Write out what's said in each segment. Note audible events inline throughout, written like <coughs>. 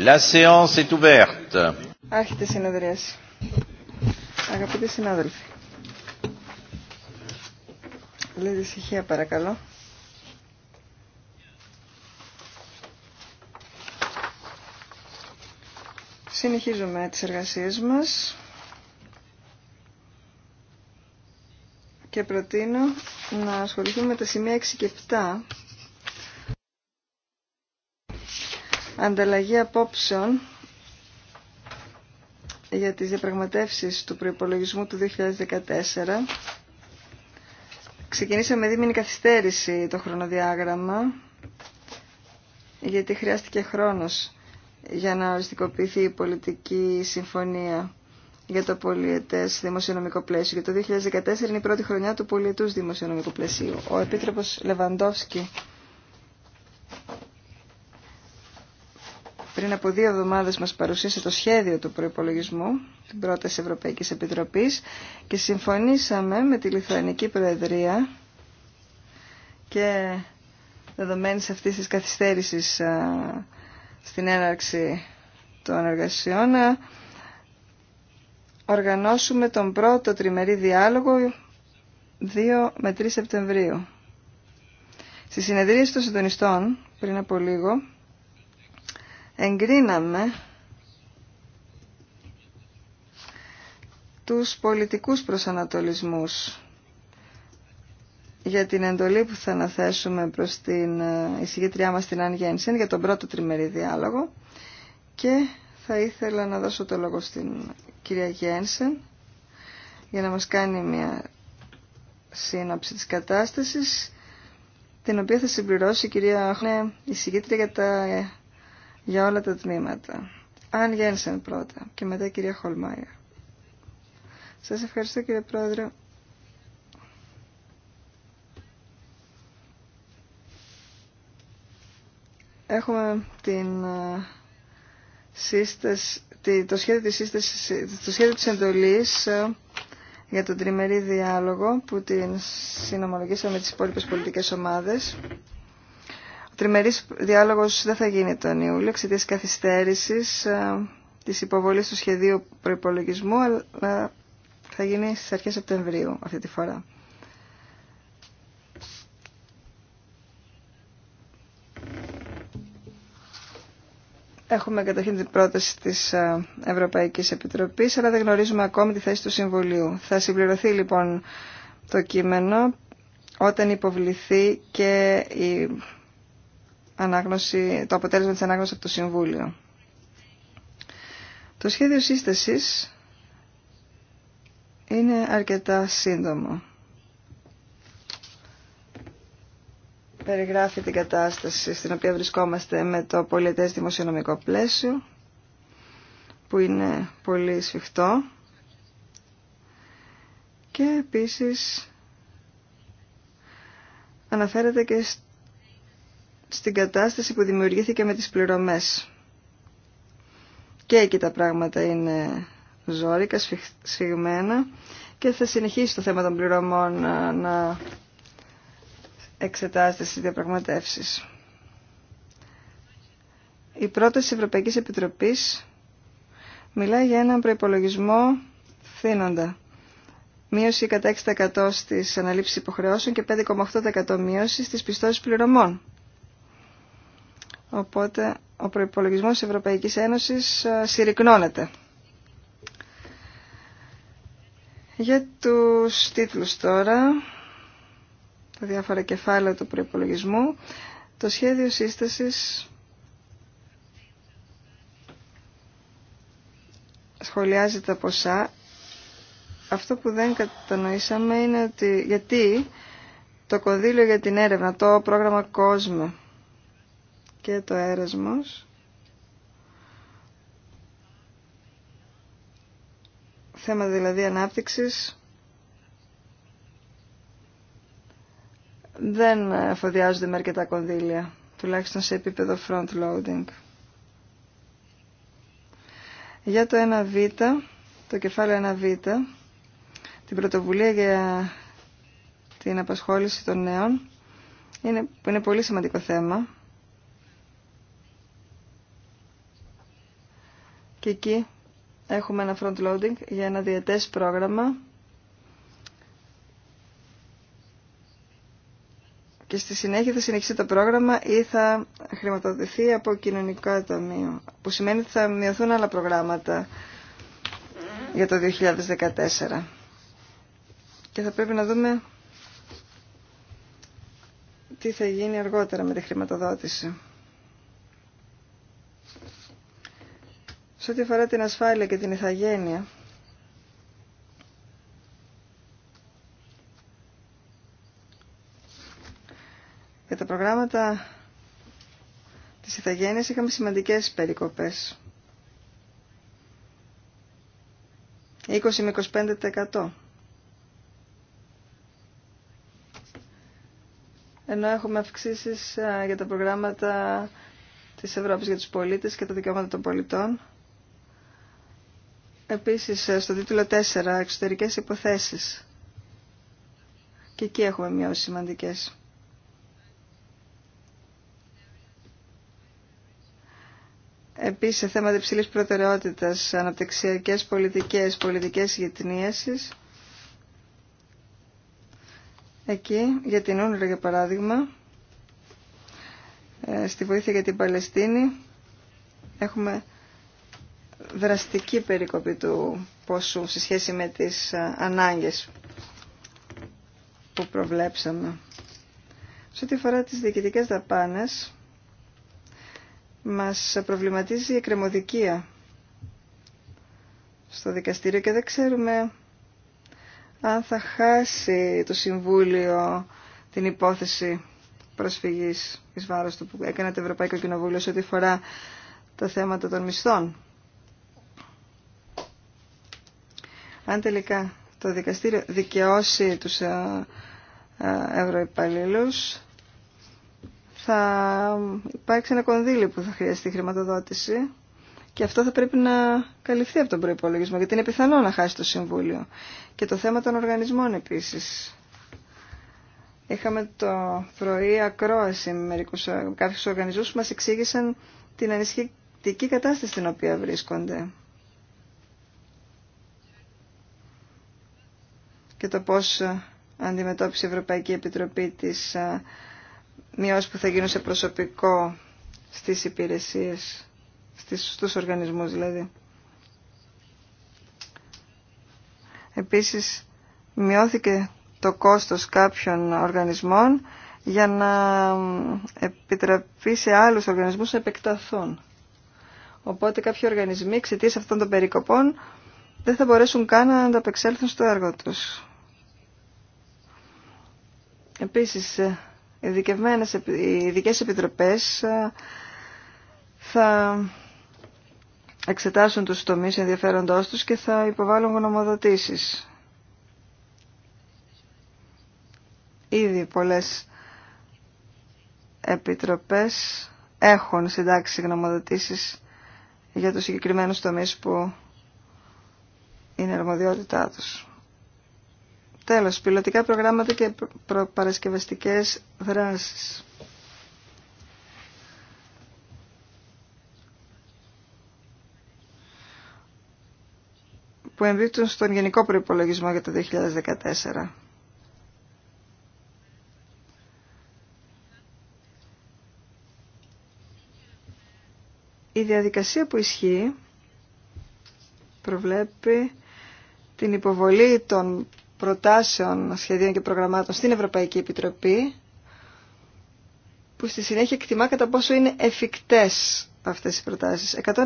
La séance est ouverte. Άρχεται η συνεδρίαση. Αγαπητοί συνάδελφοι. Λέτε ησυχία παρακαλώ. Συνεχίζουμε τις εργασίες μας και προτείνω να ασχοληθούμε με τα σημεία 6 και 7 ανταλλαγή απόψεων για τις διαπραγματεύσεις του προϋπολογισμού του 2014. Ξεκινήσαμε δίμηνη καθυστέρηση το χρονοδιάγραμμα, γιατί χρειάστηκε χρόνος για να οριστικοποιηθεί η πολιτική συμφωνία για το πολιετές δημοσιονομικό πλαίσιο. Για το 2014 είναι η πρώτη χρονιά του πολιετούς δημοσιονομικού πλαίσιου. Ο Επίτροπος Λεβαντόφσκι πριν από δύο εβδομάδες μας παρουσίασε το σχέδιο του προϋπολογισμού, την πρώτη Ευρωπαϊκής Επιτροπής και συμφωνήσαμε με τη Λιθουανική Προεδρία και δεδομένης αυτής της καθυστέρησης στην έναρξη των εργασιών να οργανώσουμε τον πρώτο τριμερή διάλογο 2 με 3 Σεπτεμβρίου. Στη συνεδρίαση των συντονιστών πριν από λίγο εγκρίναμε τους πολιτικούς προσανατολισμούς για την εντολή που θα αναθέσουμε προς την ε, εισηγήτριά μας την Αν για τον πρώτο τριμερή διάλογο και θα ήθελα να δώσω το λόγο στην κυρία Γένσεν για να μας κάνει μια σύνοψη της κατάστασης την οποία θα συμπληρώσει η κυρία Αχνέ, εισηγήτρια για τα για όλα τα τμήματα. Αν Γένσεν πρώτα και μετά η κυρία Χολμάια. Σας ευχαριστώ κύριε Πρόεδρε. Έχουμε την ε, το σχέδιο της σύστασης, το σχέδιο της εντολής ε, για τον τριμερή διάλογο που την συνομολογήσαμε με τις υπόλοιπες πολιτικές ομάδες τριμερής διάλογος δεν θα γίνει τον Ιούλιο εξαιτία καθυστέρηση ε, της υποβολής του σχεδίου προπολογισμού, αλλά θα γίνει στι αρχέ Σεπτεμβρίου αυτή τη φορά. Έχουμε καταρχήν την πρόταση της ε, Ευρωπαϊκής Επιτροπής, αλλά δεν γνωρίζουμε ακόμη τη θέση του Συμβουλίου. Θα συμπληρωθεί λοιπόν το κείμενο όταν υποβληθεί και η ανάγνωση, το αποτέλεσμα της ανάγνωσης από το Συμβούλιο. Το σχέδιο σύστασης είναι αρκετά σύντομο. Περιγράφει την κατάσταση στην οποία βρισκόμαστε με το πολιτές δημοσιονομικό πλαίσιο, που είναι πολύ σφιχτό. Και επίσης αναφέρεται και στο στην κατάσταση που δημιουργήθηκε με τις πληρωμές. Και εκεί τα πράγματα είναι ζόρικα, σφιγμένα και θα συνεχίσει το θέμα των πληρωμών να εξετάζεται στις διαπραγματεύσεις. Η πρόταση Ευρωπαϊκής Επιτροπής μιλάει για έναν προϋπολογισμό θύνοντα. Μείωση κατά 6% στις αναλήψεις υποχρεώσεων και 5,8% μείωση στις πιστώσεις πληρωμών. Οπότε ο προϋπολογισμός της Ευρωπαϊκής Ένωσης ε, συρρυκνώνεται. Για τους τίτλους τώρα, τα διάφορα κεφάλαια του προϋπολογισμού, το σχέδιο σύστασης σχολιάζεται τα ποσά. Αυτό που δεν κατανοήσαμε είναι ότι γιατί το κονδύλιο για την έρευνα, το πρόγραμμα COSME, και το αέρασμος, θέμα δηλαδή ανάπτυξης δεν εφοδιάζονται με αρκετά κονδύλια τουλάχιστον σε επίπεδο front loading για το 1β το κεφάλαιο 1β την πρωτοβουλία για την απασχόληση των νέων είναι, είναι πολύ σημαντικό θέμα Και εκεί έχουμε ένα front loading για ένα διετές πρόγραμμα και στη συνέχεια θα συνεχίσει το πρόγραμμα ή θα χρηματοδοτηθεί από κοινωνικό ταμείο, που σημαίνει ότι θα μειωθούν άλλα προγράμματα για το 2014. Και θα πρέπει να δούμε τι θα γίνει αργότερα με τη χρηματοδότηση. σε ό,τι αφορά την ασφάλεια και την ηθαγένεια. Για τα προγράμματα της ηθαγένειας είχαμε σημαντικές περικοπές. 20 με 25%. ενώ έχουμε αυξήσεις ε, για τα προγράμματα της Ευρώπης για τους πολίτες και τα δικαιώματα των πολιτών Επίσης, ε, στο τίτλο 4, εξωτερικές υποθέσεις. Και εκεί έχουμε μειώσει σημαντικές. Επίσης, σε θέματα υψηλής προτεραιότητας, αναπτυξιακές πολιτικές, πολιτικές γετνίασης. Εκεί, για την Ούνρα, για παράδειγμα, ε, στη βοήθεια για την Παλαιστίνη, έχουμε δραστική περικοπή του ποσού σε σχέση με τις ε, ανάγκες που προβλέψαμε. Σε ό,τι αφορά τις διοικητικές δαπάνες, μας προβληματίζει η εκκρεμωδικία στο δικαστήριο και δεν ξέρουμε αν θα χάσει το Συμβούλιο την υπόθεση προσφυγής εις βάρος του που έκανε το Ευρωπαϊκό Κοινοβούλιο σε ό,τι αφορά τα θέματα των μισθών. Αν τελικά το δικαστήριο δικαιώσει τους ε, ε, ευρωυπαλλήλους, θα υπάρξει ένα κονδύλι που θα χρειαστεί χρηματοδότηση και αυτό θα πρέπει να καλυφθεί από τον προϋπολογισμό, γιατί είναι πιθανό να χάσει το Συμβούλιο. Και το θέμα των οργανισμών επίσης. Είχαμε το πρωί ακρόαση με μερικούς, ε, κάποιους οργανισμούς που μας εξήγησαν την ανησυχητική κατάσταση στην οποία βρίσκονται. και το πώς ε, αντιμετώπισε η Ευρωπαϊκή Επιτροπή της ε, μειώσεις που θα γίνουν σε προσωπικό στις υπηρεσίες, στις, στους οργανισμούς δηλαδή. Επίσης, μειώθηκε το κόστος κάποιων οργανισμών για να επιτραπεί σε άλλους οργανισμούς να επεκταθούν. Οπότε κάποιοι οργανισμοί εξαιτίας αυτών των περικοπών δεν θα μπορέσουν καν να ανταπεξέλθουν στο έργο τους. Επίσης, οι ε, ειδικέ επιτροπές ε, θα εξετάσουν τους τομείς ενδιαφέροντός τους και θα υποβάλουν γνωμοδοτήσεις. Ήδη πολλές επιτροπές έχουν συντάξει γνωμοδοτήσεις για τους συγκεκριμένους τομείς που είναι αρμοδιότητά τους. Τέλος, πιλωτικά προγράμματα και παρασκευαστικές δράσεις. που εμπίπτουν στον γενικό προϋπολογισμό για το 2014. Η διαδικασία που ισχύει προβλέπει την υποβολή των προτάσεων, σχεδίων και προγραμμάτων στην Ευρωπαϊκή Επιτροπή που στη συνέχεια εκτιμά κατά πόσο είναι εφικτές αυτές οι προτάσεις. 162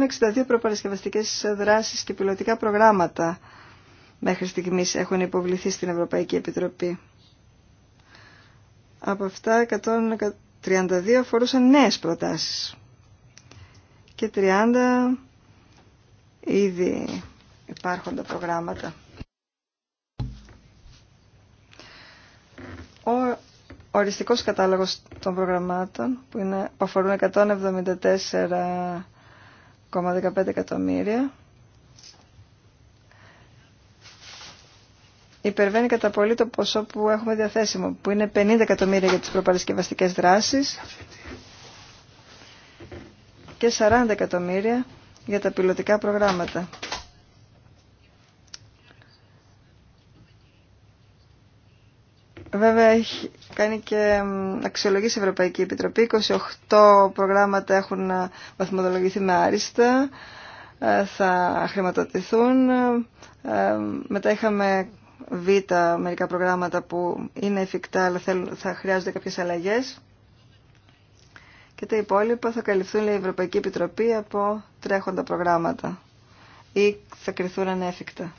προπαρασκευαστικές δράσεις και πιλωτικά προγράμματα μέχρι στιγμής έχουν υποβληθεί στην Ευρωπαϊκή Επιτροπή. Από αυτά 132 αφορούσαν νέες προτάσεις και 30 ήδη υπάρχοντα προγράμματα. οριστικός κατάλογος των προγραμμάτων που, είναι, αφορούν 174,15 εκατομμύρια υπερβαίνει κατά πολύ το ποσό που έχουμε διαθέσιμο, που είναι 50 εκατομμύρια για τις προπαρασκευαστικές δράσεις και 40 εκατομμύρια για τα πιλωτικά προγράμματα. Βέβαια έχει κάνει και αξιολογήσει η Ευρωπαϊκή Επιτροπή. 28 προγράμματα έχουν ε, βαθμοδολογηθεί με άριστα, ε, θα χρηματοδοτηθούν. Ε, μετά είχαμε β, μερικά προγράμματα που είναι εφικτά αλλά θα χρειάζονται κάποιες αλλαγές. Και τα υπόλοιπα θα καλυφθούν, λέει, η Ευρωπαϊκή Επιτροπή από τρέχοντα προγράμματα ή θα κρυθούν ανέφικτα.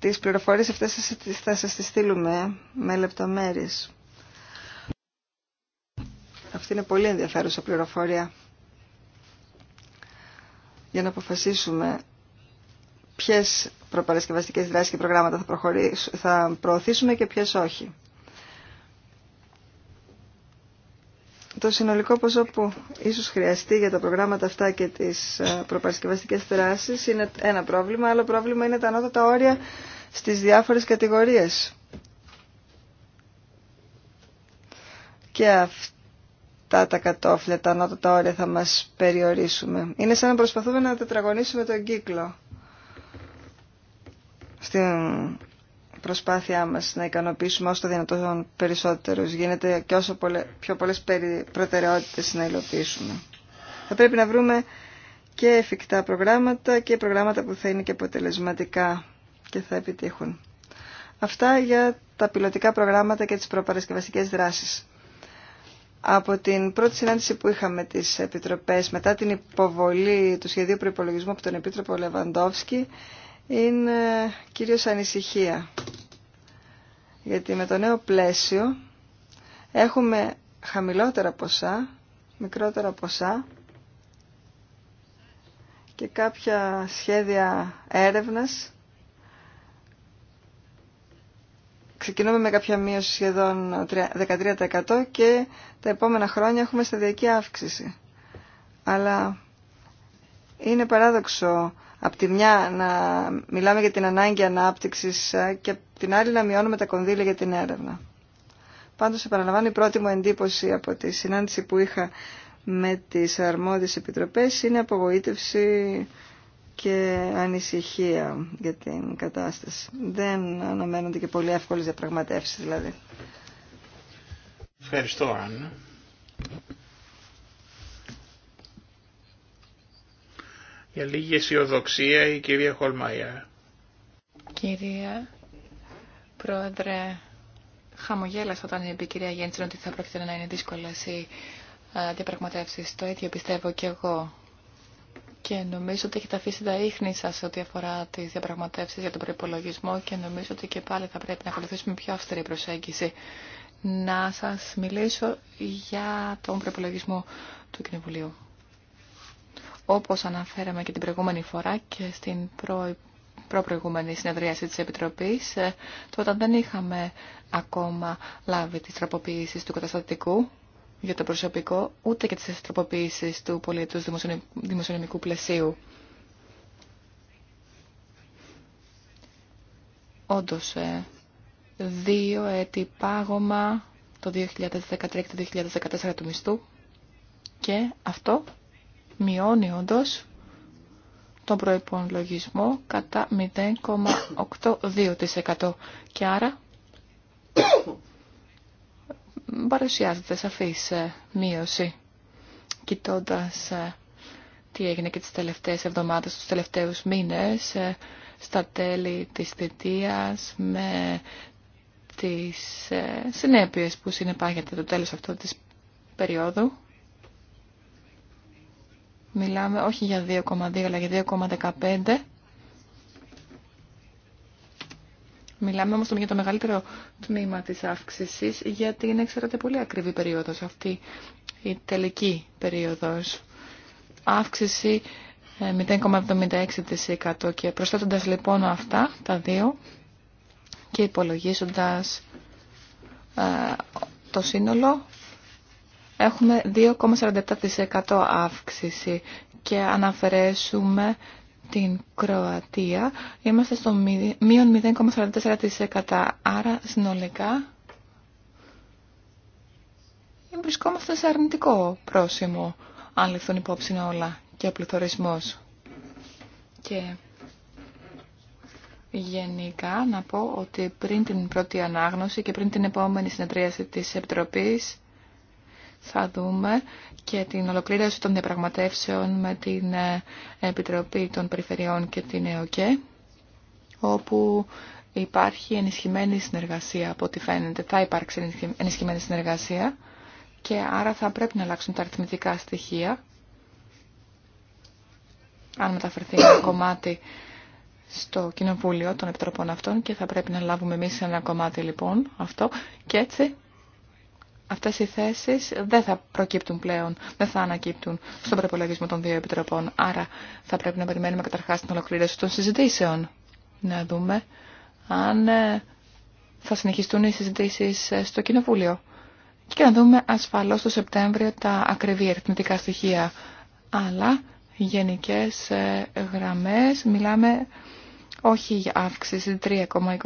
Τις πληροφορίες αυτές θα σας τις στείλουμε με λεπτομέρειες. Αυτή είναι πολύ ενδιαφέρουσα πληροφορία για να αποφασίσουμε ποιες προπαρασκευαστικές δράσεις και προγράμματα θα, θα προωθήσουμε και ποιες όχι. το συνολικό ποσό που ίσως χρειαστεί για τα προγράμματα αυτά και τις ε, προπαρασκευαστικές δράσεις είναι ένα πρόβλημα. Άλλο πρόβλημα είναι τα ανώτατα όρια στις διάφορες κατηγορίες. Και αυτά τα κατόφλια, τα ανώτατα όρια θα μας περιορίσουμε. Είναι σαν να προσπαθούμε να τετραγωνίσουμε τον κύκλο. Στην προσπάθειά μας να ικανοποιήσουμε όσο το δυνατόν περισσότερο... γίνεται και όσο πολλε, πιο πολλές προτεραιότητες να υλοποιήσουμε. Θα πρέπει να βρούμε και εφικτά προγράμματα και προγράμματα που θα είναι και αποτελεσματικά και θα επιτύχουν. Αυτά για τα πιλωτικά προγράμματα και τις προπαρασκευαστικές δράσεις. Από την πρώτη συνάντηση που είχαμε τις επιτροπές μετά την υποβολή του σχεδίου προϋπολογισμού από τον Επίτροπο Λεβαντόφσκι είναι κυρίως ανησυχία. Γιατί με το νέο πλαίσιο έχουμε χαμηλότερα ποσά, μικρότερα ποσά και κάποια σχέδια έρευνας. Ξεκινούμε με κάποια μείωση σχεδόν 13% και τα επόμενα χρόνια έχουμε σταδιακή αύξηση. Αλλά είναι παράδοξο Απ' τη μια να μιλάμε για την ανάγκη ανάπτυξης ε, και απ' την άλλη να μειώνουμε τα κονδύλια για την έρευνα. Πάντως, επαναλαμβάνω, η πρώτη μου εντύπωση από τη συνάντηση που είχα με τις αρμόδιες επιτροπές είναι απογοήτευση και ανησυχία για την κατάσταση. Δεν αναμένονται και πολύ εύκολες διαπραγματεύσεις δηλαδή. Ευχαριστώ, Άννα. Για λίγη αισιοδοξία η κυρία Χολμαϊά. Κυρία Πρόεδρε, χαμογέλασα όταν είπε η κυρία Γέντσεν ότι θα πρόκειται να είναι δύσκολε οι ε, διαπραγματεύσει. Το ίδιο πιστεύω και εγώ. Και νομίζω ότι έχετε αφήσει τα ίχνη σα ό,τι αφορά τι διαπραγματεύσει για τον προπολογισμό και νομίζω ότι και πάλι θα πρέπει να ακολουθήσουμε πιο αυστηρή προσέγγιση. Να σα μιλήσω για τον προπολογισμό του Κοινοβουλίου. Όπως αναφέραμε και την προηγούμενη φορά και στην προ... προπροηγούμενη συνεδρίαση της Επιτροπής, ε, τότε δεν είχαμε ακόμα λάβει τις τροποποιήσεις του καταστατικού για το προσωπικό, ούτε και τις τροποποιήσεις του πολιτικού δημοσιονομικού πλαισίου. Όντως, ε, δύο έτη πάγωμα το 2013 και το 2014 του μισθού και αυτό μειώνει όντω τον προϋπολογισμό κατά 0,82% και άρα παρουσιάζεται σαφής ε, μείωση κοιτώντας ε, τι έγινε και τις τελευταίες εβδομάδες, τους τελευταίους μήνες ε, στα τέλη της θητείας με τις συνέπειες που συνεπάγεται το τέλος αυτό της περίοδου μιλάμε όχι για 2,2 αλλά για 2,15. Μιλάμε όμως για το μεγαλύτερο τμήμα της αύξησης γιατί είναι, ξέρετε, πολύ ακριβή περίοδος αυτή η τελική περίοδος. Αύξηση 0,76% ε, και προσθέτοντας λοιπόν αυτά τα δύο και υπολογίζοντας ε, το σύνολο έχουμε 2,47% αύξηση και αναφερέσουμε την Κροατία είμαστε στο μείον 0,44% άρα συνολικά βρισκόμαστε σε αρνητικό πρόσημο αν ληφθούν υπόψη όλα και ο πληθωρισμός. Και γενικά να πω ότι πριν την πρώτη ανάγνωση και πριν την επόμενη συνεδρίαση της Επιτροπής θα δούμε και την ολοκλήρωση των διαπραγματεύσεων με την ε, Επιτροπή των Περιφερειών και την ΕΟΚΕ, όπου υπάρχει ενισχυμένη συνεργασία, από ό,τι φαίνεται θα υπάρξει ενισχυμένη συνεργασία και άρα θα πρέπει να αλλάξουν τα αριθμητικά στοιχεία, αν μεταφερθεί ένα <coughs> κομμάτι στο Κοινοβούλιο των Επιτροπών αυτών και θα πρέπει να λάβουμε εμείς ένα κομμάτι λοιπόν αυτό και έτσι αυτές οι θέσεις δεν θα προκύπτουν πλέον, δεν θα ανακύπτουν στον προπολογισμό των δύο επιτροπών. Άρα θα πρέπει να περιμένουμε καταρχάς την ολοκλήρωση των συζητήσεων. Να δούμε αν ε, θα συνεχιστούν οι συζητήσεις ε, στο Κοινοβούλιο. Και να δούμε ασφαλώς το Σεπτέμβριο τα ακριβή αριθμητικά στοιχεία. Αλλά γενικές ε, γραμμές μιλάμε όχι για αύξηση 3,29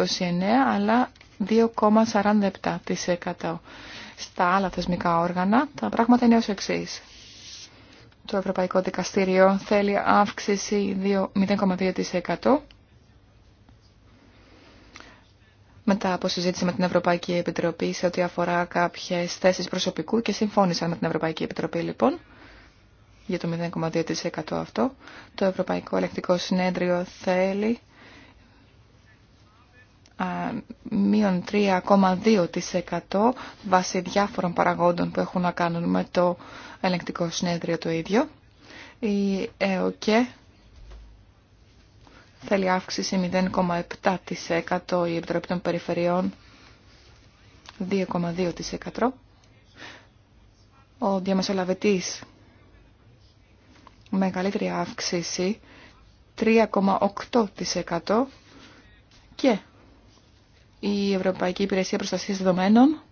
αλλά 2,47% στα άλλα θεσμικά όργανα, τα πράγματα είναι ως εξή. Το Ευρωπαϊκό Δικαστήριο θέλει αύξηση 0,2% μετά από συζήτηση με την Ευρωπαϊκή Επιτροπή σε ό,τι αφορά κάποιες θέσεις προσωπικού και συμφώνησαν με την Ευρωπαϊκή Επιτροπή λοιπόν για το 0,2% αυτό. Το Ευρωπαϊκό Ελεκτικό Συνέδριο θέλει μείον 3,2% βάσει διάφορων παραγόντων που έχουν να κάνουν με το ελεγκτικό συνέδριο το ίδιο. Η ΕΟΚΕ θέλει αύξηση 0,7% η Επιτροπή των Περιφερειών 2,2%. Ο διαμεσολαβητής μεγαλύτερη αύξηση 3,8% και η Ευρωπαϊκή Υπηρεσία Προστασίας Δεδομένων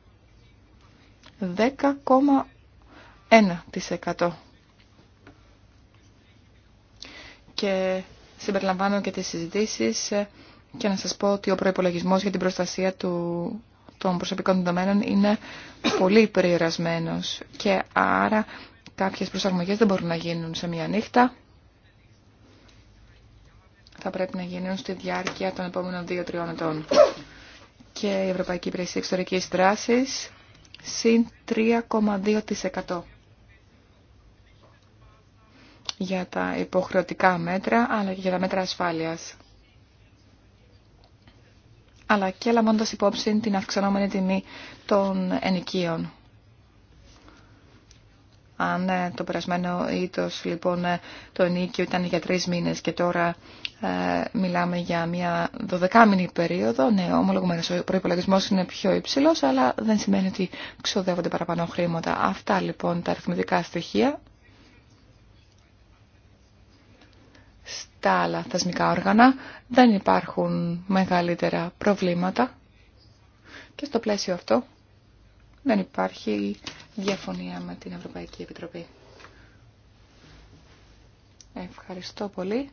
10,1%. Και συμπεριλαμβάνω και τις συζητήσεις ε, και να σας πω ότι ο προϋπολογισμός για την προστασία του, των προσωπικών δεδομένων είναι πολύ περιορασμένος και άρα κάποιες προσαρμογές δεν μπορούν να γίνουν σε μία νύχτα. Θα πρέπει να γίνουν στη διάρκεια των επομενων δυο 2-3 ετών και η Ευρωπαϊκή Υπηρεσία Εξωτερικής Δράσης συν 3,2% για τα υποχρεωτικά μέτρα αλλά και για τα μέτρα ασφάλειας. Αλλά και λαμβάνοντα υπόψη την αυξανόμενη τιμή των ενοικίων αν ε, το περασμένο ήτος λοιπόν ε, το ενίκιο ήταν για τρεις μήνες και τώρα ε, μιλάμε για μια δωδεκάμινη περίοδο, ναι, ομολογουμένως ο προϋπολογισμός είναι πιο υψηλός, αλλά δεν σημαίνει ότι ξοδεύονται παραπάνω χρήματα. Αυτά λοιπόν τα αριθμητικά στοιχεία στα άλλα θεσμικά όργανα δεν υπάρχουν μεγαλύτερα προβλήματα και στο πλαίσιο αυτό δεν υπάρχει διαφωνία με την Ευρωπαϊκή Επιτροπή. Ευχαριστώ πολύ.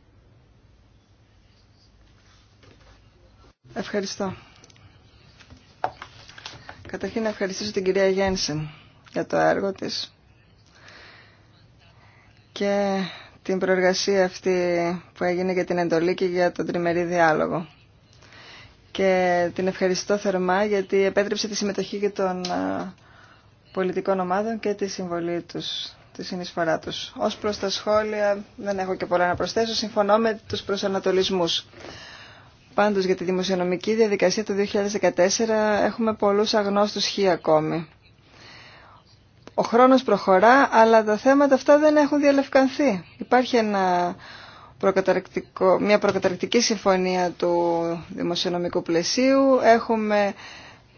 Ευχαριστώ. Καταρχήν να ευχαριστήσω την κυρία Γένσεν για το έργο της και την προεργασία αυτή που έγινε για την εντολή και για τον τριμερή διάλογο και την ευχαριστώ θερμά γιατί επέτρεψε τη συμμετοχή και των ε, πολιτικών ομάδων και τη συμβολή τους, τη συνεισφορά τους. Ως προς τα σχόλια δεν έχω και πολλά να προσθέσω, συμφωνώ με τους προσανατολισμούς. Πάντως για τη δημοσιονομική διαδικασία του 2014 έχουμε πολλούς αγνώστους χι ακόμη. Ο χρόνος προχωρά, αλλά τα θέματα αυτά δεν έχουν διαλευκανθεί. Υπάρχει ένα μια προκαταρκτική συμφωνία του δημοσιονομικού πλαισίου. Έχουμε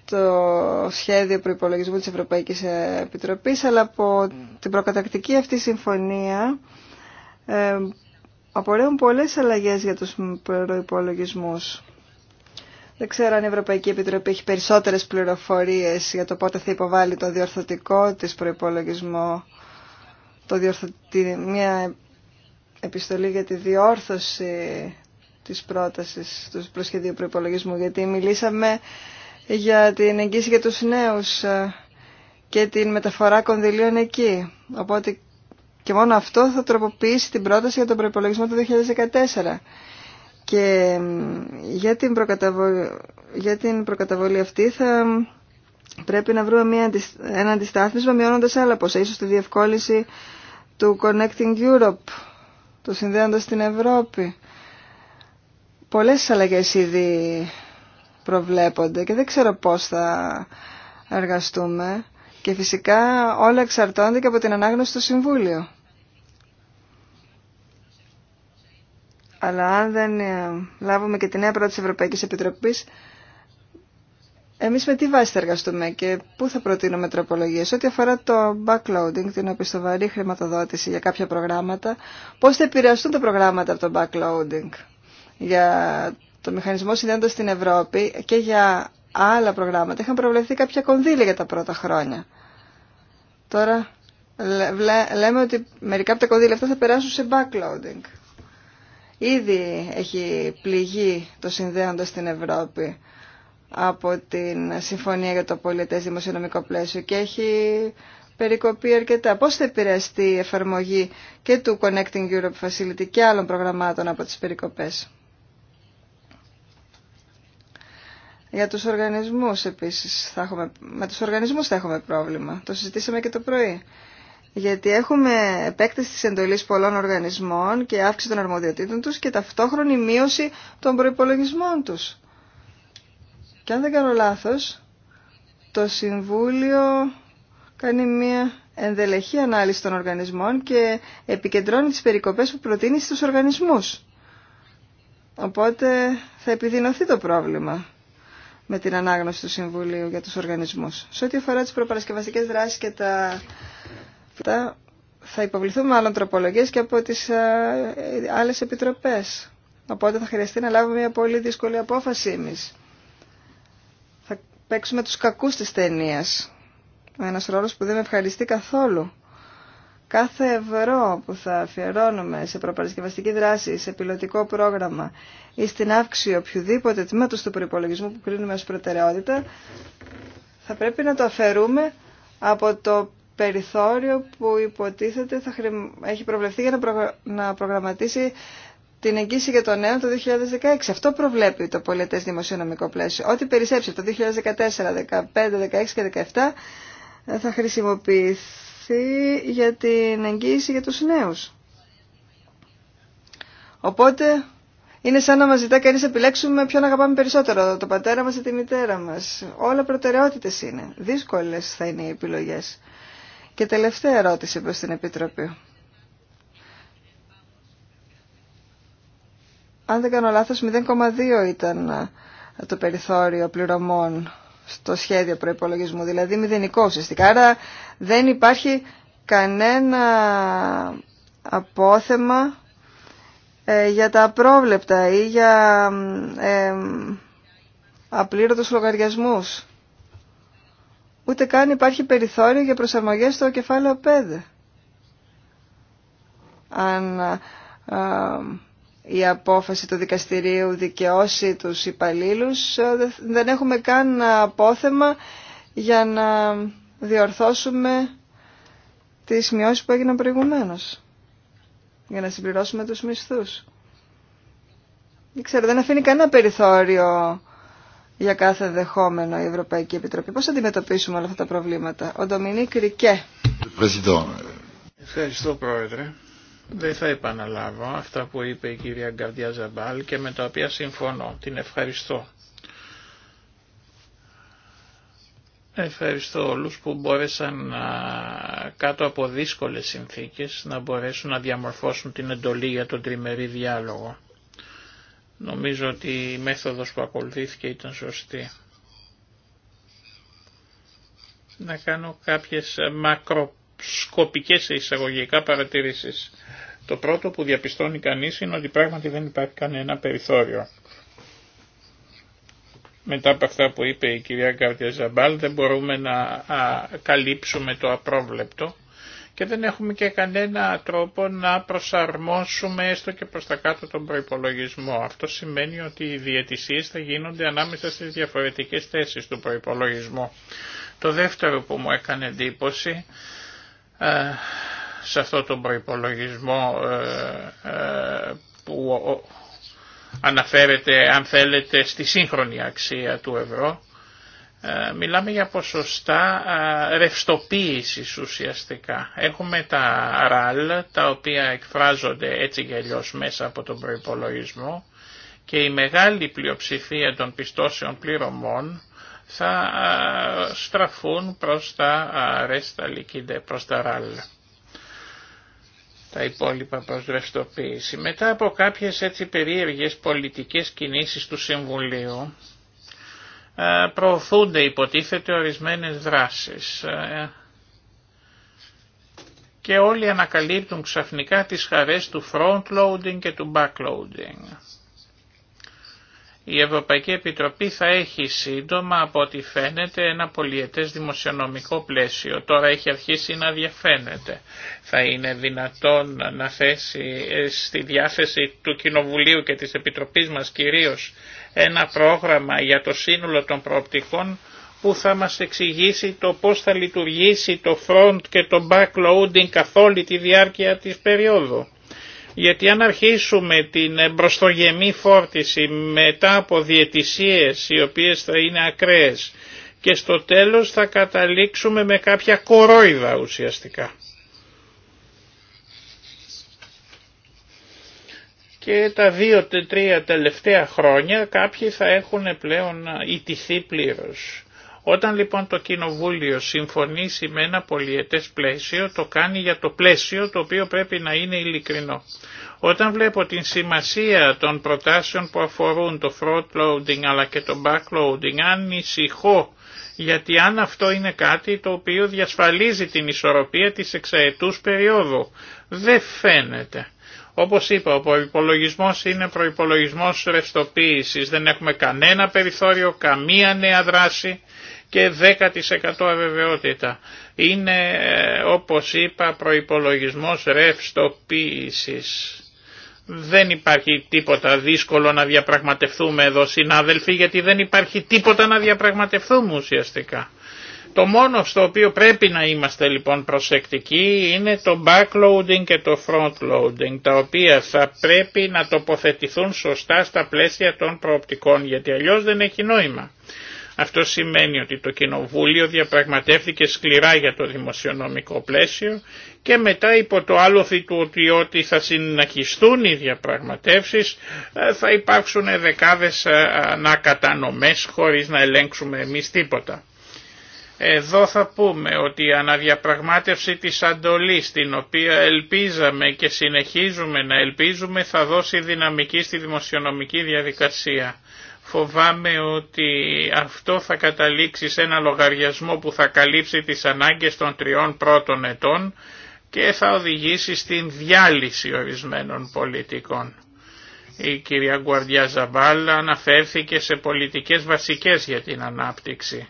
το σχέδιο προϋπολογισμού της Ευρωπαϊκής Επιτροπής, αλλά από την προκαταρκτική αυτή συμφωνία ε, απορρέουν πολλές αλλαγές για τους προϋπολογισμούς. Δεν ξέρω αν η Ευρωπαϊκή Επιτροπή έχει περισσότερες πληροφορίες για το πότε θα υποβάλει το διορθωτικό της προϋπολογισμό, το διορθω επιστολή για τη διόρθωση της πρότασης του προσχεδίου προϋπολογισμού, γιατί μιλήσαμε για την εγγύηση για τους νέους ε, και την μεταφορά κονδυλίων εκεί. Οπότε και μόνο αυτό θα τροποποιήσει την πρόταση για τον προϋπολογισμό του 2014. Και για την, προκαταβολή, για την προκαταβολή αυτή θα πρέπει να βρούμε μια, ένα αντιστάθμισμα μειώνοντας άλλα ποσά, ίσως τη διευκόλυνση του Connecting Europe το συνδέοντας την Ευρώπη. Πολλές αλλαγές ήδη προβλέπονται και δεν ξέρω πώς θα εργαστούμε και φυσικά όλα εξαρτώνται και από την ανάγνωση του Συμβούλιο. Αλλά αν δεν ε, λάβουμε και την νέα πρώτη Ευρωπαϊκής Επιτροπής εμείς με τι βάση θα εργαστούμε και πού θα προτείνουμε τροπολογίες. Ό,τι αφορά το backloading, την επιστοβαρή χρηματοδότηση για κάποια προγράμματα, πώς θα επηρεαστούν τα προγράμματα από το backloading για το μηχανισμό συνδέοντας στην Ευρώπη και για άλλα προγράμματα. Είχαν προβλεφθεί κάποια κονδύλια για τα πρώτα χρόνια. Τώρα λέμε ότι μερικά από τα κονδύλια αυτά θα περάσουν σε backloading. Ήδη έχει πληγεί το συνδέοντας στην Ευρώπη από την Συμφωνία για το Πολιτές Δημοσιονομικό Πλαίσιο και έχει περικοπεί αρκετά. Πώς θα επηρεαστεί η εφαρμογή και του Connecting Europe Facility και άλλων προγραμμάτων από τις περικοπές. Για τους οργανισμούς επίσης θα έχουμε, με τους οργανισμούς θα έχουμε πρόβλημα. Το συζητήσαμε και το πρωί. Γιατί έχουμε επέκταση της εντολής πολλών οργανισμών και αύξηση των αρμοδιοτήτων τους και ταυτόχρονη μείωση των προϋπολογισμών τους. Και αν δεν κάνω λάθος, το Συμβούλιο κάνει μια ενδελεχή ανάλυση των οργανισμών και επικεντρώνει τις περικοπές που προτείνει στους οργανισμούς. Οπότε θα επιδεινωθεί το πρόβλημα με την ανάγνωση του Συμβουλίου για τους οργανισμούς. Σε ό,τι αφορά τις προπαρασκευαστικές δράσεις και τα... θα υποβληθούν άλλων τροπολογίες και από τις ε, άλλες επιτροπές. Οπότε θα χρειαστεί να λάβουμε μια πολύ δύσκολη απόφαση εμείς παίξουμε τους κακούς της ταινία. Ένας ρόλος που δεν με ευχαριστεί καθόλου. Κάθε ευρώ που θα αφιερώνουμε σε προπαρασκευαστική δράση, σε πιλωτικό πρόγραμμα ή στην αύξηση οποιοδήποτε τμήματος του προπολογισμού που κρίνουμε ως προτεραιότητα, θα πρέπει να το αφαιρούμε από το περιθώριο που υποτίθεται θα έχει προβλεφθεί για να, προγραμματίσει την εγγύηση για το νέο το 2016. Αυτό προβλέπει το πολιτέ δημοσιονομικό πλαίσιο. Ό,τι περισσέψει το 2014, 2015, 2016 και 2017 ε, θα χρησιμοποιηθεί για την εγγύηση για τους νέους. Οπότε είναι σαν να μας ζητά κανείς να επιλέξουμε ποιον αγαπάμε περισσότερο, το πατέρα μας ή τη μητέρα μας. Όλα προτεραιότητες είναι. Δύσκολες θα είναι οι επιλογές. Και τελευταία ερώτηση προς την Επιτροπή. αν δεν κάνω λάθος, 0,2 ήταν ε, το περιθώριο πληρωμών στο σχέδιο προϋπολογισμού, δηλαδή μηδενικό ουσιαστικά. Άρα δεν υπάρχει κανένα απόθεμα ε, για τα απρόβλεπτα ή για ε, απλήρωτους λογαριασμούς. Ούτε καν υπάρχει περιθώριο για προσαρμογές στο κεφάλαιο 5. Αν ε, η απόφαση του δικαστηρίου δικαιώσει τους υπαλλήλους, ε, δεν έχουμε καν απόθεμα για να διορθώσουμε τις μειώσεις που έγιναν προηγουμένως, για να συμπληρώσουμε τους μισθούς. Δεν ξέρω, δεν αφήνει κανένα περιθώριο για κάθε δεχόμενο η Ευρωπαϊκή Επιτροπή. Πώς θα αντιμετωπίσουμε όλα αυτά τα προβλήματα. Ο Ντομινίκ Ρικέ. Ευχαριστώ Πρόεδρε. Δεν θα επαναλάβω αυτά που είπε η κυρία Γκαρδιά Ζαμπάλ και με τα οποία συμφωνώ. Την ευχαριστώ. Ευχαριστώ όλους που μπόρεσαν κάτω από δύσκολες συνθήκες να μπορέσουν να διαμορφώσουν την εντολή για τον τριμερή διάλογο. Νομίζω ότι η μέθοδος που ακολουθήθηκε ήταν σωστή. Να κάνω κάποιες μακρο σκοπικές εισαγωγικά παρατηρήσεις. Το πρώτο που διαπιστώνει κανείς είναι ότι πράγματι δεν υπάρχει κανένα περιθώριο. Μετά από αυτά που είπε η κυρία Κάρτια Ζαμπάλ δεν μπορούμε να καλύψουμε το απρόβλεπτο και δεν έχουμε και κανένα τρόπο να προσαρμόσουμε έστω και προς τα κάτω τον προϋπολογισμό. Αυτό σημαίνει ότι οι διαιτησίες θα γίνονται ανάμεσα στις διαφορετικές θέσεις του προϋπολογισμού. Το δεύτερο που μου έκανε εντύπωση ε, σε αυτό τον προϋπολογισμό ε, ε, που αναφέρεται αν θέλετε στη σύγχρονη αξία του ευρώ μιλάμε για ποσοστά ρευστοποίηση ουσιαστικά. Έχουμε τα ραλ τα οποία εκφράζονται έτσι και αλλιώς μέσα από τον προϋπολογισμό και η μεγάλη πλειοψηφία των πιστώσεων πληρωμών θα στραφούν προς τα αρέστα λικίντε, προς τα ράλ. Τα υπόλοιπα προς ρευστοποίηση. Μετά από κάποιες έτσι περίεργες πολιτικές κινήσεις του Συμβουλίου, προωθούνται υποτίθεται ορισμένες δράσεις και όλοι ανακαλύπτουν ξαφνικά τις χαρές του front-loading και του back-loading. Η Ευρωπαϊκή Επιτροπή θα έχει σύντομα από ό,τι φαίνεται ένα πολιετές δημοσιονομικό πλαίσιο. Τώρα έχει αρχίσει να διαφαίνεται. Θα είναι δυνατόν να θέσει ε, στη διάθεση του Κοινοβουλίου και της Επιτροπής μας κυρίως ένα πρόγραμμα για το σύνολο των προοπτικών που θα μας εξηγήσει το πώς θα λειτουργήσει το front και το backloading καθ' όλη τη διάρκεια της περίοδου. Γιατί αν αρχίσουμε την μπροστογεμή φόρτιση μετά από διαιτησίες οι οποίες θα είναι ακραίες και στο τέλος θα καταλήξουμε με κάποια κορόιδα ουσιαστικά. Και τα δύο-τρία τελευταία χρόνια κάποιοι θα έχουν πλέον ιτηθεί πλήρως. Όταν λοιπόν το Κοινοβούλιο συμφωνήσει με ένα πολιετές πλαίσιο, το κάνει για το πλαίσιο το οποίο πρέπει να είναι ειλικρινό. Όταν βλέπω την σημασία των προτάσεων που αφορούν το front-loading αλλά και το back-loading, ανησυχώ γιατί αν αυτό είναι κάτι το οποίο διασφαλίζει την ισορροπία της εξαετούς περίοδου. Δεν φαίνεται. Όπως είπα, ο προπολογισμό είναι προϋπολογισμός ρευστοποίησης. Δεν έχουμε κανένα περιθώριο, καμία νέα δράση και 10% αβεβαιότητα. Είναι, ε, όπως είπα, προϋπολογισμός ρευστοποίησης. Δεν υπάρχει τίποτα δύσκολο να διαπραγματευτούμε εδώ συνάδελφοι γιατί δεν υπάρχει τίποτα να διαπραγματευτούμε ουσιαστικά. Το μόνο στο οποίο πρέπει να είμαστε λοιπόν προσεκτικοί είναι το backloading και το frontloading τα οποία θα πρέπει να τοποθετηθούν σωστά στα πλαίσια των προοπτικών γιατί αλλιώς δεν έχει νόημα. Αυτό σημαίνει ότι το Κοινοβούλιο διαπραγματεύτηκε σκληρά για το δημοσιονομικό πλαίσιο και μετά υπό το άλοθη του ότι, ότι θα συνεχιστούν οι διαπραγματεύσεις ε, θα υπάρξουν δεκάδες ε, ανακατανομές χωρίς να ελέγξουμε εμείς τίποτα. Εδώ θα πούμε ότι η αναδιαπραγμάτευση της αντολής την οποία ελπίζαμε και συνεχίζουμε να ελπίζουμε θα δώσει δυναμική στη δημοσιονομική διαδικασία. Φοβάμαι ότι αυτό θα καταλήξει σε ένα λογαριασμό που θα καλύψει τις ανάγκες των τριών πρώτων ετών και θα οδηγήσει στην διάλυση ορισμένων πολιτικών. Η κυρία Γκουαρδιά Ζαμπάλα αναφέρθηκε σε πολιτικές βασικές για την ανάπτυξη.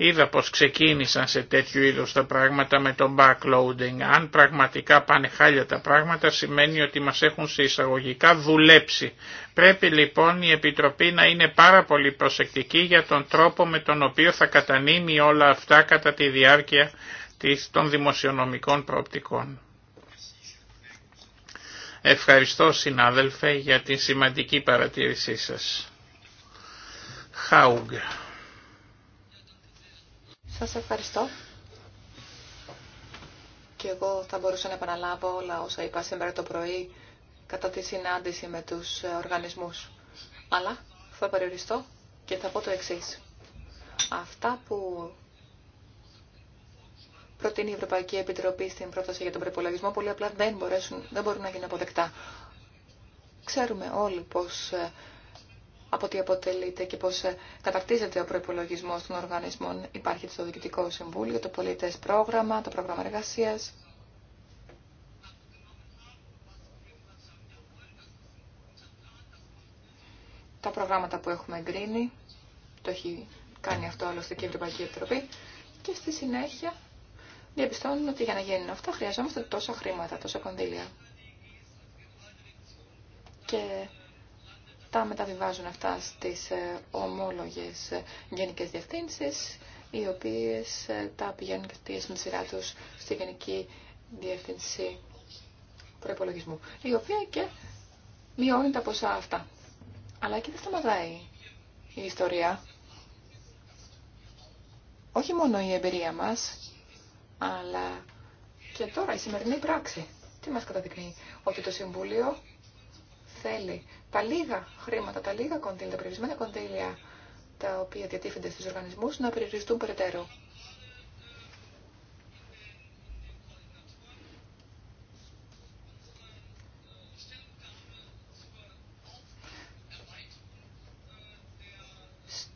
Είδα πως ξεκίνησαν σε τέτοιου είδους τα πράγματα με τον backloading. Αν πραγματικά πάνε χάλια τα πράγματα σημαίνει ότι μας έχουν σε δουλέψει. Πρέπει λοιπόν η Επιτροπή να είναι πάρα πολύ προσεκτική για τον τρόπο με τον οποίο θα κατανείμει όλα αυτά κατά τη διάρκεια των δημοσιονομικών προοπτικών. Ευχαριστώ συνάδελφε για την σημαντική παρατήρησή σας. Χάουγκ. Σας ευχαριστώ. Και εγώ θα μπορούσα να επαναλάβω όλα όσα είπα σήμερα το πρωί κατά τη συνάντηση με τους οργανισμούς. Αλλά θα περιοριστώ και θα πω το εξής. Αυτά που προτείνει η Ευρωπαϊκή Επιτροπή στην πρόταση για τον προπολογισμό πολύ απλά δεν, μπορέσουν, δεν μπορούν να γίνουν αποδεκτά. Ξέρουμε όλοι πως ε, από τι αποτελείται και πώς ε, καταρτίζεται ο προπολογισμό των οργανισμών. Υπάρχει το Διοικητικό Συμβούλιο, το Πολιτές Πρόγραμμα, το Πρόγραμμα Εργασίας. Τα προγράμματα που έχουμε εγκρίνει, το έχει κάνει αυτό άλλωστε και η Ευρωπαϊκή Επιτροπή. Και στη συνέχεια διαπιστώνουμε ότι για να γίνουν αυτά χρειαζόμαστε τόσα χρήματα, τόσα κονδύλια. Και τα μεταβιβάζουν αυτά στις ε, ομόλογες ε, γενικές διευθύνσεις, οι οποίες ε, τα πηγαίνουν και αυτές με τη σειρά τους στη Γενική Διεύθυνση Προπολογισμού, η οποία και μειώνει τα ποσά αυτά. Αλλά εκεί δεν σταματάει η ιστορία. Όχι μόνο η εμπειρία μας, αλλά και τώρα η σημερινή πράξη. Τι μας καταδεικνύει, ότι το Συμβούλιο θέλει τα λίγα χρήματα, τα λίγα κονδύλια, τα περιορισμένα κονδύλια τα οποία διατίθενται στους οργανισμούς να περιοριστούν περαιτέρω.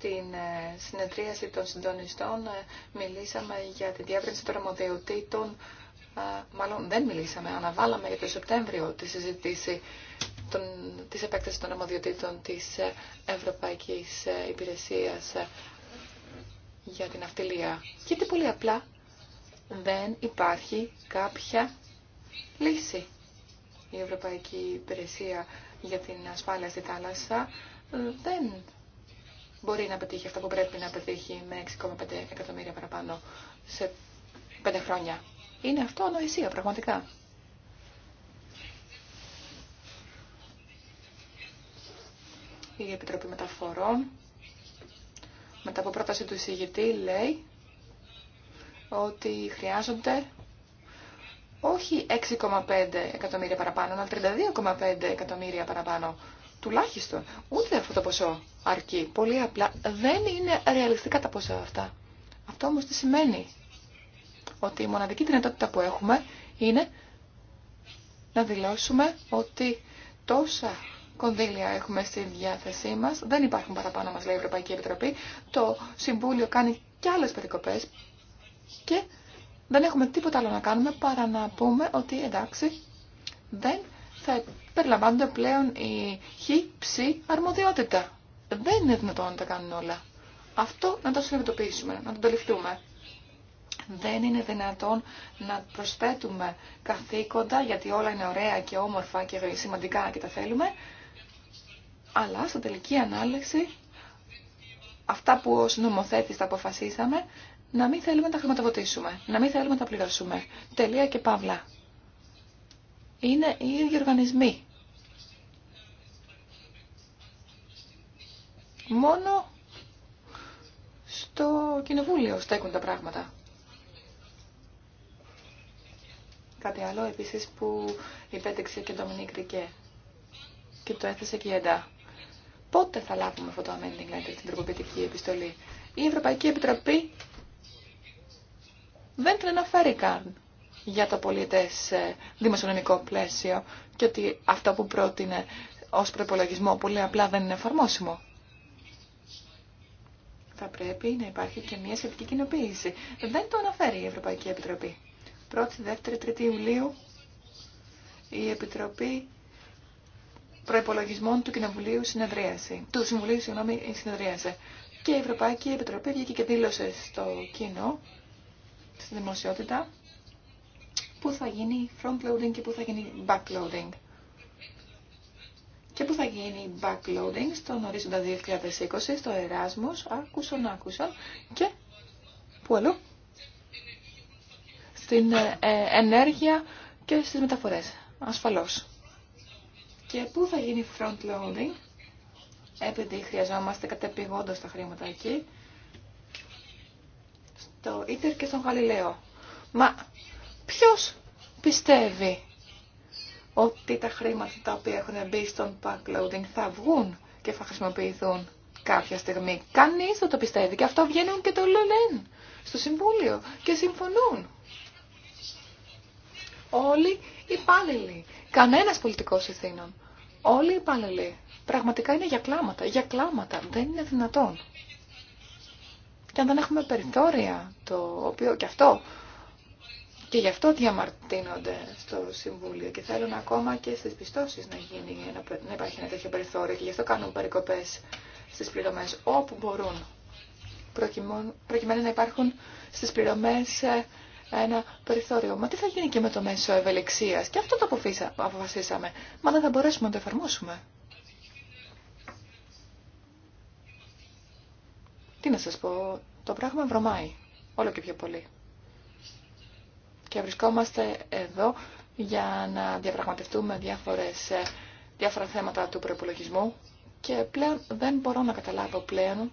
στην ε, συνεδρίαση των συντονιστών ε, μιλήσαμε για τη διεύρυνση των αρμοδιοτήτων. Ε, μάλλον δεν μιλήσαμε, αναβάλαμε για το Σεπτέμβριο τη συζήτηση των, της επέκτασης των αρμοδιοτήτων της ε, Ευρωπαϊκής ε, Υπηρεσίας ε, για την αυτιλία. Και πολύ απλά δεν υπάρχει κάποια λύση. Η Ευρωπαϊκή Υπηρεσία για την ασφάλεια στη θάλασσα δεν μπορεί να πετύχει αυτό που πρέπει να πετύχει με 6,5 εκατομμύρια παραπάνω σε πέντε χρόνια. Είναι αυτό ανοησία πραγματικά. η Επιτροπή Μεταφορών μετά από πρόταση του εισηγητή λέει ότι χρειάζονται όχι 6,5 εκατομμύρια παραπάνω, αλλά 32,5 εκατομμύρια παραπάνω. Τουλάχιστον. Ούτε αυτό το ποσό αρκεί. Πολύ απλά δεν είναι ρεαλιστικά τα ποσά αυτά. Αυτό όμως τι σημαίνει. Ότι η μοναδική δυνατότητα που έχουμε είναι να δηλώσουμε ότι τόσα κονδύλια έχουμε στη διάθεσή μα. Δεν υπάρχουν παραπάνω, μα λέει η Ευρωπαϊκή Επιτροπή. Το Συμβούλιο κάνει και άλλε περικοπέ και δεν έχουμε τίποτα άλλο να κάνουμε παρά να πούμε ότι εντάξει δεν θα περιλαμβάνονται πλέον η χ, αρμοδιότητα. Δεν είναι δυνατόν να τα κάνουν όλα. Αυτό να το συνειδητοποιήσουμε, να το τελειφθούμε. Δεν είναι δυνατόν να προσθέτουμε καθήκοντα, γιατί όλα είναι ωραία και όμορφα και σημαντικά και τα θέλουμε, αλλά στο τελική ανάλυση αυτά που ως νομοθέτης τα αποφασίσαμε να μην θέλουμε να τα χρηματοδοτήσουμε, να μην θέλουμε να τα πληρώσουμε. Τελεία και παύλα. Είναι οι ίδιοι οργανισμοί. Μόνο στο κοινοβούλιο στέκουν τα πράγματα. Κάτι άλλο επίσης που υπέτυξε και το Μινίκ και το έθεσε και η ΕΝΤΑ. Πότε θα λάβουμε αυτό το amending letter, την τροποποιητική επιστολή. Η Ευρωπαϊκή Επιτροπή δεν την αναφέρει καν για το πολιτές ε, δημοσιονομικό πλαίσιο και ότι αυτό που πρότεινε ως προπολογισμό πολύ απλά δεν είναι εφαρμόσιμο. Θα πρέπει να υπάρχει και μια σχετική κοινοποίηση. Δεν το αναφέρει η Ευρωπαϊκή Επιτροπή. 1η, 2η, 3η Ιουλίου η Επιτροπή Προπολογισμών του Κοινοβουλίου συνεδρίασε, του Συμβουλίου συγγνώμη, συνεδρίασε. Και η Ευρωπαϊκή Επιτροπή βγήκε και δήλωσε στο κοινό, στη δημοσιότητα, πού θα γίνει front-loading και πού θα γίνει back-loading. Και πού θα γίνει back-loading στον ορίζοντα 2020, στο Εράσμος, άκουσον, άκουσον και πού αλλού. Στην ε, ε, ενέργεια και στις μεταφορές, ασφαλώς. Και πού θα γίνει front loading, επειδή χρειαζόμαστε κατεπηγόντως τα χρήματα εκεί, στο Ίτερ και στον Γαλιλαίο. Μα ποιος πιστεύει ότι τα χρήματα τα οποία έχουν μπει στον loading θα βγουν και θα χρησιμοποιηθούν κάποια στιγμή. Κανείς δεν το πιστεύει και αυτό βγαίνουν και το λένε στο Συμβούλιο και συμφωνούν όλοι υπάλληλοι. Κανένας πολιτικός ηθήνων. Όλοι υπάλληλοι. Πραγματικά είναι για κλάματα. Για κλάματα. Δεν είναι δυνατόν. Και αν δεν έχουμε περιθώρια, το οποίο και αυτό, και γι' αυτό διαμαρτύνονται στο Συμβούλιο και θέλουν ακόμα και στις πιστώσεις να, γίνει, να υπάρχει ένα τέτοιο περιθώριο και γι' αυτό κάνουν περικοπές στις πληρωμές όπου μπορούν προκειμένου να υπάρχουν στις πληρωμές ε, ένα περιθώριο. Μα τι θα γίνει και με το μέσο ευελιξία. Και αυτό το αποφασίσαμε. Μα δεν θα μπορέσουμε να το εφαρμόσουμε. Τι να σας πω, το πράγμα βρωμάει όλο και πιο πολύ. Και βρισκόμαστε εδώ για να διαπραγματευτούμε διάφορες, ε, διάφορα θέματα του προπολογισμού και πλέον δεν μπορώ να καταλάβω πλέον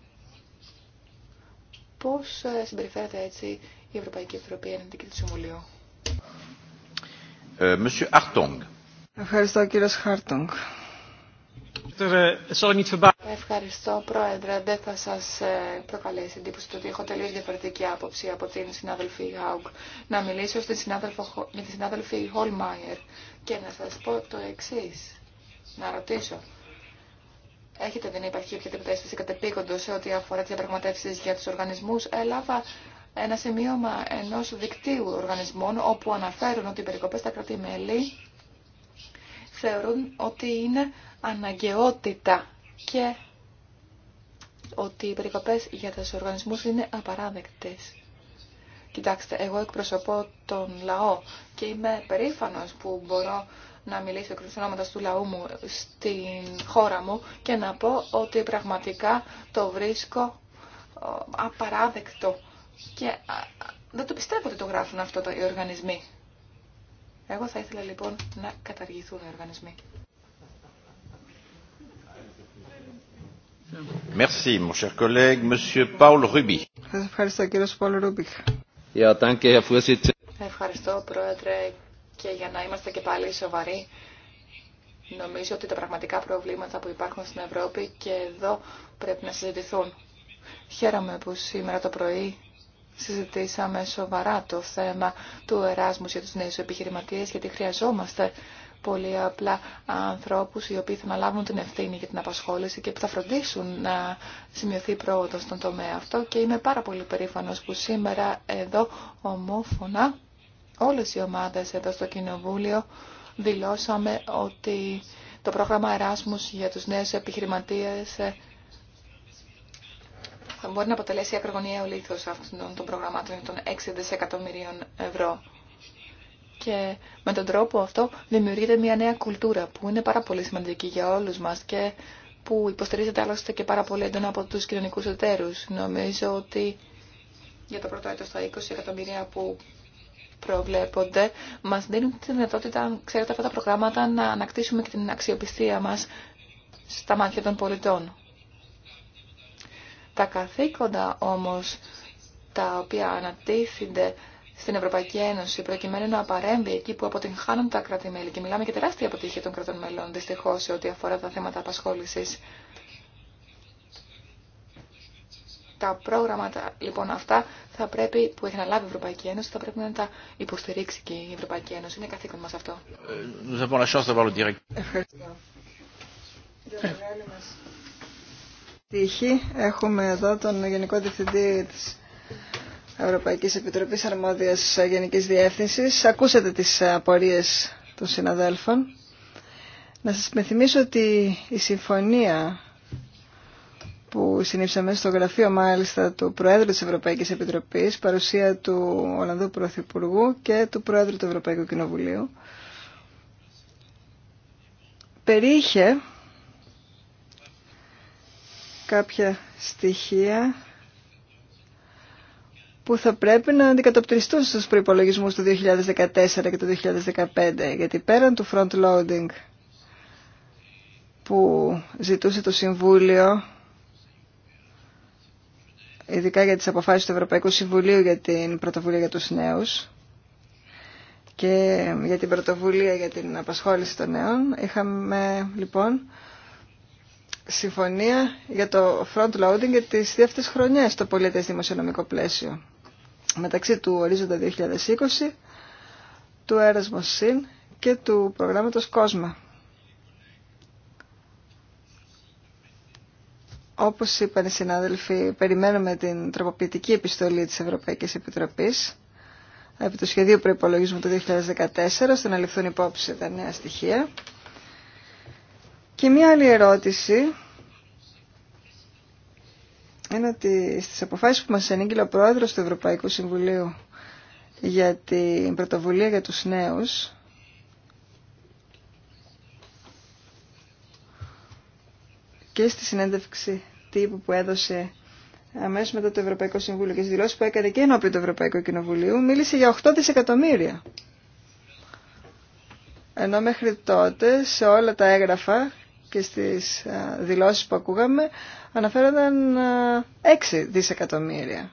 πώς ε, συμπεριφέρεται έτσι η Ευρωπαϊκή Επιτροπή Ένωση του Συμβουλίου. Συμβουλίο. Ευχαριστώ κύριε Χάρτονγκ. Ευχαριστώ, Πρόεδρε. Δεν θα σα ε, προκαλέσει εντύπωση το ότι έχω τελείω διαφορετική άποψη από την συνάδελφη Χάουγκ. Να μιλήσω στην συνάδελφο, για τη συνάδελφη Χολμάιερ και να σα πω το εξή. Να ρωτήσω. Έχετε, δεν υπάρχει οποιαδήποτε αίσθηση κατεπίκοντο σε ό,τι αφορά τι διαπραγματεύσει για του οργανισμού. Έλαβα ένα σημείωμα ενό δικτύου οργανισμών όπου αναφέρουν ότι οι περικοπές στα κρατη θεωρούν ότι είναι αναγκαιότητα και ότι οι περικοπέ για του οργανισμούς είναι απαράδεκτες. Κοιτάξτε, εγώ εκπροσωπώ τον λαό και είμαι περήφανο που μπορώ να μιλήσω εκ του λαού μου στην χώρα μου και να πω ότι πραγματικά το βρίσκω ε, απαράδεκτο και δεν το πιστεύω ότι το γράφουν αυτό οι οργανισμοί. Εγώ θα ήθελα λοιπόν να καταργηθούν οι οργανισμοί. Merci, mon cher collègue, Monsieur Paul Ruby. ευχαριστώ, κύριος Paul ευχαριστώ, Πρόεδρε, και για να είμαστε και πάλι σοβαροί. Νομίζω ότι τα πραγματικά προβλήματα που υπάρχουν στην Ευρώπη και εδώ πρέπει να συζητηθούν. Χαίρομαι που σήμερα το πρωί συζητήσαμε σοβαρά το θέμα του Εράσμου για τους νέους επιχειρηματίες, γιατί χρειαζόμαστε πολύ απλά ανθρώπους οι οποίοι θα λάβουν την ευθύνη για την απασχόληση και που θα φροντίσουν να σημειωθεί πρόοδο στον τομέα αυτό και είμαι πάρα πολύ περήφανος που σήμερα εδώ ομόφωνα όλες οι ομάδες εδώ στο Κοινοβούλιο δηλώσαμε ότι το πρόγραμμα Εράσμους για τους νέους επιχειρηματίες θα μπορεί να αποτελέσει ακρογωνιαίο λίθο αυτών των προγραμμάτων των 6 δισεκατομμυρίων ευρώ. Και με τον τρόπο αυτό δημιουργείται μια νέα κουλτούρα που είναι πάρα πολύ σημαντική για όλους μας και που υποστηρίζεται άλλωστε και πάρα πολύ έντονα από τους κοινωνικούς εταίρους. Νομίζω ότι για το πρώτο έτος τα 20 εκατομμύρια που προβλέπονται μας δίνουν τη δυνατότητα, ξέρετε, αυτά τα προγράμματα να ανακτήσουμε και την αξιοπιστία μας στα μάτια των πολιτών. Τα καθήκοντα όμως τα οποία ανατίθενται στην Ευρωπαϊκή Ένωση προκειμένου να παρέμβει εκεί που αποτυγχάνουν τα κράτη-μέλη και μιλάμε και τεράστια αποτυχία των κρατών μελών δυστυχώ σε ό,τι αφορά τα θέματα απασχόλησης. Τα πρόγραμματα λοιπόν αυτά θα πρέπει, που έχει αναλάβει η Ευρωπαϊκή Ένωση θα πρέπει να τα υποστηρίξει και η Ευρωπαϊκή Ένωση. Είναι καθήκον μας αυτό. Ε, Τύχη. Έχουμε εδώ τον Γενικό Διευθυντή της Ευρωπαϊκής Επιτροπής Αρμόδιας Γενικής Διεύθυνσης. Ακούσατε τις απορίες των συναδέλφων. Να σας μεθυμίσω ότι η συμφωνία που συνήψαμε στο γραφείο μάλιστα του Προέδρου της Ευρωπαϊκής Επιτροπής, παρουσία του Ολλανδού Πρωθυπουργού και του Προέδρου του Ευρωπαϊκού Κοινοβουλίου, κάποια στοιχεία που θα πρέπει να αντικατοπτριστούν στους προϋπολογισμούς του 2014 και του 2015, γιατί πέραν του front-loading που ζητούσε το Συμβούλιο, ειδικά για τις αποφάσεις του Ευρωπαϊκού Συμβουλίου για την πρωτοβουλία για τους νέους και για την πρωτοβουλία για την απασχόληση των νέων, είχαμε λοιπόν συμφωνία για το front loading για τις δεύτερες χρονιές στο πολιτές δημοσιονομικό πλαίσιο μεταξύ του ορίζοντα 2020, του Erasmus Συν και του προγράμματος Κόσμα. Όπως είπαν οι συνάδελφοι, περιμένουμε την τροποποιητική επιστολή της Ευρωπαϊκής Επιτροπής επί του σχεδίου προϋπολογισμού του 2014, ώστε να ληφθούν υπόψη τα νέα στοιχεία. Και μία άλλη ερώτηση είναι ότι στις αποφάσεις που μας ενήγγειλε ο Πρόεδρος του Ευρωπαϊκού Συμβουλίου για την πρωτοβουλία για τους νέους και στη συνέντευξη τύπου που έδωσε αμέσως μετά το Ευρωπαϊκό Συμβούλιο και στις δηλώσεις που έκανε και ενώπιον του Ευρωπαϊκού Κοινοβουλίου μίλησε για 8 δισεκατομμύρια. Ενώ μέχρι τότε σε όλα τα έγγραφα και στις ε, δηλώσεις που ακούγαμε αναφέρονταν 6 ε, δισεκατομμύρια.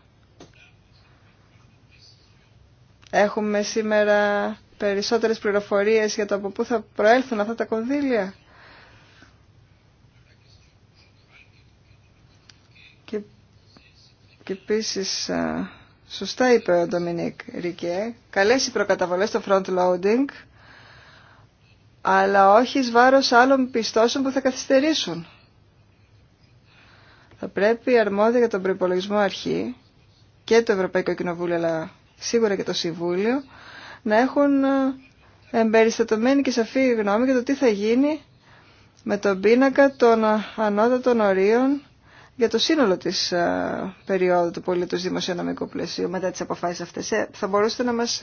Έχουμε σήμερα περισσότερες πληροφορίες για το από πού θα προέλθουν αυτά τα κονδύλια. Και, και ε, σωστά είπε ο Ντομινίκ Ρικέ, καλές οι προκαταβολές στο front loading αλλά όχι εις βάρος άλλων πιστώσεων που θα καθυστερήσουν. Θα πρέπει η αρμόδια για τον προπολογισμό αρχή και το Ευρωπαϊκό Κοινοβούλιο, αλλά σίγουρα και το Συμβούλιο, να έχουν ε, εμπεριστατωμένη και σαφή γνώμη για το τι θα γίνει με τον πίνακα των ανώτατων ορίων για το σύνολο της ε, περίοδου του πολίτου δημοσιονομικού πλαισίου μετά τις αποφάσεις αυτές. Ε, θα μπορούσατε να μας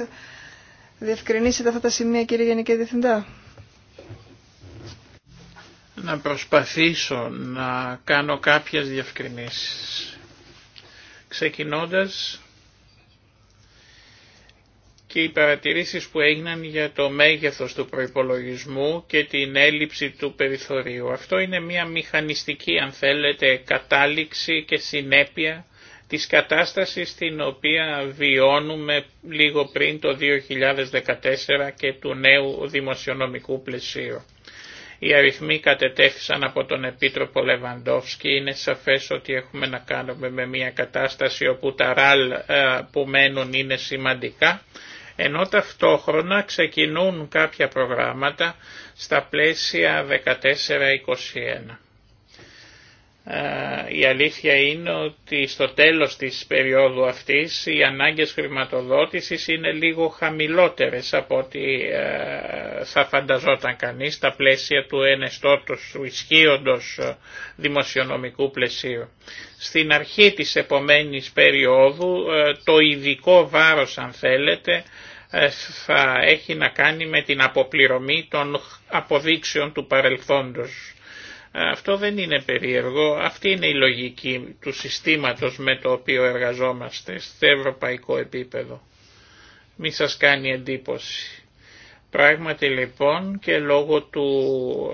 διευκρινίσετε αυτά τα σημεία κύριε Γενική Διευθυντά να προσπαθήσω να κάνω κάποιες διευκρινήσεις. Ξεκινώντας και οι παρατηρήσεις που έγιναν για το μέγεθος του προϋπολογισμού και την έλλειψη του περιθωρίου. Αυτό είναι μια μηχανιστική αν θέλετε κατάληξη και συνέπεια της κατάστασης την οποία βιώνουμε λίγο πριν το 2014 και του νέου δημοσιονομικού πλαισίου. Οι αριθμοί κατετέθησαν από τον Επίτροπο Λεβαντόφσκι. Είναι σαφές ότι έχουμε να κάνουμε με μια κατάσταση όπου τα ραλ ε, που μένουν είναι σημαντικά, ενώ ταυτόχρονα ξεκινούν κάποια προγράμματα στα πλαίσια 14-21. Ε, η αλήθεια είναι ότι στο τέλος της περίοδου αυτής οι ανάγκες χρηματοδότησης είναι λίγο χαμηλότερες από ό,τι ε, θα φανταζόταν κανείς στα πλαίσια του ενεστώτος του ισχύοντος ε, δημοσιονομικού πλαισίου. Στην αρχή της επομένης περίοδου το ειδικό βάρος αν θέλετε θα έχει να κάνει με την αποπληρωμή των αποδείξεων του παρελθόντος αυτό δεν είναι περίεργο, αυτή είναι η λογική του συστήματος με το οποίο εργαζόμαστε στο ευρωπαϊκό επίπεδο. Μη σας κάνει εντύπωση. Πράγματι λοιπόν και λόγω του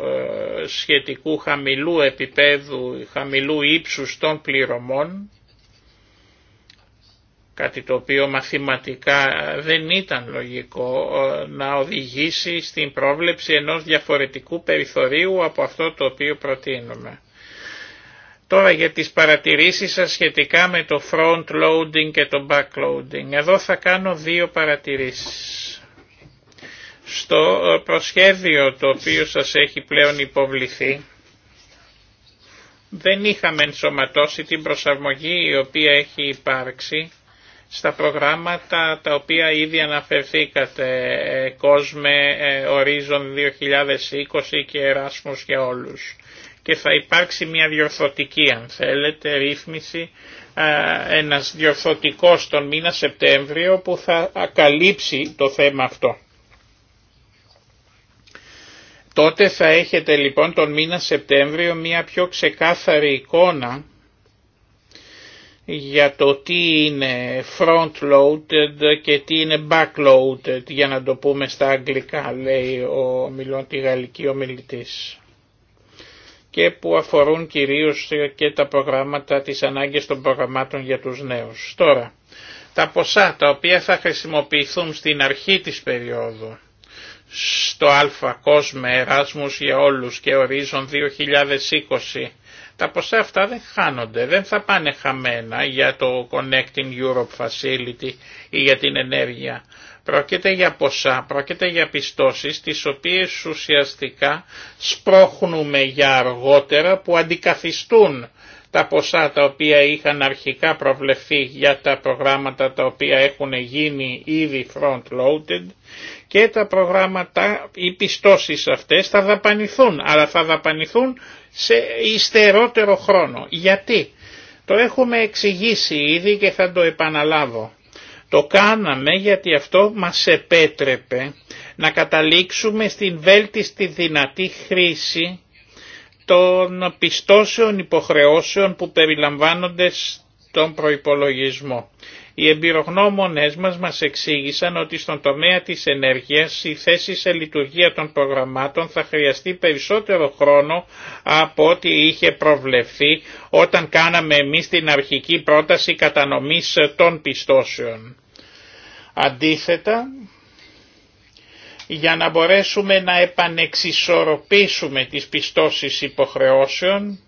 ε, σχετικού χαμηλού επίπεδου, χαμηλού ύψους των πληρωμών, κάτι το οποίο μαθηματικά δεν ήταν λογικό ε, να οδηγήσει στην πρόβλεψη ενός διαφορετικού περιθωρίου από αυτό το οποίο προτείνουμε. Τώρα για τις παρατηρήσεις σας σχετικά με το front loading και το back loading. Εδώ θα κάνω δύο παρατηρήσεις. Στο ε, προσχέδιο το οποίο σας έχει πλέον υποβληθεί, δεν είχαμε ενσωματώσει την προσαρμογή η οποία έχει υπάρξει στα προγράμματα τα οποία ήδη αναφερθήκατε, ε, κόσμε ε, Horizon 2020 και έρασμος για όλους. Και θα υπάρξει μια διορθωτική, αν θέλετε, ρύθμιση, ένας διορθωτικός τον μήνα Σεπτέμβριο που θα καλύψει το θέμα αυτό. Τότε θα έχετε λοιπόν τον μήνα Σεπτέμβριο μια πιο ξεκάθαρη εικόνα για το τι είναι front-loaded και τι είναι back-loaded, για να το πούμε στα αγγλικά, λέει ο τη γαλλική ομιλητής και που αφορούν κυρίως και τα προγράμματα, τις ανάγκες των προγραμμάτων για τους νέους. Τώρα, τα ποσά τα οποία θα χρησιμοποιηθούν στην αρχή της περίοδου, στο Α κόσμε Εράσμους για όλους και ορίζον 2020, τα ποσά αυτά δεν χάνονται, δεν θα πάνε χαμένα για το Connecting Europe Facility ή για την ενέργεια. Πρόκειται για ποσά, πρόκειται για πιστώσεις τις οποίες ουσιαστικά σπρώχνουμε για αργότερα που αντικαθιστούν τα ποσά τα οποία είχαν αρχικά προβλεφθεί για τα προγράμματα τα οποία έχουν γίνει ήδη front-loaded και τα προγράμματα, οι πιστώσεις αυτές θα δαπανηθούν, αλλά θα δαπανηθούν σε υστερότερο χρόνο. Γιατί? Το έχουμε εξηγήσει ήδη και θα το επαναλάβω. Το κάναμε γιατί αυτό μας επέτρεπε να καταλήξουμε στην βέλτιστη δυνατή χρήση των πιστώσεων υποχρεώσεων που περιλαμβάνονται στον προϋπολογισμό. Οι εμπειρογνώμονές μας μας εξήγησαν ότι στον τομέα της ενέργειας η θέση σε λειτουργία των προγραμμάτων θα χρειαστεί περισσότερο χρόνο από ό,τι είχε προβλεφθεί όταν κάναμε εμείς την αρχική πρόταση κατανομής των πιστώσεων. Αντίθετα, για να μπορέσουμε να επανεξισορροπήσουμε τις πιστώσεις υποχρεώσεων,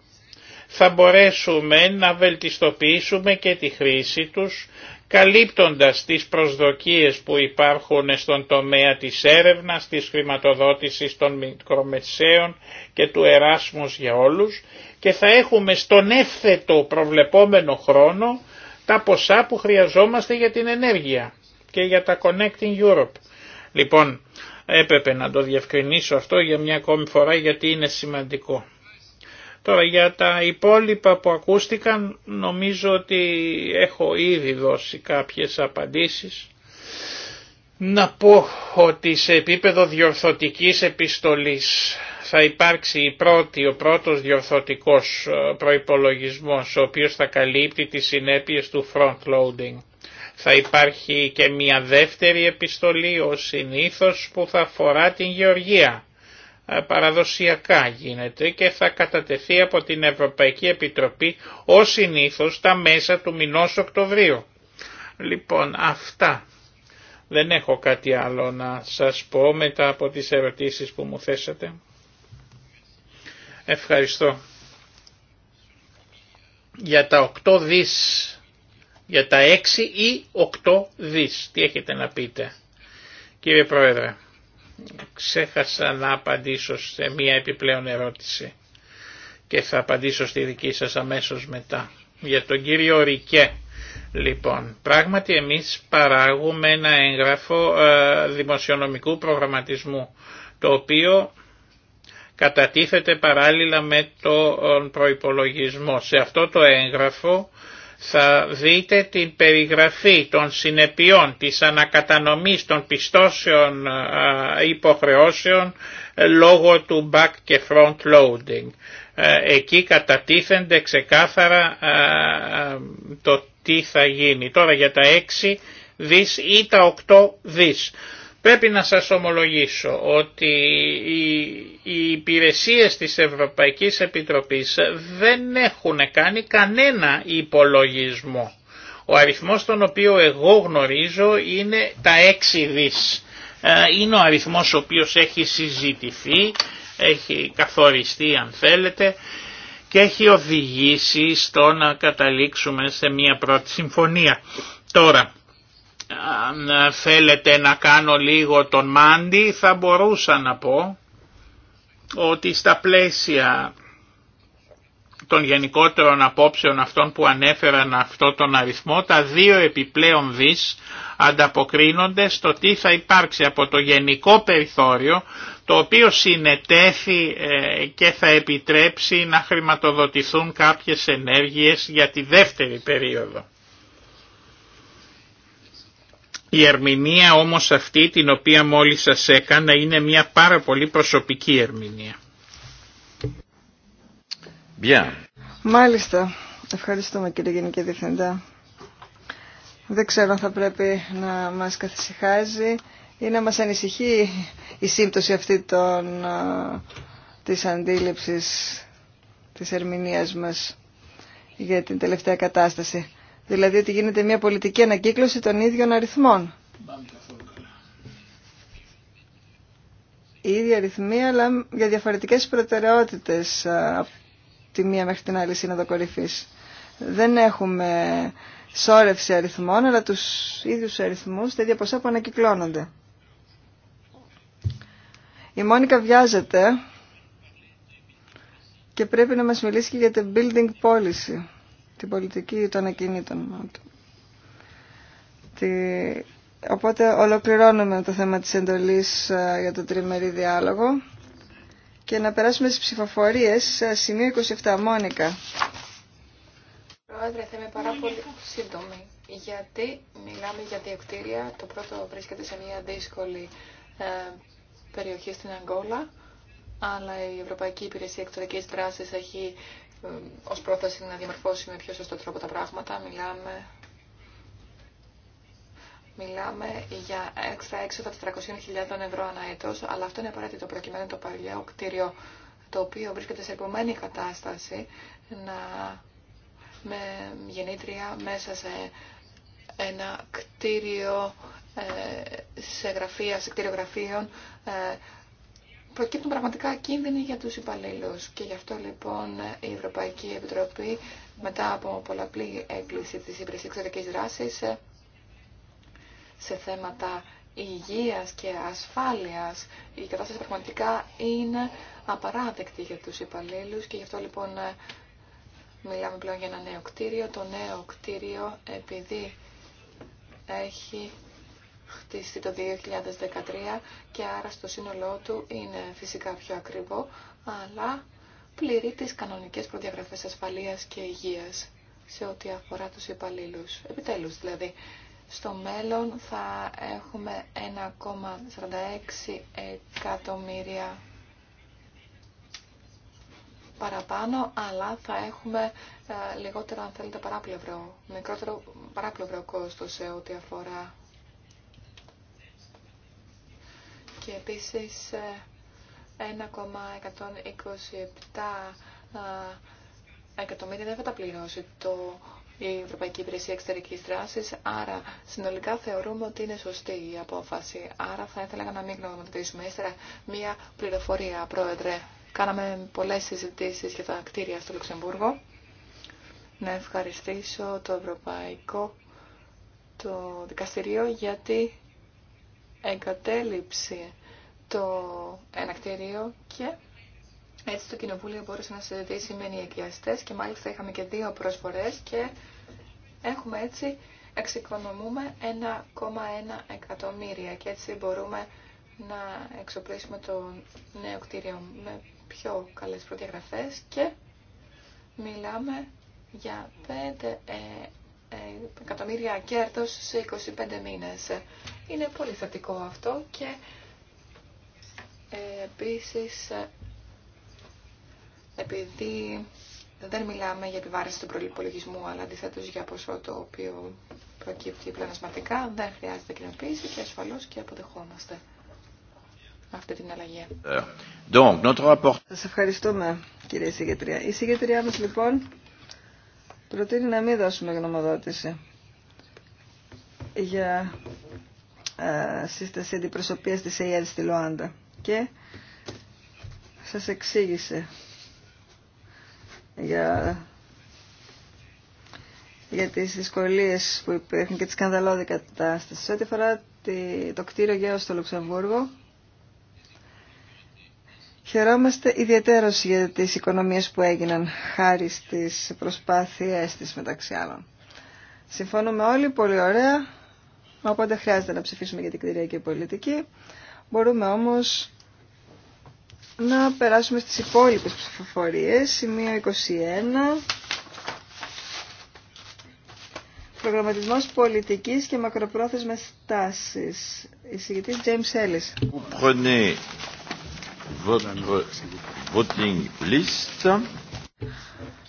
θα μπορέσουμε να βελτιστοποιήσουμε και τη χρήση τους, καλύπτοντας τις προσδοκίες που υπάρχουν στον τομέα της έρευνας, της χρηματοδότησης των μικρομεσαίων και του Εράσμους για όλους και θα έχουμε στον εύθετο προβλεπόμενο χρόνο τα ποσά που χρειαζόμαστε για την ενέργεια και για τα Connecting Europe. Λοιπόν, Έπρεπε να το διευκρινίσω αυτό για μια ακόμη φορά γιατί είναι σημαντικό. Τώρα για τα υπόλοιπα που ακούστηκαν νομίζω ότι έχω ήδη δώσει κάποιες απαντήσεις. Να πω ότι σε επίπεδο διορθωτικής επιστολής θα υπάρξει η πρώτη, ο πρώτος διορθωτικός ε, προϋπολογισμός ο οποίος θα καλύπτει τις συνέπειες του front-loading. Θα υπάρχει και μια δεύτερη επιστολή ως συνήθως που θα αφορά την γεωργία. Ε, παραδοσιακά γίνεται και θα κατατεθεί από την Ευρωπαϊκή Επιτροπή ως συνήθως τα μέσα του μηνός Οκτωβρίου. Λοιπόν αυτά. Δεν έχω κάτι άλλο να σας πω μετά από τις ερωτήσεις που μου θέσατε. Ευχαριστώ. Για τα οκτώ δις για τα 6 ή 8 δις. Τι έχετε να πείτε. Κύριε Πρόεδρε, ξέχασα να απαντήσω σε μία επιπλέον ερώτηση και θα απαντήσω στη δική σας αμέσως μετά. Για τον κύριο Ρικέ, λοιπόν, πράγματι εμείς παράγουμε ένα έγγραφο ε, δημοσιονομικού προγραμματισμού, το οποίο κατατίθεται παράλληλα με τον προϋπολογισμό. Σε αυτό το έγγραφο θα δείτε την περιγραφή των συνεπειών της ανακατανομής των πιστώσεων υποχρεώσεων ε, λόγω του back και front loading. Ε, εκεί κατατίθενται ξεκάθαρα το τι θα γίνει. Τώρα για τα 6 δις ή τα 8 δις. Πρέπει να σας ομολογήσω ότι οι υπηρεσίες της Ευρωπαϊκής Επιτροπής δεν έχουν κάνει κανένα υπολογισμό. Ο αριθμός τον οποίο εγώ γνωρίζω είναι τα 6 δις. Ε, είναι ο αριθμός ο οποίος έχει συζητηθεί, έχει καθοριστεί αν θέλετε και έχει οδηγήσει στο να καταλήξουμε σε μια πρώτη συμφωνία. Τώρα, αν ε, θέλετε να κάνω λίγο τον Μάντι θα μπορούσα να πω ότι στα πλαίσια των γενικότερων απόψεων αυτών που ανέφεραν αυτό τον αριθμό, τα δύο επιπλέον δις ανταποκρίνονται στο τι θα υπάρξει από το γενικό περιθώριο, το οποίο συνετέθη ε, και θα επιτρέψει να χρηματοδοτηθούν κάποιες ενέργειες για τη δεύτερη περίοδο. Η ερμηνεία όμως αυτή την οποία μόλις σας έκανα είναι μια πάρα πολύ προσωπική ερμηνεία. Μάλιστα. Ευχαριστούμε κύριε Γενική Διευθυντά. Δεν ξέρω αν θα πρέπει να μας καθησυχάζει ή να μας ανησυχεί η σύμπτωση αυτή των, της αντίληψης της ερμηνείας μας για την τελευταία κατάσταση. Δηλαδή ότι γίνεται μια πολιτική ανακύκλωση των ίδιων αριθμών. Η ίδια αριθμοί, αλλά για διαφορετικές προτεραιότητες από τη μία μέχρι την άλλη σύνοδο κορυφής. Δεν έχουμε σώρευση αριθμών, αλλά τους ίδιους αριθμούς, τα ίδια ποσά που ανακυκλώνονται. Η Μόνικα βιάζεται και πρέπει να μας μιλήσει και για την building policy την πολιτική των ακινήτων. Οπότε ολοκληρώνουμε το θέμα της εντολής ε, για το τριμερή διάλογο και να περάσουμε στις ψηφοφορίες. Σημείο 27, Μόνικα. Πρόεδρε, θα είμαι πάρα πολύ σύντομη, γιατί μιλάμε για δύο κτίρια. Το πρώτο βρίσκεται σε μια δύσκολη ε, περιοχή στην Αγγόλα, αλλά η Ευρωπαϊκή Υπηρεσία Εκτορικής Δράσης έχει ως πρόθεση να διαμορφώσει με πιο σωστό τρόπο τα πράγματα. Μιλάμε, μιλάμε για έξτρα έξοδα 400.000 ευρώ ανά έτος, αλλά αυτό είναι απαραίτητο προκειμένου το παλιό κτίριο το οποίο βρίσκεται σε επομένη κατάσταση να με γεννήτρια μέσα σε ένα κτίριο ε, σε γραφεία, σε κτίριο γραφείων ε, προκύπτουν πραγματικά κίνδυνοι για τους υπαλλήλους. Και γι' αυτό λοιπόν η Ευρωπαϊκή Επιτροπή μετά από πολλαπλή έκκληση της υπηρεσίας εξωτερικής δράσης σε θέματα υγείας και ασφάλειας η κατάσταση πραγματικά είναι απαράδεκτη για τους υπαλλήλους και γι' αυτό λοιπόν μιλάμε πλέον για ένα νέο κτίριο. Το νέο κτίριο επειδή έχει χτίστη το 2013 και άρα στο σύνολό του είναι φυσικά πιο ακριβό, αλλά πληρεί τις κανονικές προδιαγραφές ασφαλείας και υγείας σε ό,τι αφορά τους υπαλλήλου. Επιτέλους δηλαδή, στο μέλλον θα έχουμε 1,46 εκατομμύρια παραπάνω, αλλά θα έχουμε ε, λιγότερο, αν θέλετε, παράπλευρο, μικρότερο παράπλευρο κόστος σε ό,τι αφορά και επίσης 1,127 ε, ε, εκατομμύρια δεν θα τα πληρώσει το, η Ευρωπαϊκή Υπηρεσία Εξωτερικής δράση. άρα συνολικά θεωρούμε ότι είναι σωστή η απόφαση. Άρα θα ήθελα να μην γνωρίζουμε ύστερα μία πληροφορία, Πρόεδρε. Κάναμε πολλές συζητήσεις για τα κτίρια στο Λουξεμβούργο. Να ευχαριστήσω το Ευρωπαϊκό το Δικαστηρίο γιατί εγκατέλειψη το ένα κτίριο και έτσι το Κοινοβούλιο μπόρεσε να συζητήσει με ενοικιαστές και μάλιστα είχαμε και δύο προσφορές και έχουμε έτσι εξοικονομούμε 1,1 εκατομμύρια και έτσι μπορούμε να εξοπλίσουμε το νέο κτίριο με πιο καλές προδιαγραφές και μιλάμε για 5 ε, εκατομμύρια κέρδος σε 25 μήνες. Είναι πολύ θετικό αυτό και ε, επίσης ε, επειδή δεν μιλάμε για επιβάρηση του προπολογισμού, αλλά αντιθέτω για ποσό το οποίο προκύπτει πλανασματικά, δεν χρειάζεται κοινοποίηση και ασφαλώ και αποδεχόμαστε αυτή την αλλαγή. Ε, Σα ευχαριστούμε, κύριε Συγκετριά. Η Συγκετριά μα λοιπόν προτείνει να μην δώσουμε γνωμοδότηση για α, ε, σύσταση αντιπροσωπείας της ΕΙΑΔ στη ΛΟΑΝΤΑ και σας εξήγησε για, για τις δυσκολίες που υπήρχαν και τη σκανδαλώδη κατάσταση. Σε ό,τι αφορά το κτίριο Γέος στο Λουξεμβούργο, Χαιρόμαστε ιδιαίτερως για τις οικονομίες που έγιναν χάρη στις προσπάθειές της μεταξύ άλλων. Συμφωνούμε όλοι, πολύ ωραία, οπότε χρειάζεται να ψηφίσουμε για την κτηριακή πολιτική. Μπορούμε όμως να περάσουμε στις υπόλοιπες ψηφοφορίες, σημείο 21. Προγραμματισμός πολιτικής και μακροπρόθεσμες τάσεις. Εισηγητής James Ellis votre euh, voting list.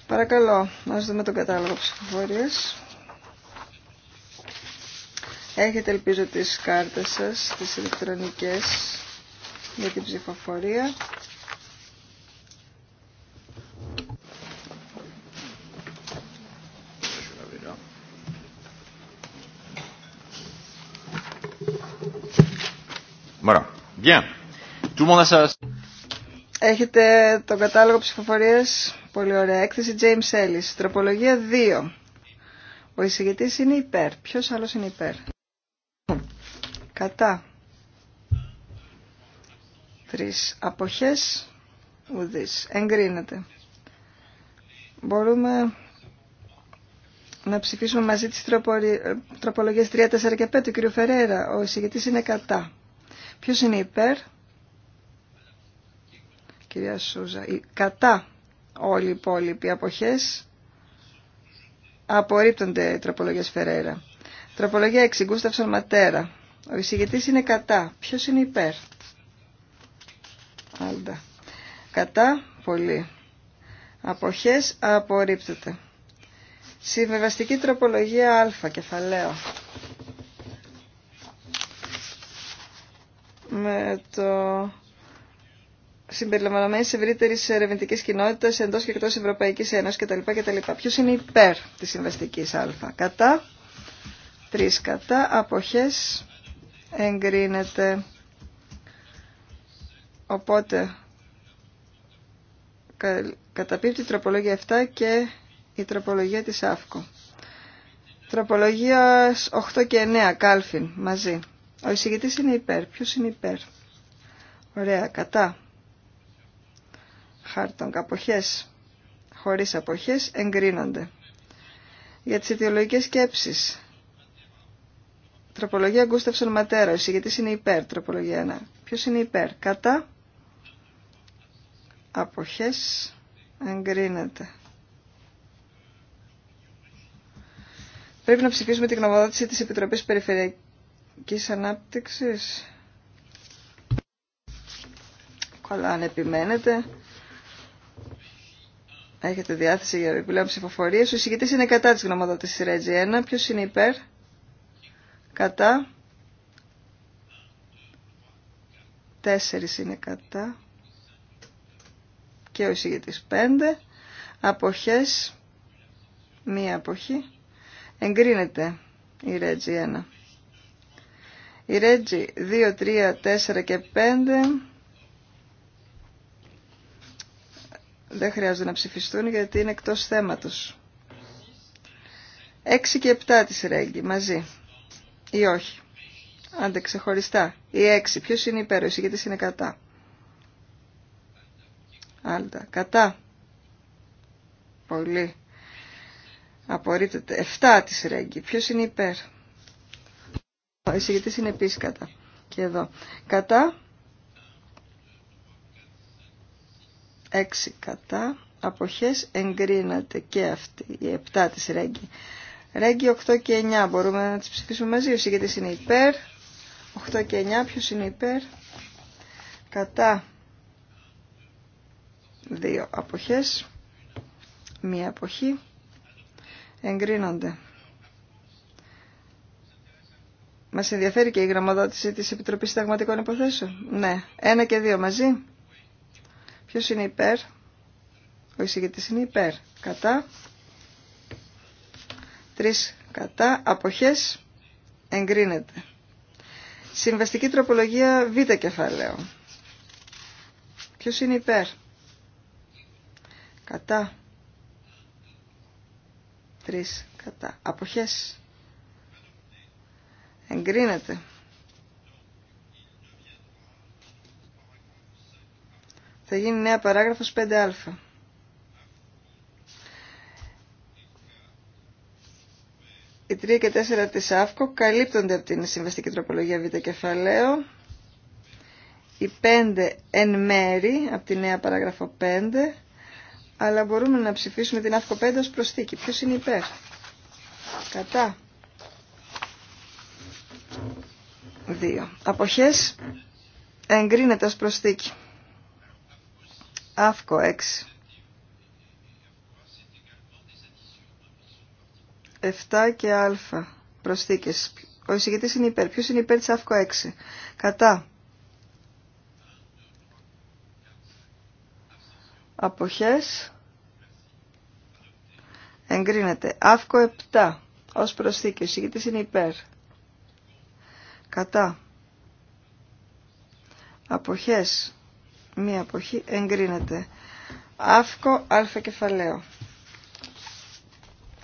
Παρακαλώ, να δούμε τον κατάλογο ψηφοφορία. Έχετε ελπίζω τις κάρτες σας, τις ηλεκτρονικές για την ψηφοφορία. Voilà. Bien. Tout le monde a sa... Έχετε τον κατάλογο ψηφοφορία Πολύ ωραία. Έκθεση James Ellis. Τροπολογία 2. Ο εισηγητή είναι υπέρ. Ποιο άλλο είναι υπέρ. Κατά. Τρει αποχέ. Ουδή. Εγκρίνεται. Μπορούμε να ψηφίσουμε μαζί τις τροπολογίες 3, 4 και 5 του κ. Φεραίρα. Ο εισηγητής είναι κατά. Ποιος είναι υπέρ κυρία Σούζα. Κατά όλοι οι υπόλοιποι αποχές απορρίπτονται οι τροπολογίες Φεραίρα. Τροπολογία 6. Γκούσταυσον Ματέρα. Ο εισηγητής είναι κατά. Ποιος είναι υπέρ. Άλτα. Κατά. Πολύ. Αποχές απορρίπτονται. Συμβεβαστική τροπολογία α, κεφαλαίο. Με το συμπεριλαμβανομένη ευρύτερη ερευνητική κοινότητα εντό και εκτό Ευρωπαϊκή Ένωση κτλ. κτλ. Ποιο είναι υπέρ τη συμβαστική Α. Κατά. Τρει κατά. Αποχέ. Εγκρίνεται. Οπότε καταπίπτει η τροπολογία 7 και η τροπολογία της ΑΦΚΟ. Τροπολογία 8 και 9, κάλφιν, μαζί. Ο εισηγητής είναι υπέρ. Ποιος είναι υπέρ. Ωραία, κατά χάρτων. Αποχές χωρίς αποχές εγκρίνονται. Για τις ιδεολογικές σκέψεις. Τροπολογία Γκούσταυσον Ματέρα. Ο είναι υπέρ. Τροπολογία 1. Ποιος είναι υπέρ. Κατά. Αποχές εγκρίνεται. Πρέπει να ψηφίσουμε την γνωμοδότηση της επιτροπή περιφερειακή Ανάπτυξης. Καλά, αν επιμένετε. Έχετε διάθεση για επιπλέον ψηφοφορίε. Ο εισηγητή είναι κατά τη γνωμοδότηση Ρέτζι 1. Ποιο είναι υπέρ. Κατά. Τέσσερι είναι κατά. Και ο εισηγητή 5. Αποχέ. Μία αποχή. Εγκρίνεται η Ρέτζι 1. Η Ρέτζι 2, 3, 4 και 5 δεν χρειάζεται να ψηφιστούν γιατί είναι εκτός θέματος. 6 και 7 της Ρέγγι μαζί ή όχι. Άντε ξεχωριστά. Ή 6. Ποιος είναι υπέρ, ο εισηγητής είναι κατά. Άλτα. Κατά. Πολύ. Απορρίπτεται. 7 της Ρέγγι. Ποιος είναι υπέρ. Ο εισηγητής είναι επίσης κατά. Και εδώ. Κατά. 6 κατά, αποχές εγκρίνεται και αυτή, η 7 της Ρέγγι. Ρέγγι 8 και 9 μπορούμε να τις ψηφίσουμε μαζί, ο γιατί είναι υπέρ, 8 και 9 ποιος είναι υπέρ, κατά 2 αποχές, μία αποχή, εγκρίνονται. Μας ενδιαφέρει και η γραμματότηση της Επιτροπής Συνταγματικών Υποθέσεων. Ναι. Ένα και δύο μαζί. Ποιος είναι υπέρ. Ο εισηγητής είναι υπέρ. Κατά. Τρεις κατά. Αποχές. Εγκρίνεται. Συμβαστική τροπολογία β κεφαλαίο. Ποιος είναι υπέρ. Κατά. Τρεις κατά. Αποχές. Εγκρίνεται. θα γίνει νέα παράγραφος 5α. Οι 3 και 4 της ΑΦΚΟ καλύπτονται από την συμβαστική τροπολογία Β κεφαλαίο. Οι 5 εν μέρη από τη νέα παράγραφο 5. Αλλά μπορούμε να ψηφίσουμε την ΑΦΚΟ 5 ως προσθήκη. Ποιος είναι υπέρ. Κατά. 2. Αποχές εγκρίνεται ως προσθήκη. ΑΦΚΟ 6. 7 και α. Προσθήκες. Ο εισηγητής είναι υπέρ. Ποιος είναι υπέρ της ΑΦΚΟ 6. Κατά. Αποχές. Εγκρίνεται. ΑΦΚΟ 7. Ως προσθήκη. Ο εισηγητής είναι υπέρ. Κατά. Αποχές μία αποχή εγκρίνεται. Αύκο α κεφαλαίο.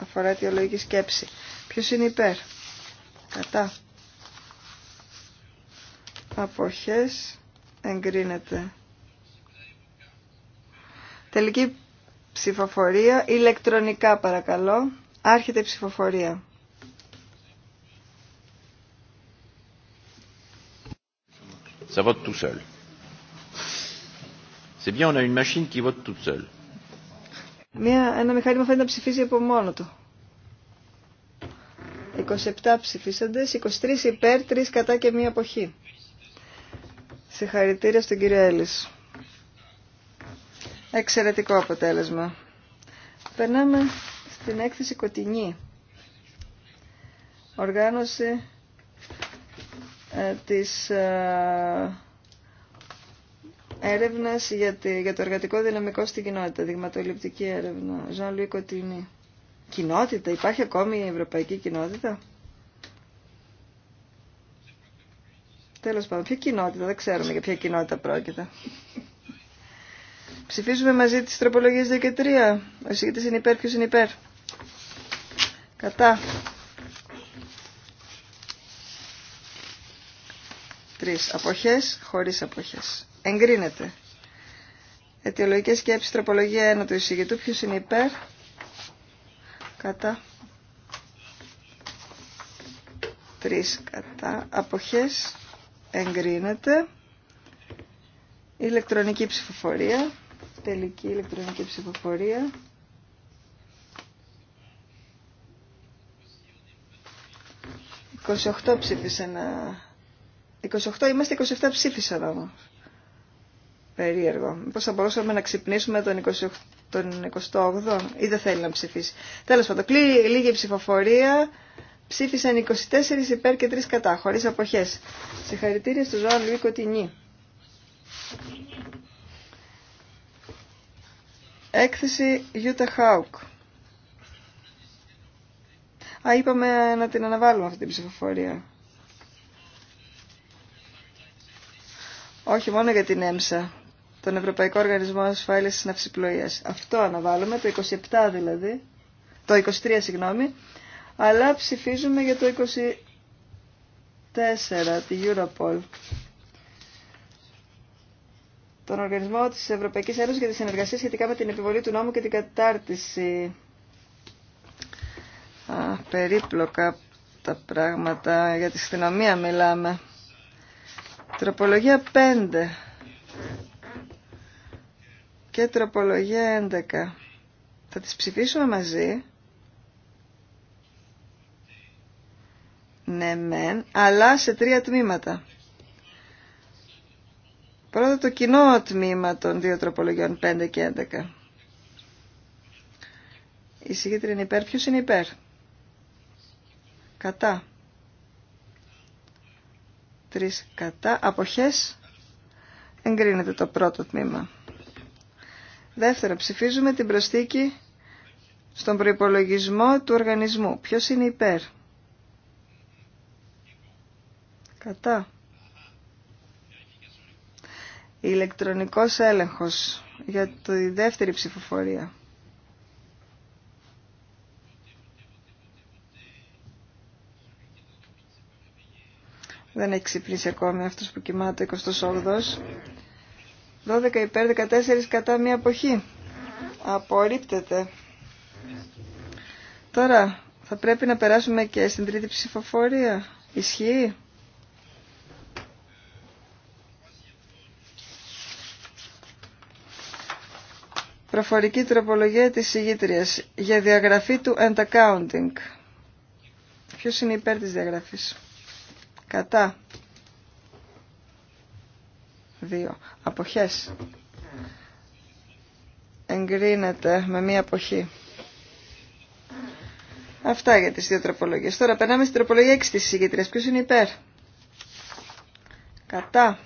Αφορά τη ολογική σκέψη. Ποιο είναι υπέρ. Κατά. Αποχές εγκρίνεται. Τελική ψηφοφορία. Ηλεκτρονικά παρακαλώ. Άρχεται η ψηφοφορία. Ça vote tout seul. C'est bien, on a une machine qui vote toute seule. Μια, un μηχάνημα fait να ψηφίζει από μόνο του. 27 ψηφίσαντες, 23 υπέρ, 3 κατά και μία αποχή. Συγχαρητήρια στον κύριο Έλλης. Εξαιρετικό αποτέλεσμα. Περνάμε στην έκθεση Κοτινή. Οργάνωση ε, της... Ε, έρευνας για, το εργατικό δυναμικό στην κοινότητα, δειγματοληπτική έρευνα. Ζαν Λουί Κοτίνη. Κοινότητα, υπάρχει ακόμη η ευρωπαϊκή κοινότητα. Τέλος πάντων, ποια κοινότητα, δεν ξέρουμε για ποια κοινότητα πρόκειται. Ψηφίζουμε μαζί τις τροπολογίες 2 και 3. Ο εισηγητής είναι υπέρ, ποιος είναι υπέρ. Κατά. Τρεις αποχές, χωρίς αποχές. Εγκρίνεται. Αιτιολογικέ σκέψει, τροπολογία 1 του εισηγητού. Ποιο είναι υπέρ. Κατά. Τρεις κατά. Αποχές. Εγκρίνεται. Ηλεκτρονική ψηφοφορία. Τελική ηλεκτρονική ψηφοφορία. «28 ψήφισαν, 28 είμαστε, 27 ψήφισαν όμως» περίεργο. Μήπως θα μπορούσαμε να ξυπνήσουμε τον 28 τον 28ο ή δεν θέλει να ψηφίσει. Τέλος πάντων, λίγη ψηφοφορία, ψήφισαν 24 υπέρ και 3 κατά, χωρίς αποχές. Συγχαρητήρια στο Ζωάν Λουί Κοτινή. Έκθεση Utah Hawk. Α, είπαμε να την αναβάλουμε αυτή την ψηφοφορία. Όχι μόνο για την έμψα τον Ευρωπαϊκό Οργανισμό ασφάλεια της Ναυσιπλοεία. Αυτό αναβάλουμε, το 27 δηλαδή, το 23 συγγνώμη, αλλά ψηφίζουμε για το 24, τη Europol. Τον Οργανισμό τη Ευρωπαϊκής Ένωση για τη συνεργασία σχετικά με την επιβολή του νόμου και την κατάρτιση. Α, περίπλοκα τα πράγματα, για τη αστυνομία μιλάμε. Τροπολογία 5 και τροπολογία 11. Θα τις ψηφίσουμε μαζί. Ναι μεν, αλλά σε τρία τμήματα. Πρώτα το κοινό τμήμα των δύο τροπολογιών 5 και 11. Η συγκέντρια είναι υπέρ. Ποιος είναι υπέρ. Κατά. Τρεις κατά. Αποχές. Εγκρίνεται το πρώτο τμήμα. Δεύτερο, ψηφίζουμε την προσθήκη στον προϋπολογισμό του οργανισμού. Ποιος είναι υπέρ. Κατά. Ηλεκτρονικός έλεγχος για τη δεύτερη ψηφοφορία. Δεν έχει ξυπνήσει ακόμη αυτός που κοιμάται 28ος. 12 υπέρ 14 κατά μία αποχή. Απορρίπτεται. Τώρα θα πρέπει να περάσουμε και στην τρίτη ψηφοφορία. Ισχύει. Προφορική τροπολογία της συγγήτριας για διαγραφή του and accounting. Ποιος είναι υπέρ της διαγραφής. Κατά. 2. Αποχές. Εγκρίνεται με μία αποχή. Αυτά για τις δύο τροπολογίες. Τώρα περνάμε στην τροπολογία 6 της συγκεκριτρίας. Ποιος είναι υπέρ. Κατά.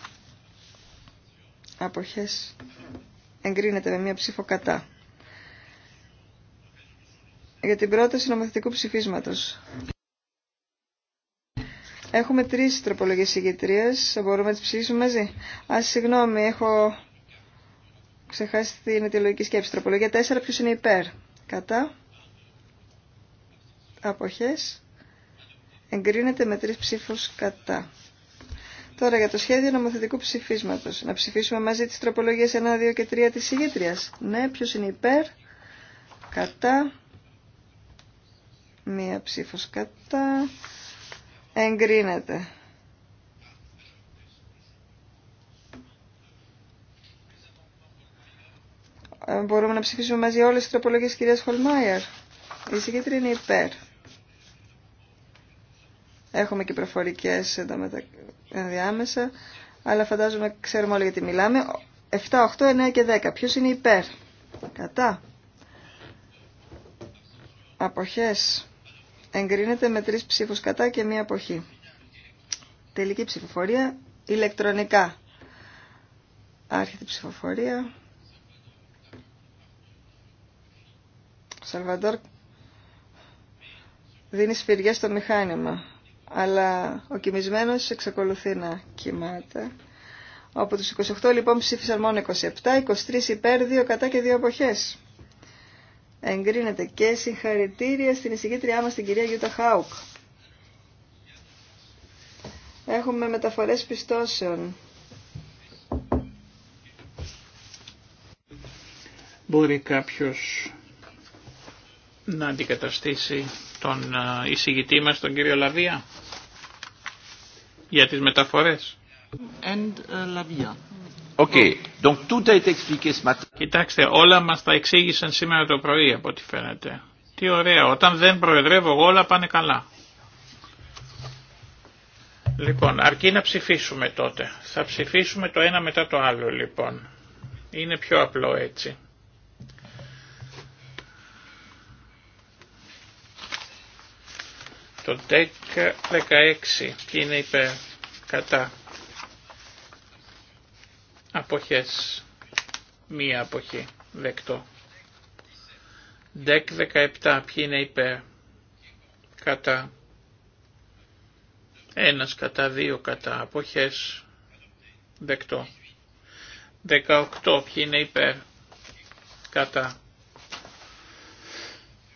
Αποχές. Εγκρίνεται με μία ψήφο κατά. Για την πρόταση νομοθετικού ψηφίσματος. Έχουμε τρει τροπολογίες Θα Μπορούμε να τι ψηφίσουμε μαζί. Α, συγγνώμη, έχω ξεχάσει την αιτιολογική σκέψη. Τροπολογία 4, Ποιο είναι υπέρ. Κατά. Αποχές. Εγκρίνεται με τρει ψήφου κατά. Τώρα για το σχέδιο νομοθετικού ψηφίσματο. Να ψηφίσουμε μαζί τι τροπολογίε 1, 2 και 3 τη συγκεντρία. Ναι, ποιο είναι υπέρ. Κατά. Μία ψήφο κατά εγκρίνεται. Ε, μπορούμε να ψηφίσουμε μαζί όλες τις τροπολογίες της κυρίας Χολμάιερ. Η συγκέντρη είναι υπέρ. Έχουμε και προφορικές ενδιάμεσα, αλλά φαντάζομαι ξέρουμε όλοι γιατί μιλάμε. 7, 8, 9 και 10. Ποιος είναι υπέρ. Κατά. Αποχές εγκρίνεται με τρεις ψήφους κατά και μία αποχή. Τελική ψηφοφορία ηλεκτρονικά. Άρχεται η ψηφοφορία. Σαλβαντόρ δίνει σφυριά στο μηχάνημα, αλλά ο κοιμισμένος εξακολουθεί να κοιμάται. Από τους 28 λοιπόν ψήφισαν μόνο 27, 23 υπέρ, 2 κατά και 2 αποχές. Εγκρίνεται και συγχαρητήρια στην εισηγήτριά μας την κυρία Γιούτα Χάουκ. Έχουμε μεταφορές πιστώσεων. Μπορεί κάποιος να αντικαταστήσει τον ε, εισηγητή μας, τον κύριο Λαβία, για τις μεταφορές. And, ε, Λαβία. Okay. Donc, Κοιτάξτε, όλα μας τα εξήγησαν σήμερα το πρωί από ό,τι φαίνεται. Τι ωραία, όταν δεν προεδρεύω εγώ όλα πάνε καλά. Λοιπόν, αρκεί να ψηφίσουμε τότε. Θα ψηφίσουμε το ένα μετά το άλλο λοιπόν. Είναι πιο απλό έτσι. Το 10, 16, ποιοι είναι υπέρ, κατά, Αποχές. Μία αποχή. Δεκτό. Δεκ 17. Ποιοι είναι υπέρ. Κατά. Ένας κατά δύο κατά. Αποχές. Δεκτό. Δεκαοκτώ, Ποιοι είναι υπέρ. Κατά.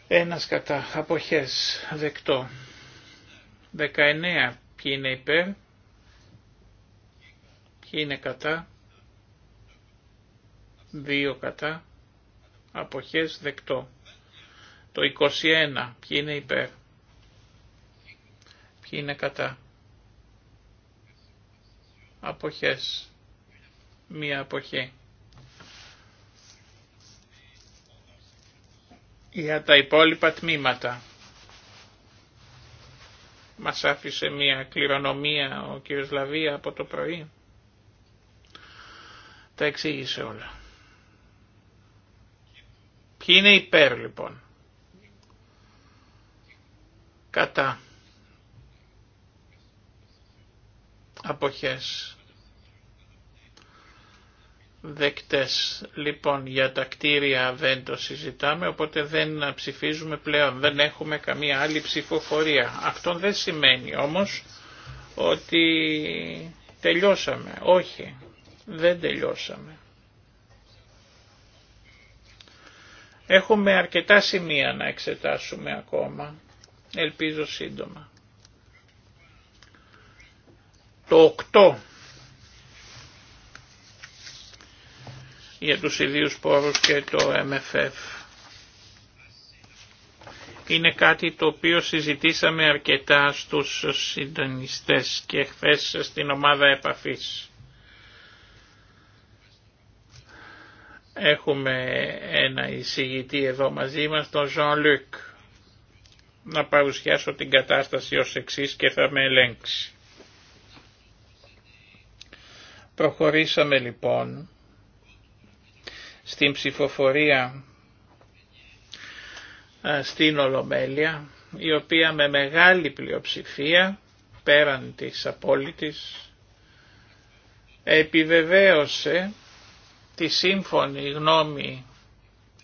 Ένας κατά. Αποχές. Δεκτό. 19. Ποιοι είναι υπέρ. Ποιοι είναι κατά. Δύο κατά, αποχές δεκτό. Το 21, ποιοι είναι υπέρ, ποιοι είναι κατά, αποχές, μία αποχή. Για τα υπόλοιπα τμήματα μας άφησε μια κληρονομία ο κ. Λαβία από το πρωί. Τα εξήγησε όλα. Και είναι υπέρ λοιπόν. Κατά. Αποχές. Δεκτές. Λοιπόν για τα κτίρια δεν το συζητάμε οπότε δεν ψηφίζουμε πλέον. Δεν έχουμε καμία άλλη ψηφοφορία. Αυτό δεν σημαίνει όμως ότι τελειώσαμε. Όχι. Δεν τελειώσαμε. Έχουμε αρκετά σημεία να εξετάσουμε ακόμα, ελπίζω σύντομα. Το 8 για τους ιδίους πόρους και το MFF. Είναι κάτι το οποίο συζητήσαμε αρκετά στους συντονιστές και χθε στην ομάδα επαφής. Έχουμε ένα εισηγητή εδώ μαζί μας, τον Ζων Λουκ. Να παρουσιάσω την κατάσταση ως εξής και θα με ελέγξει. Προχωρήσαμε λοιπόν στην ψηφοφορία στην Ολομέλεια, η οποία με μεγάλη πλειοψηφία, πέραν της απόλυτης, επιβεβαίωσε τη σύμφωνη γνώμη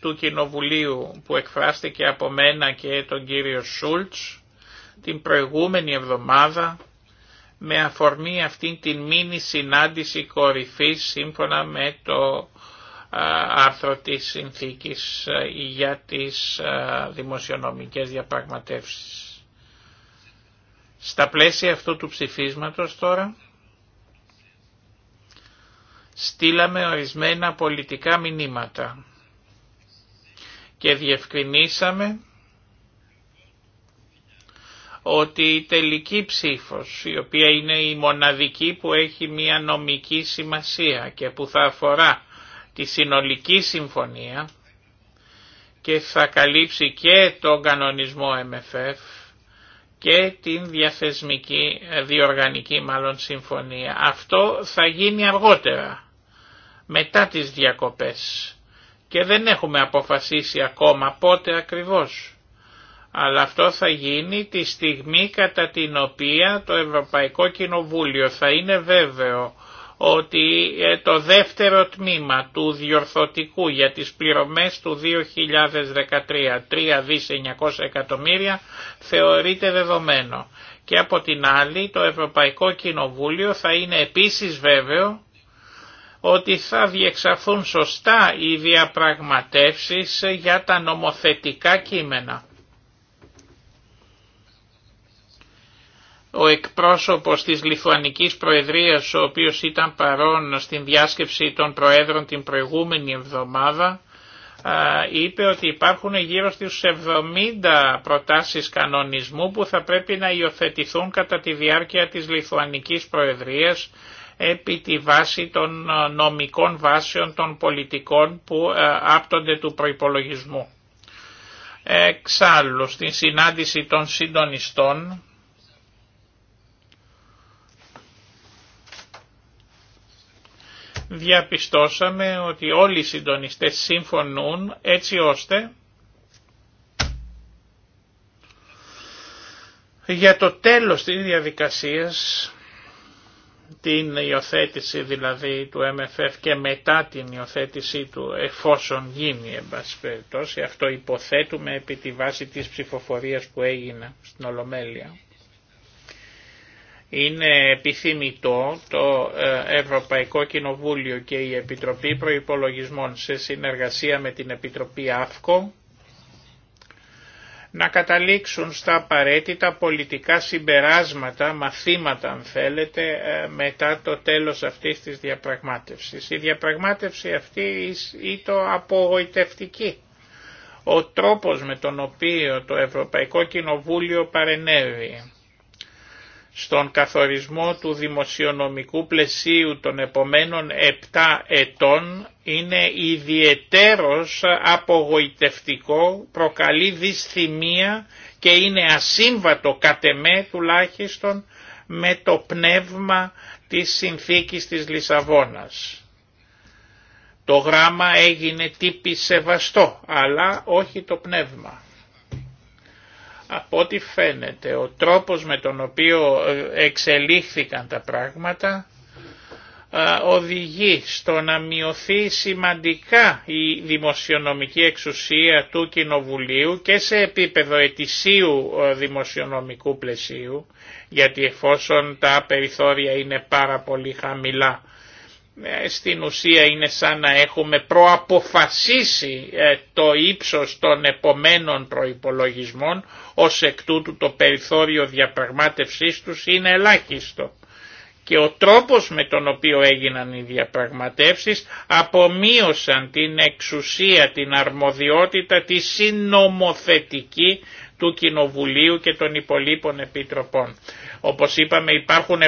του Κοινοβουλίου που εκφράστηκε από μένα και τον κύριο Σούλτς την προηγούμενη εβδομάδα με αφορμή αυτήν την μήνυ συνάντηση κορυφής σύμφωνα με το άρθρο της συνθήκης για τις δημοσιονομικές διαπραγματεύσεις. Στα πλαίσια αυτού του ψηφίσματος τώρα στείλαμε ορισμένα πολιτικά μηνύματα και διευκρινίσαμε ότι η τελική ψήφος, η οποία είναι η μοναδική που έχει μία νομική σημασία και που θα αφορά τη συνολική συμφωνία και θα καλύψει και τον κανονισμό MFF, και την διαθεσμική, ε, διοργανική μάλλον συμφωνία. Αυτό θα γίνει αργότερα, μετά τις διακοπές και δεν έχουμε αποφασίσει ακόμα πότε ακριβώς. Αλλά αυτό θα γίνει τη στιγμή κατά την οποία το Ευρωπαϊκό Κοινοβούλιο θα είναι βέβαιο ότι ε, το δεύτερο τμήμα του διορθωτικού για τις πληρωμές του 2013, 3 εκατομμύρια, θεωρείται δεδομένο. Και από την άλλη το Ευρωπαϊκό Κοινοβούλιο θα είναι επίσης βέβαιο ότι θα διεξαφούν σωστά οι διαπραγματεύσεις για τα νομοθετικά κείμενα. ο εκπρόσωπος της Λιθουανικής Προεδρίας, ο οποίος ήταν παρόν στην διάσκεψη των Προέδρων την προηγούμενη εβδομάδα, είπε ότι υπάρχουν γύρω στις 70 προτάσεις κανονισμού που θα πρέπει να υιοθετηθούν κατά τη διάρκεια της Λιθουανικής Προεδρίας επί τη βάση των νομικών βάσεων των πολιτικών που άπτονται του προϋπολογισμού. Εξάλλου, στην συνάντηση των συντονιστών διαπιστώσαμε ότι όλοι οι συντονιστές συμφωνούν έτσι ώστε για το τέλος της διαδικασίας, την υιοθέτηση δηλαδή του MFF και μετά την υιοθέτησή του εφόσον γίνει εν αυτό υποθέτουμε επί τη βάση της ψηφοφορίας που έγινε στην Ολομέλεια. Είναι επιθυμητό το ε, Ευρωπαϊκό Κοινοβούλιο και η Επιτροπή Προϋπολογισμών σε συνεργασία με την Επιτροπή ΑΦΚΟ να καταλήξουν στα απαραίτητα πολιτικά συμπεράσματα, μαθήματα αν θέλετε, ε, μετά το τέλος αυτής της διαπραγμάτευσης. Η διαπραγμάτευση αυτή ήταν απογοητευτική. Ο τρόπος με τον οποίο το Ευρωπαϊκό Κοινοβούλιο παρενέβη στον καθορισμό του δημοσιονομικού πλαισίου των επομένων 7 ετών είναι ιδιαιτέρως απογοητευτικό, προκαλεί δυσθυμία και είναι ασύμβατο κατ' εμέ τουλάχιστον με το πνεύμα της συνθήκης της Λισαβόνας. Το γράμμα έγινε τύπη σεβαστό, αλλά όχι το πνεύμα. Από ό,τι φαίνεται ο τρόπος με τον οποίο ε, εξελίχθηκαν τα πράγματα ε, οδηγεί στο να μειωθεί σημαντικά η δημοσιονομική εξουσία του Κοινοβουλίου και σε επίπεδο ετησίου ε, δημοσιονομικού πλαισίου, γιατί εφόσον τα περιθώρια είναι πάρα πολύ χαμηλά ε, στην ουσία είναι σαν να έχουμε προαποφασίσει ε, το ύψος των επομένων προϋπολογισμών, ως εκ τούτου το περιθώριο διαπραγμάτευσής τους είναι ελάχιστο. Και ο τρόπος με τον οποίο έγιναν οι διαπραγματεύσεις απομείωσαν την εξουσία, την αρμοδιότητα, τη συνομοθετική του Κοινοβουλίου και των υπολείπων επιτροπών. Όπως είπαμε υπάρχουν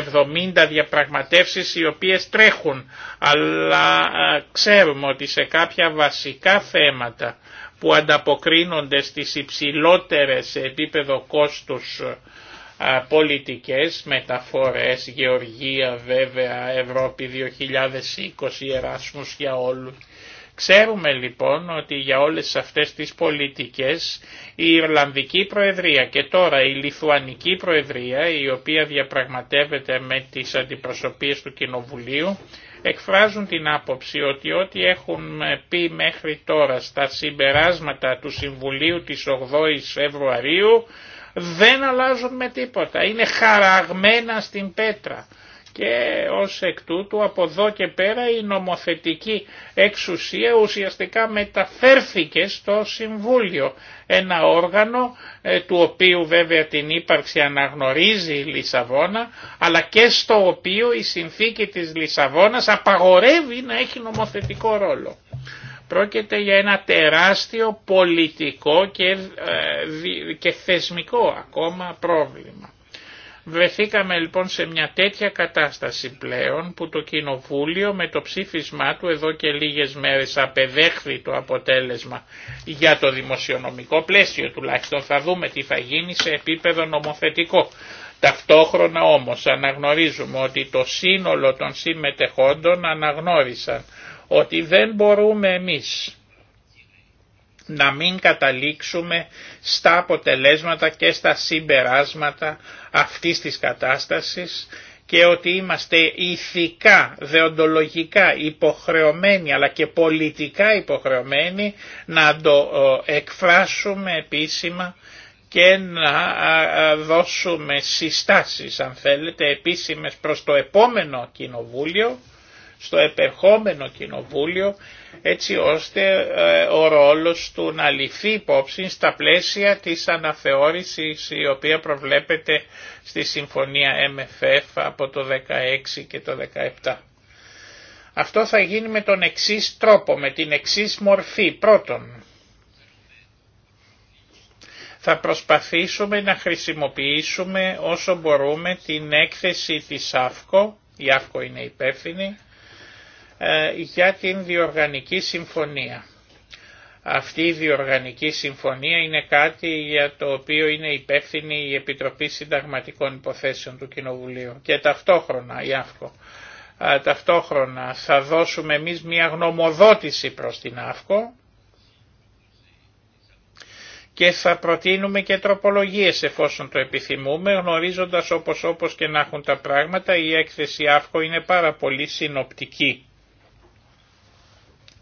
70 διαπραγματεύσεις οι οποίες τρέχουν, αλλά ε, ξέρουμε ότι σε κάποια βασικά θέματα που ανταποκρίνονται στις υψηλότερες επίπεδο κόστους ε, πολιτικές, μεταφορές, γεωργία βέβαια, Ευρώπη 2020, Εράσμους για όλους, Ξέρουμε λοιπόν ότι για όλες αυτές τις πολιτικές η Ιρλανδική Προεδρία και τώρα η Λιθουανική Προεδρία η οποία διαπραγματεύεται με τις αντιπροσωπείες του Κοινοβουλίου εκφράζουν την άποψη ότι ό,τι έχουν πει μέχρι τώρα στα συμπεράσματα του Συμβουλίου της 8 η Φεβρουαρίου δεν αλλάζουν με τίποτα, είναι χαραγμένα στην πέτρα και ως εκ τούτου από εδώ και πέρα η νομοθετική εξουσία ουσιαστικά μεταφέρθηκε στο Συμβούλιο. Ένα όργανο ε, του οποίου βέβαια την ύπαρξη αναγνωρίζει η Λισαβόνα αλλά και στο οποίο η συνθήκη της Λισαβόνας απαγορεύει να έχει νομοθετικό ρόλο. Πρόκειται για ένα τεράστιο πολιτικό και, ε, και θεσμικό ακόμα πρόβλημα. Βρεθήκαμε λοιπόν σε μια τέτοια κατάσταση πλέον που το Κοινοβούλιο με το ψήφισμά του εδώ και λίγες μέρες απεδέχθη το αποτέλεσμα για το δημοσιονομικό πλαίσιο τουλάχιστον. Θα δούμε τι θα γίνει σε επίπεδο νομοθετικό. Ταυτόχρονα όμως αναγνωρίζουμε ότι το σύνολο των συμμετεχόντων αναγνώρισαν ότι δεν μπορούμε εμείς να μην καταλήξουμε στα αποτελέσματα και στα συμπεράσματα αυτής της κατάστασης και ότι είμαστε ηθικά, δεοντολογικά υποχρεωμένοι αλλά και πολιτικά υποχρεωμένοι να το ε, εκφράσουμε επίσημα και να ε, ε, δώσουμε συστάσεις αν θέλετε επίσημες προς το επόμενο κοινοβούλιο στο επερχόμενο κοινοβούλιο έτσι ώστε ε, ο ρόλος του να ληφθεί υπόψη στα πλαίσια της αναθεώρησης η οποία προβλέπεται στη Συμφωνία MFF από το 16 και το 17. Αυτό θα γίνει με τον εξής τρόπο, με την εξής μορφή. Πρώτον, θα προσπαθήσουμε να χρησιμοποιήσουμε όσο μπορούμε την έκθεση της ΑΦΚΟ, η ΑΦΚΟ είναι υπεύθυνη, ε, για την διοργανική συμφωνία. Αυτή η διοργανική συμφωνία είναι κάτι για το οποίο είναι υπεύθυνη η Επιτροπή Συνταγματικών Υποθέσεων του Κοινοβουλίου και ταυτόχρονα η ΑΦΚΟ. Ε, ταυτόχρονα θα δώσουμε εμείς μια γνωμοδότηση προς την ΑΦΚΟ και θα προτείνουμε και τροπολογίες εφόσον το επιθυμούμε γνωρίζοντας όπως όπως και να έχουν τα πράγματα η έκθεση ΑΦΚΟ είναι πάρα πολύ συνοπτική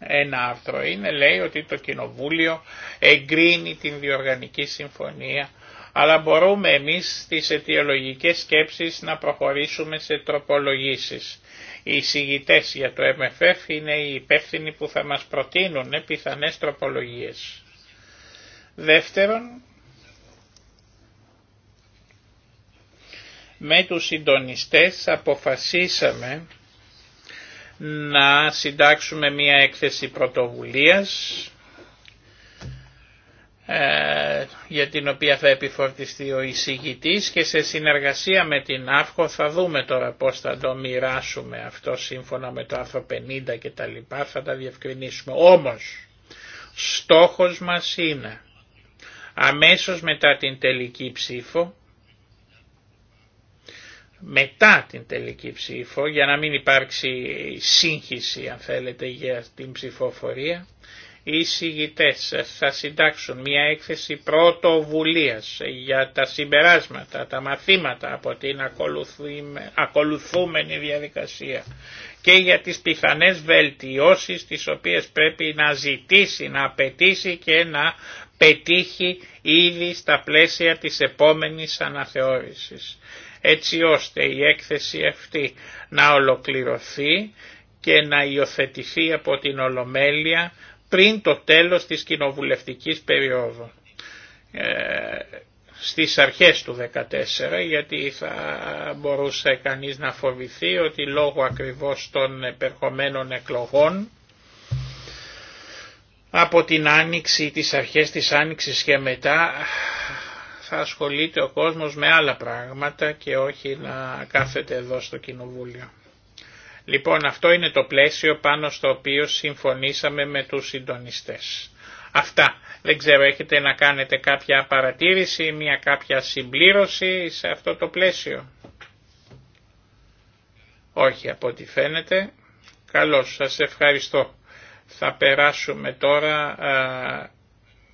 ένα άρθρο είναι, λέει ότι το Κοινοβούλιο εγκρίνει την διοργανική συμφωνία, αλλά μπορούμε εμείς στις αιτιολογικές σκέψεις να προχωρήσουμε σε τροπολογήσεις. Οι εισηγητές για το MFF είναι οι υπεύθυνοι που θα μας προτείνουν ε, πιθανές τροπολογίες. Δεύτερον, με τους συντονιστές αποφασίσαμε να συντάξουμε μία έκθεση πρωτοβουλίας ε, για την οποία θα επιφορτιστεί ο εισηγητής και σε συνεργασία με την ΑΦΚΟ θα δούμε τώρα πώς θα το μοιράσουμε αυτό σύμφωνα με το άρθρο 50 και τα λοιπά, θα τα διευκρινίσουμε. Όμως, στόχος μας είναι αμέσως μετά την τελική ψήφο μετά την τελική ψήφο για να μην υπάρξει σύγχυση αν θέλετε για την ψηφοφορία οι συγητές θα συντάξουν μια έκθεση πρωτοβουλίας για τα συμπεράσματα, τα μαθήματα από την ακολουθούμενη διαδικασία και για τις πιθανές βελτιώσεις τις οποίες πρέπει να ζητήσει, να απαιτήσει και να πετύχει ήδη στα πλαίσια της επόμενης αναθεώρησης έτσι ώστε η έκθεση αυτή να ολοκληρωθεί και να υιοθετηθεί από την Ολομέλεια πριν το τέλος της κοινοβουλευτικής περίοδου. Ε, στις αρχές του 2014 γιατί θα μπορούσε κανείς να φοβηθεί ότι λόγω ακριβώς των επερχομένων εκλογών από την άνοιξη, τις αρχές της άνοιξης και μετά θα ασχολείται ο κόσμος με άλλα πράγματα και όχι να κάθεται εδώ στο Κοινοβούλιο. Λοιπόν αυτό είναι το πλαίσιο πάνω στο οποίο συμφωνήσαμε με τους συντονιστές. Αυτά. Δεν ξέρω, έχετε να κάνετε κάποια παρατήρηση, μια κάποια συμπλήρωση σε αυτό το πλαίσιο. Όχι από ό,τι φαίνεται. Καλώς, σας ευχαριστώ. Θα περάσουμε τώρα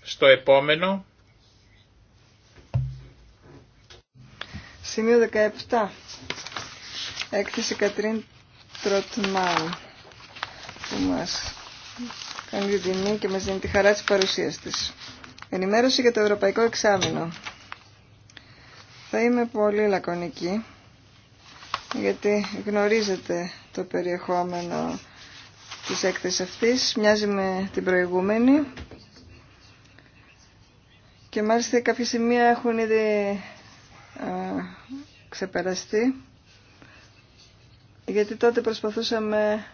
στο επόμενο. Σημείο 17. Έκθεση Κατρίν Τροτμάν που μας κάνει την τιμή και μας δίνει τη χαρά της παρουσίας της. Ενημέρωση για το Ευρωπαϊκό Εξάμεινο. Θα είμαι πολύ λακωνική γιατί γνωρίζετε το περιεχόμενο της έκθεσης αυτής. Μοιάζει με την προηγούμενη και μάλιστα κάποια σημεία έχουν ήδη ξεπεραστεί γιατί τότε προσπαθούσαμε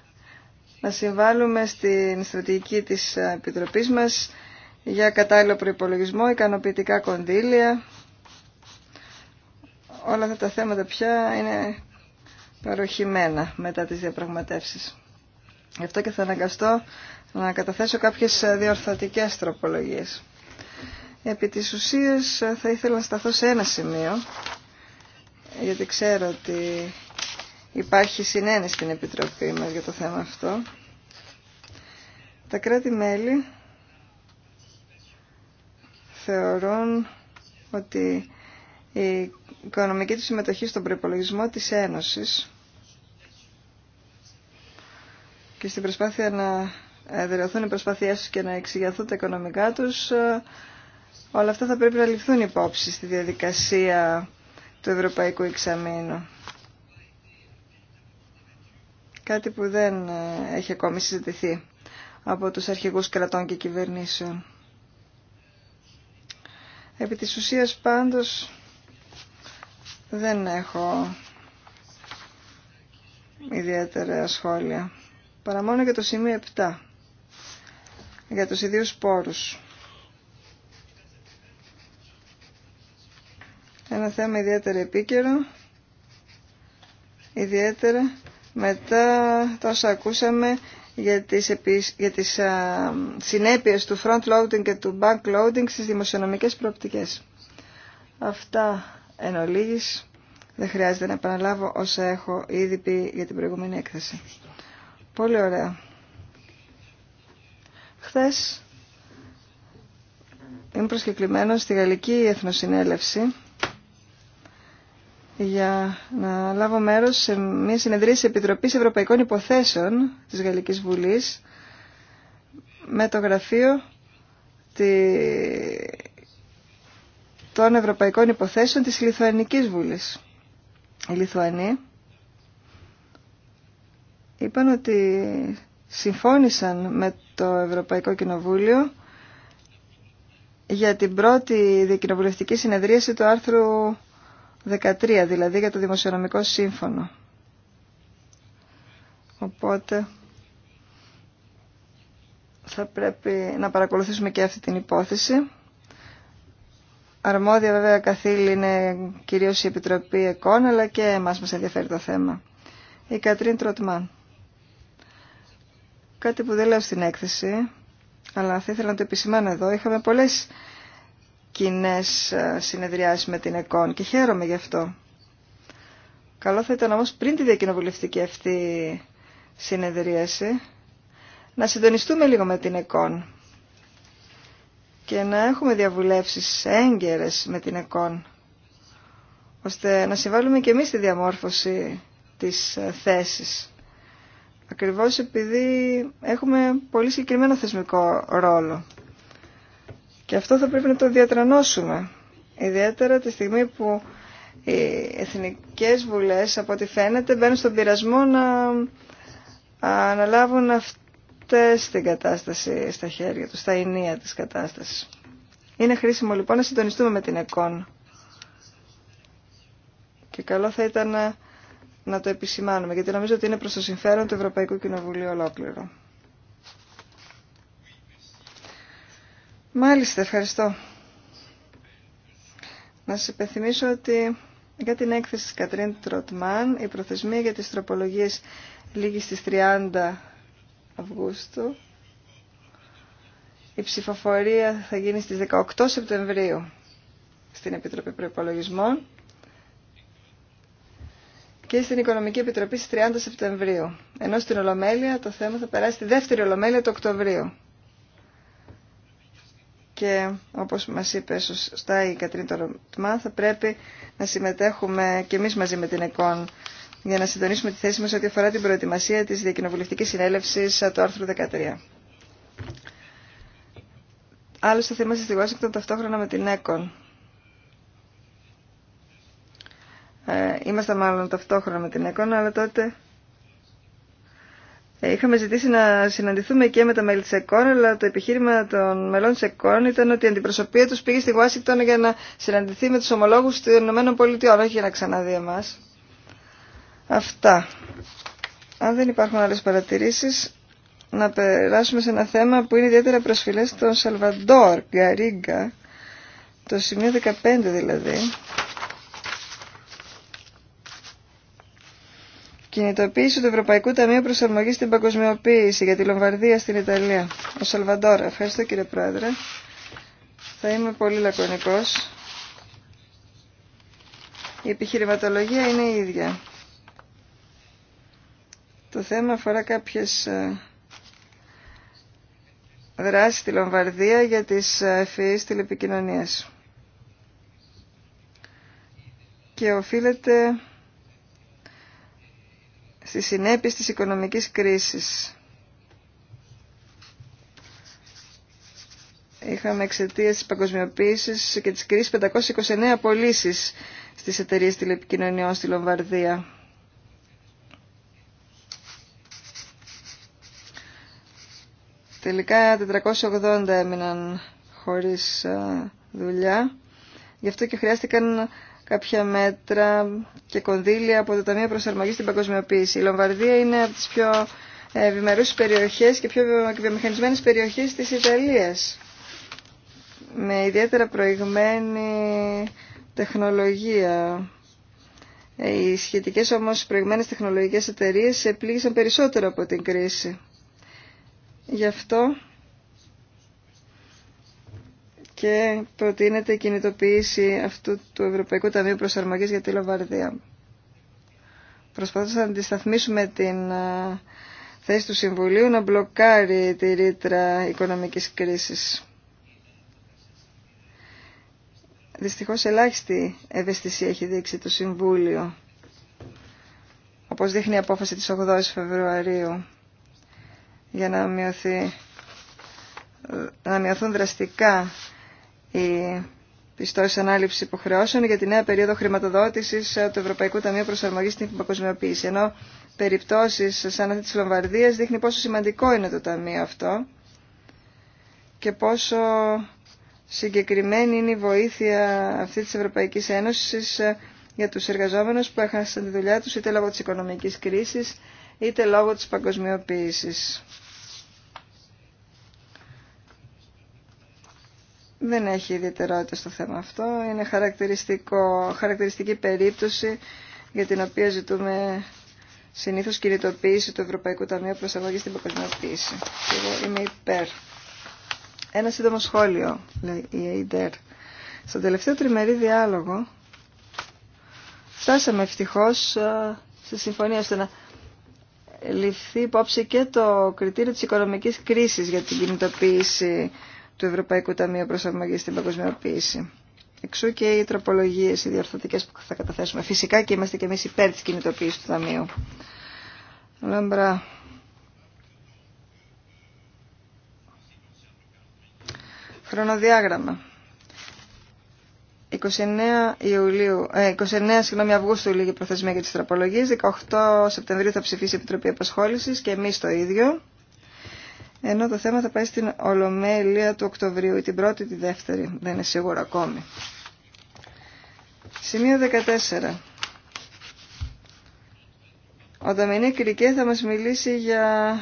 να συμβάλλουμε στην στρατηγική της Επιτροπής μας για κατάλληλο προϋπολογισμό, ικανοποιητικά κονδύλια. Όλα αυτά τα θέματα πια είναι παροχημένα μετά τις διαπραγματεύσεις. Γι' αυτό και θα αναγκαστώ να καταθέσω κάποιες διορθωτικές τροπολογίες. Επί της ουσίας θα ήθελα να σταθώ σε ένα σημείο γιατί ξέρω ότι υπάρχει συνένεση στην Επιτροπή μας για το θέμα αυτό. Τα κράτη-μέλη θεωρούν ότι η οικονομική του συμμετοχή στον προπολογισμό της Ένωσης και στην προσπάθεια να εδραιωθούν οι προσπάθειές τους και να εξηγιαθούν τα οικονομικά τους, όλα αυτά θα πρέπει να ληφθούν υπόψη στη διαδικασία του Ευρωπαϊκού Εξαμήνου. Κάτι που δεν ε, έχει ακόμη συζητηθεί από τους αρχηγούς κρατών και κυβερνήσεων. Επί της ουσίας πάντως δεν έχω ιδιαίτερα σχόλια. Παρά μόνο για το σημείο 7. Για τους ιδίους πόρους. Ένα θέμα ιδιαίτερα επίκαιρο, ιδιαίτερα μετά τόσα ακούσαμε για τις, για συνέπειες του front-loading και του back-loading στις δημοσιονομικές προοπτικές. Αυτά εν ολίγης. Δεν χρειάζεται να επαναλάβω όσα έχω ήδη πει για την προηγούμενη έκθεση. Πολύ ωραία. Χθες Είμαι προσκεκλημένος στη Γαλλική Εθνοσυνέλευση για να λάβω μέρος σε μια συνεδρίαση Επιτροπής Ευρωπαϊκών Υποθέσεων της Γαλλικής Βουλής με το γραφείο των Ευρωπαϊκών Υποθέσεων της Λιθουανικής Βουλής. Οι Λιθουανοί είπαν ότι συμφώνησαν με το Ευρωπαϊκό Κοινοβούλιο για την πρώτη διακοινοβουλευτική συνεδρίαση του άρθρου 13, δηλαδή για το Δημοσιονομικό Σύμφωνο. Οπότε θα πρέπει να παρακολουθήσουμε και αυτή την υπόθεση. Αρμόδια βέβαια καθήλ είναι κυρίως η Επιτροπή ΕΚΟΝ, αλλά και εμάς μας ενδιαφέρει το θέμα. Η Κατρίν Τροτμάν. Κάτι που δεν λέω στην έκθεση, αλλά θα ήθελα να το επισημάνω εδώ. Είχαμε πολλές κοινέ ε, συνεδριάσεις με την ΕΚΟΝ και χαίρομαι γι' αυτό. Καλό θα ήταν όμως πριν τη διακοινοβουλευτική αυτή συνεδρίαση να συντονιστούμε λίγο με την ΕΚΟΝ και να έχουμε διαβουλεύσεις έγκαιρες με την ΕΚΟΝ ώστε να συμβάλλουμε και εμείς στη διαμόρφωση της ε, θέσης. Ακριβώς επειδή έχουμε πολύ συγκεκριμένο θεσμικό ρόλο. Και αυτό θα πρέπει να το διατρανώσουμε. Ιδιαίτερα τη στιγμή που οι εθνικές βουλές από ό,τι φαίνεται μπαίνουν στον πειρασμό να αναλάβουν αυτές την κατάσταση στα χέρια τους, στα ενία της κατάστασης. Είναι χρήσιμο λοιπόν να συντονιστούμε με την ΕΚΟΝ. Και καλό θα ήταν να, να το επισημάνουμε, γιατί νομίζω ότι είναι προς το συμφέρον του Ευρωπαϊκού Κοινοβουλίου ολόκληρο. Μάλιστα, ευχαριστώ. Να σας υπενθυμίσω ότι για την έκθεση της Κατρίν Τροτμάν η προθεσμία για τις τροπολογίες λήγει στις 30 Αυγούστου. Η ψηφοφορία θα γίνει στις 18 Σεπτεμβρίου στην Επιτροπή Προϋπολογισμών και στην Οικονομική Επιτροπή στις 30 Σεπτεμβρίου. Ενώ στην Ολομέλεια το θέμα θα περάσει στη δεύτερη Ολομέλεια το Οκτωβρίου και όπως μας είπε σωστά η Κατρίνη Τωροτμά θα πρέπει να συμμετέχουμε και εμείς μαζί με την ΕΚΟΝ για να συντονίσουμε τη θέση μας ό,τι αφορά την προετοιμασία της διακοινοβουλευτικής συνέλευσης του άρθρου 13. Άλλωστε θα είμαστε στη των ταυτόχρονα με την ΕΚΟΝ. Ε, είμαστε μάλλον ταυτόχρονα με την ΕΚΟΝ, αλλά τότε ε, είχαμε ζητήσει να συναντηθούμε και με τα μέλη τη ΕΚΟΝ, αλλά το επιχείρημα των μελών τη ΕΚΟΝ ήταν ότι η αντιπροσωπεία του πήγε στη Ουάσιγκτον για να συναντηθεί με του ομολόγου των ΗΠΑ, όχι για να ξαναδεί εμά. Αυτά. Αν δεν υπάρχουν άλλε παρατηρήσει, να περάσουμε σε ένα θέμα που είναι ιδιαίτερα προσφυλέ στον Σαλβαντόρ, Γκαρίγκα, το σημείο 15 δηλαδή. Κινητοποίηση του Ευρωπαϊκού Ταμείου Προσαρμογή στην Παγκοσμιοποίηση για τη Λομβαρδία στην Ιταλία. Ο Σαλβαντόρα. Ευχαριστώ κύριε Πρόεδρε. Θα είμαι πολύ λακωνικός. Η επιχειρηματολογία είναι η ίδια. Το θέμα αφορά κάποιες ε, δράσεις στη Λομβαρδία για τις ευφυείς τηλεπικοινωνίε. Και οφείλεται στις συνέπειες της οικονομικής κρίσης. Είχαμε εξαιτία τη παγκοσμιοποίηση και τη κρίση 529 απολύσει στι εταιρείε τηλεπικοινωνιών στη Λομβαρδία. Τελικά 480 έμειναν χωρίς ε, δουλειά. Γι' αυτό και χρειάστηκαν κάποια μέτρα και κονδύλια από το Ταμείο προσαρμογή στην Παγκοσμιοποίηση. Η Λομβαρδία είναι από τι πιο ευημερού περιοχέ και πιο βιομηχανισμένε περιοχές της Ιταλίας με ιδιαίτερα προηγμένη τεχνολογία. Οι σχετικές όμως προηγμένες τεχνολογικές εταιρείε επλήγησαν περισσότερο από την κρίση. Γι' αυτό και προτείνεται η κινητοποίηση αυτού του Ευρωπαϊκού Ταμείου Προσαρμογής για τη Λοβαρδία. Προσπαθώντας να αντισταθμίσουμε την ε, θέση του Συμβουλίου να μπλοκάρει τη ρήτρα οικονομικής κρίσης. Δυστυχώς ελάχιστη ευαισθησία έχει δείξει το Συμβούλιο, όπως δείχνει η απόφαση της 8 Φεβρουαρίου, για να, μειωθεί, ε, να μειωθούν δραστικά η πιστώσει ανάληψη υποχρεώσεων για τη νέα περίοδο χρηματοδότηση του Ευρωπαϊκού Ταμείου Προσαρμογή στην Παγκοσμιοποίηση. Ενώ περιπτώσει σαν αυτή τη Λομβαρδία δείχνει πόσο σημαντικό είναι το ταμείο αυτό και πόσο συγκεκριμένη είναι η βοήθεια αυτή της Ευρωπαϊκής Ένωσης για τους εργαζόμενους που έχασαν τη δουλειά τους είτε λόγω της οικονομικής κρίσης είτε λόγω της παγκοσμιοποίησης. δεν έχει ιδιαιτερότητα στο θέμα αυτό. Είναι χαρακτηριστικό, χαρακτηριστική περίπτωση για την οποία ζητούμε συνήθως κινητοποίηση του Ευρωπαϊκού Ταμείου Προσαρμογή στην Παγκοσμιοποίηση. Και εγώ είμαι υπέρ. Ένα σύντομο σχόλιο, λέει η ΕΙΔΕΡ. Στο τελευταίο τριμερή διάλογο φτάσαμε ευτυχώ ε, στη συμφωνία ώστε να ληφθεί υπόψη και το κριτήριο της οικονομικής κρίσης για την κινητοποίηση του Ευρωπαϊκού Ταμείου Προσαρμογή στην Παγκοσμιοποίηση. Εξού και οι τροπολογίες, οι διορθωτικές που θα καταθέσουμε. Φυσικά και είμαστε και εμεί υπέρ της κινητοποίηση του Ταμείου. Λέμπρα. Χρονοδιάγραμμα. 29, Ιουλίου, ε, 29 συγγνώμη, Αυγούστου λίγη προθεσμία για τις τραπολογίες, 18 Σεπτεμβρίου θα ψηφίσει η Επιτροπή Απασχόλησης και εμείς το ίδιο ενώ το θέμα θα πάει στην Ολομέλεια του Οκτωβρίου ή την πρώτη ή τη δεύτερη, δεν είναι σίγουρο ακόμη. Σημείο 14. Ο Νταμινίκ Κρικέ θα μας μιλήσει για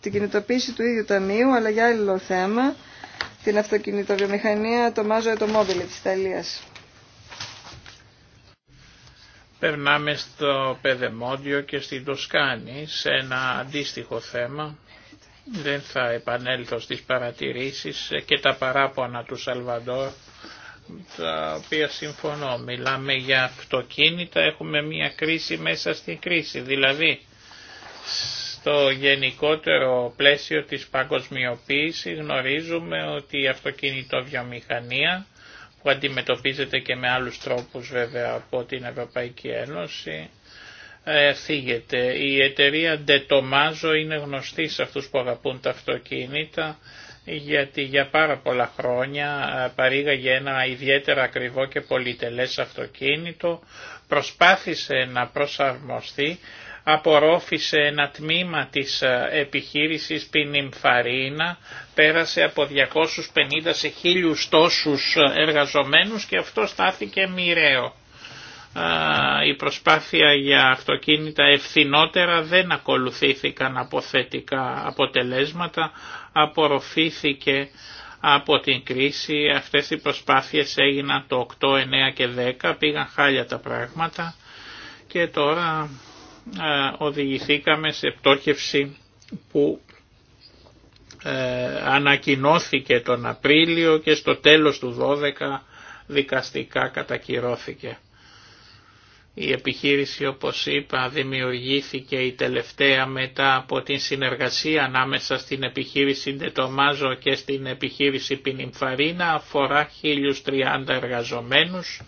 την κινητοποίηση του ίδιου ταμείου, αλλά για άλλο θέμα, την αυτοκινητοβιομηχανία το Μάζο Ετομόβιλε της Ιταλίας. Περνάμε στο Πεδεμόντιο και στην Τοσκάνη σε ένα αντίστοιχο θέμα. Δεν θα επανέλθω στις παρατηρήσεις και τα παράπονα του Σαλβαντόρ, τα οποία συμφωνώ. Μιλάμε για αυτοκίνητα, έχουμε μια κρίση μέσα στην κρίση. Δηλαδή, στο γενικότερο πλαίσιο της παγκοσμιοποίησης γνωρίζουμε ότι η αυτοκινητοβιομηχανία που αντιμετωπίζεται και με άλλους τρόπους βέβαια από την Ευρωπαϊκή Ένωση η εταιρεία Ντετομάζο είναι γνωστή σε αυτούς που αγαπούν τα αυτοκίνητα γιατί για πάρα πολλά χρόνια ε, παρήγαγε ένα ιδιαίτερα ακριβό και πολυτελές αυτοκίνητο, προσπάθησε να προσαρμοστεί, απορρόφησε ένα τμήμα της ε, επιχείρησης Πινιμφαρίνα, πέρασε από 250 σε 1000 τόσους ε, εργαζομένους και αυτό στάθηκε μοιραίο η προσπάθεια για αυτοκίνητα ευθυνότερα δεν ακολουθήθηκαν από θετικά αποτελέσματα, απορροφήθηκε από την κρίση, αυτές οι προσπάθειες έγιναν το 8, 9 και 10, πήγαν χάλια τα πράγματα και τώρα οδηγηθήκαμε σε πτώχευση που ε, ανακοινώθηκε τον Απρίλιο και στο τέλος του 12 δικαστικά κατακυρώθηκε. Η επιχείρηση όπως είπα δημιουργήθηκε η τελευταία μετά από την συνεργασία ανάμεσα στην επιχείρηση Ντετομάζο και στην επιχείρηση Πινιμφαρίνα αφορά 1030 εργαζομένους.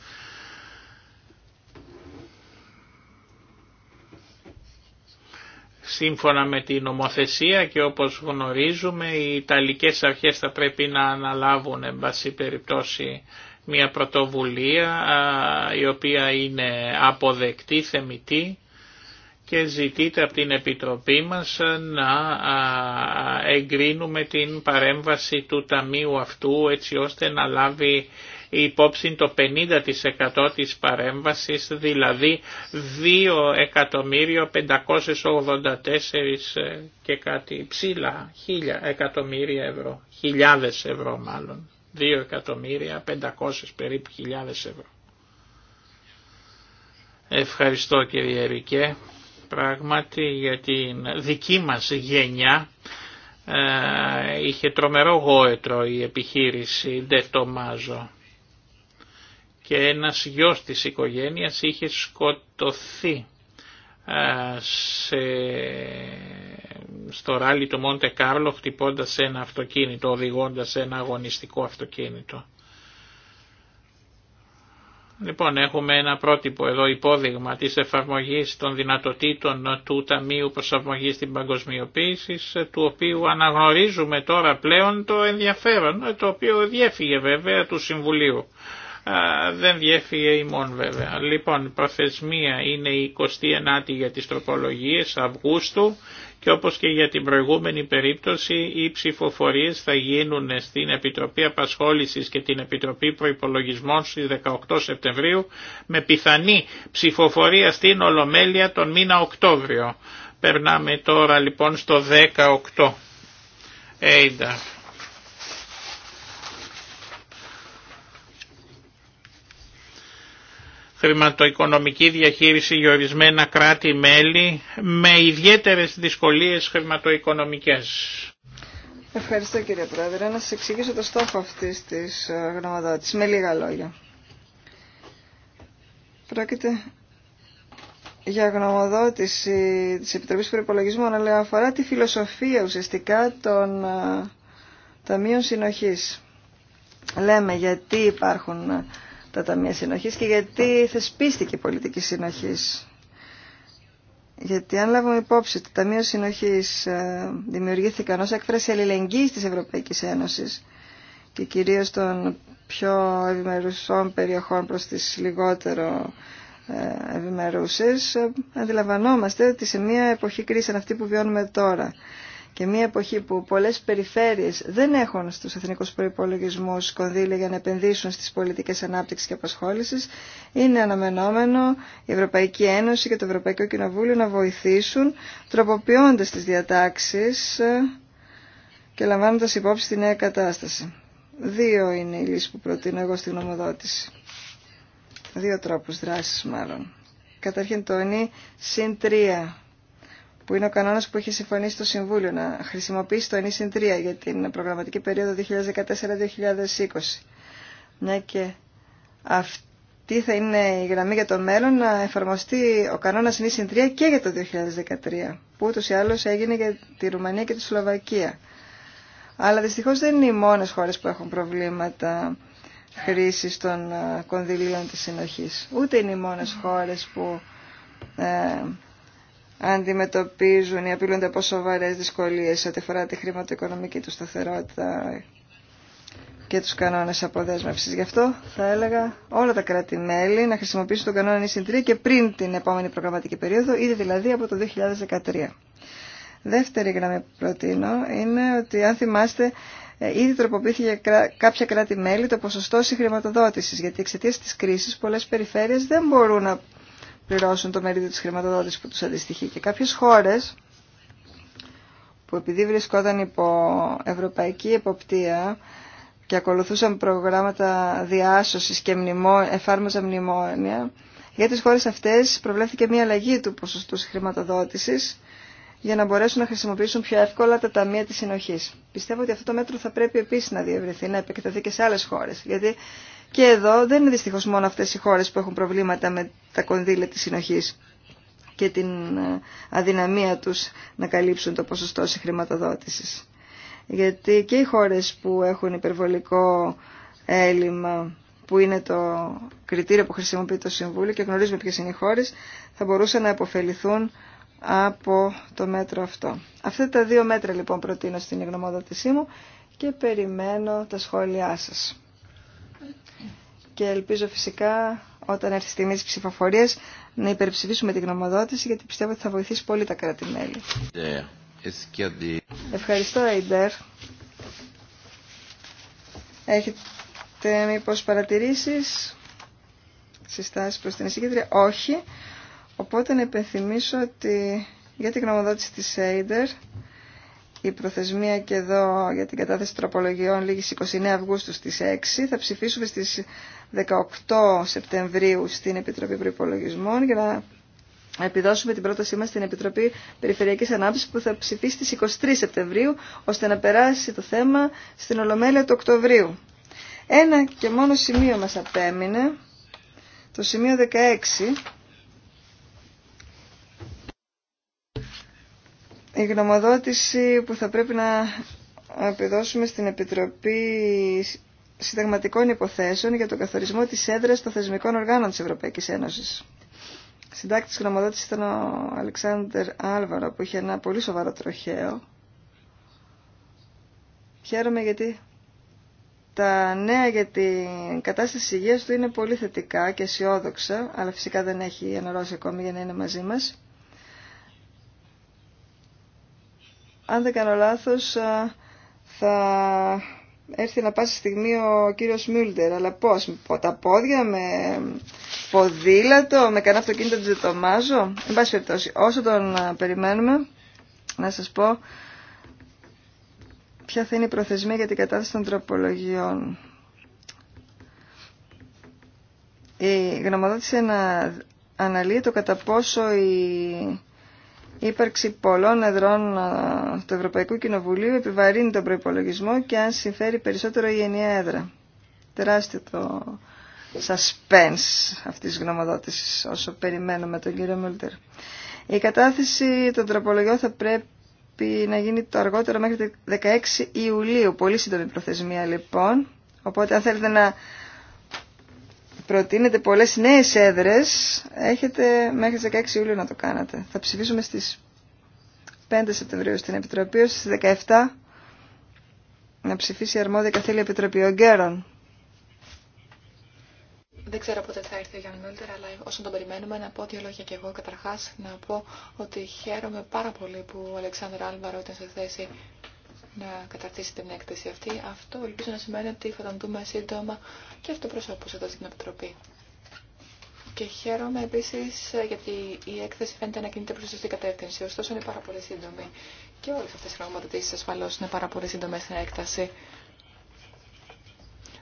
Σύμφωνα με την νομοθεσία και όπως γνωρίζουμε οι Ιταλικές αρχές θα πρέπει να αναλάβουν εν πάση περιπτώσει μια πρωτοβουλία η οποία είναι αποδεκτή, θεμητή και ζητείται από την Επιτροπή μας να εγκρίνουμε την παρέμβαση του Ταμείου αυτού έτσι ώστε να λάβει υπόψη το 50% της παρέμβασης, δηλαδή 2.584 και κάτι ψηλά, χίλια εκατομμύρια ευρώ, χιλιάδες ευρώ μάλλον. 2 εκατομμύρια 500 περίπου χιλιάδες ευρώ. Ευχαριστώ κύριε Ερικέ πράγματι για την δική μας γενιά ε, είχε τρομερό γόετρο η επιχείρηση δεν το μάζω, και ένας γιος της οικογένειας είχε σκοτωθεί σε, στο ράλι του Μοντε Κάρλο χτυπώντας ένα αυτοκίνητο, οδηγώντας ένα αγωνιστικό αυτοκίνητο. Λοιπόν, έχουμε ένα πρότυπο εδώ υπόδειγμα της εφαρμογής των δυνατοτήτων του Ταμείου Προσαρμογής στην Παγκοσμιοποίηση, του οποίου αναγνωρίζουμε τώρα πλέον το ενδιαφέρον, το οποίο διέφυγε βέβαια του Συμβουλίου δεν διέφυγε ημών βέβαια. Λοιπόν, η προθεσμία είναι η 29η για τις τροπολογίες Αυγούστου και όπως και για την προηγούμενη περίπτωση οι ψηφοφορίες θα γίνουν στην Επιτροπή Απασχόλησης και την Επιτροπή Προϋπολογισμών στις 18 Σεπτεμβρίου με πιθανή ψηφοφορία στην Ολομέλεια τον μήνα Οκτώβριο. Περνάμε τώρα λοιπόν στο 18. Έιντα. Ε, χρηματοοικονομική διαχείριση για ορισμένα κράτη-μέλη με ιδιαίτερες δυσκολίες χρηματοοικονομικές. Ευχαριστώ κύριε Πρόεδρε. Να σας εξηγήσω το στόχο αυτής της ε, γνωμοδότησης με λίγα λόγια. Πρόκειται για γνωμοδότηση της Επιτροπής Προϋπολογισμών αλλά αφορά τη φιλοσοφία ουσιαστικά των ε, Ταμείων Συνοχής. Λέμε γιατί υπάρχουν τα Ταμεία Συνοχής και γιατί θεσπίστηκε η πολιτική συνοχής. Γιατί αν λάβουμε υπόψη ότι τα Ταμεία Συνοχής ε, δημιουργήθηκαν ως έκφραση αλληλεγγύης της Ευρωπαϊκής Ένωσης και κυρίως των πιο ευημερουσών περιοχών προς τις λιγότερο ε, ευημερούσες, ε, αντιλαμβανόμαστε ότι σε μια εποχή κρίση αυτή που βιώνουμε τώρα και μια εποχή που πολλές περιφέρειες δεν έχουν στους εθνικούς προϋπολογισμούς κονδύλια για να επενδύσουν στις πολιτικές ανάπτυξης και απασχόλησης, είναι αναμενόμενο η Ευρωπαϊκή Ένωση και το Ευρωπαϊκό Κοινοβούλιο να βοηθήσουν τροποποιώντας τις διατάξεις ε, και λαμβάνοντας υπόψη τη νέα κατάσταση. Δύο είναι οι λύσεις που προτείνω εγώ στην νομοδότηση. Δύο τρόπους δράσης μάλλον. Καταρχήν το είναι συν τρία που είναι ο κανόνας που έχει συμφωνήσει το Συμβούλιο να χρησιμοποιήσει το ενίσυν 3 για την προγραμματική περίοδο 2014-2020. Μια και αυτή θα είναι η γραμμή για το μέλλον να εφαρμοστεί ο κανόνας ενίσυν 3 και για το 2013 που ούτως ή άλλως έγινε για τη Ρουμανία και τη Σλοβακία. Αλλά δυστυχώς δεν είναι οι μόνες χώρες που έχουν προβλήματα χρήσης των ε, κονδυλίων της συνοχής. Ούτε είναι οι μόνες χώρες που ε, αντιμετωπίζουν ή απειλούνται από σοβαρέ δυσκολίε ό,τι αφορά τη χρηματοοικονομική του σταθερότητα και του κανόνε αποδέσμευση. Γι' αυτό θα έλεγα όλα τα κράτη-μέλη να χρησιμοποιήσουν τον κανόνα νησιν 3 και πριν την επόμενη προγραμματική περίοδο, ήδη δηλαδή από το 2013. Δεύτερη γραμμή που προτείνω είναι ότι αν θυμάστε ε, ήδη τροποποιήθηκε κάποια κράτη-μέλη το ποσοστό συγχρηματοδότηση. γιατί εξαιτία τη κρίση πολλέ περιφέρειε δεν μπορούν να πληρώσουν το μερίδιο της χρηματοδότηση που τους αντιστοιχεί. Και κάποιες χώρες που επειδή βρισκόταν υπό ευρωπαϊκή εποπτεία και ακολουθούσαν προγράμματα διάσωσης και μνημό, εφάρμοζαν μνημόνια, για τις χώρες αυτές προβλέφθηκε μια αλλαγή του ποσοστού χρηματοδότησης για να μπορέσουν να χρησιμοποιήσουν πιο εύκολα τα ταμεία της συνοχής. Πιστεύω ότι αυτό το μέτρο θα πρέπει επίσης να διευρυνθεί, να επεκταθεί και σε άλλες χώρες, γιατί και εδώ δεν είναι δυστυχώς μόνο αυτές οι χώρες που έχουν προβλήματα με τα κονδύλια της συνοχής και την ε, αδυναμία τους να καλύψουν το ποσοστό συγχρηματοδότησης. Γιατί και οι χώρες που έχουν υπερβολικό έλλειμμα που είναι το κριτήριο που χρησιμοποιεί το Συμβούλιο και γνωρίζουμε ποιες είναι οι χώρες, θα μπορούσαν να επωφεληθούν από το μέτρο αυτό. Αυτά τα δύο μέτρα λοιπόν προτείνω στην γνωμοδότησή μου και περιμένω τα σχόλιά σας και ελπίζω φυσικά όταν έρθει η στιγμή της ψηφοφορίας να υπερψηφίσουμε την γνωμοδότηση γιατί πιστεύω ότι θα βοηθήσει πολύ τα κράτη-μέλη. Yeah. Ε, Ευχαριστώ, Αιντέρ. Έχετε μήπως παρατηρήσεις, συστάσεις προς την εισηγήτρια. Όχι. Οπότε να υπενθυμίσω ότι για την γνωμοδότηση της Αιντέρ η προθεσμία και εδώ για την κατάθεση τροπολογιών λήγει 29 Αυγούστου στις 6. Θα ψηφίσουμε στις 18 Σεπτεμβρίου στην Επιτροπή Προϋπολογισμών για να επιδώσουμε την πρότασή μας στην Επιτροπή Περιφερειακής Ανάπτυξης που θα ψηφίσει στις 23 Σεπτεμβρίου ώστε να περάσει το θέμα στην Ολομέλεια του Οκτωβρίου. Ένα και μόνο σημείο μας απέμεινε, το σημείο 16 Η γνωμοδότηση που θα πρέπει να επιδώσουμε στην Επιτροπή Συνταγματικών Υποθέσεων για τον καθορισμό της έδρας των θεσμικών οργάνων της Ευρωπαϊκής Ένωσης. Συντάκτης γνωμοδότησης ήταν ο Αλεξάνδρ Άλβαρο που είχε ένα πολύ σοβαρό τροχαίο. Χαίρομαι γιατί τα νέα για την κατάσταση υγείας του είναι πολύ θετικά και αισιόδοξα, αλλά φυσικά δεν έχει αναρρώσει ακόμη για να είναι μαζί μας. Αν δεν κάνω λάθος, θα έρθει να πάσει στιγμή ο κύριος Μιούλτερ. Αλλά πώς, με τα πόδια, με ποδήλατο, με κανένα αυτοκίνητο το μάζω Εν πάση περιπτώσει, όσο τον περιμένουμε, να σας πω ποια θα είναι η προθεσμία για την κατάσταση των τροπολογιών. Η γνωμοδότηση αναλύει το κατά πόσο η η ύπαρξη πολλών εδρών ε, του Ευρωπαϊκού Κοινοβουλίου επιβαρύνει τον προπολογισμό και αν συμφέρει περισσότερο η ενιαία έδρα. Τεράστιο το suspense αυτή τη γνωμοδότηση όσο περιμένουμε τον κύριο Μούλτερ. Η κατάθεση των τροπολογιών θα πρέπει να γίνει το αργότερο μέχρι το 16 Ιουλίου. Πολύ σύντομη προθεσμία λοιπόν. Οπότε αν θέλετε να προτείνετε πολλές νέες έδρες, έχετε μέχρι 16 Ιούλιο να το κάνετε. Θα ψηφίσουμε στις 5 Σεπτεμβρίου στην Επιτροπή, στις 17 να ψηφίσει η αρμόδια καθήλια Επιτροπή. Ο Γκέρον. Δεν ξέρω πότε θα έρθει ο Γιάννη Μιούλτερ, αλλά όσον τον περιμένουμε, να πω δύο λόγια και εγώ. Καταρχά, να πω ότι χαίρομαι πάρα πολύ που ο Αλεξάνδρου Άλβαρο ήταν σε θέση να καταρτήσει την έκθεση αυτή. Αυτό ελπίζω να σημαίνει ότι θα τον δούμε σύντομα και προσώπους εδώ στην Επιτροπή. Και χαίρομαι επίση ε, γιατί η έκθεση φαίνεται να κινείται προ σωστή κατεύθυνση. Ωστόσο, είναι πάρα πολύ σύντομη. Και όλε αυτέ οι πραγματοποιήσει ασφαλώ είναι πάρα πολύ σύντομε στην έκταση.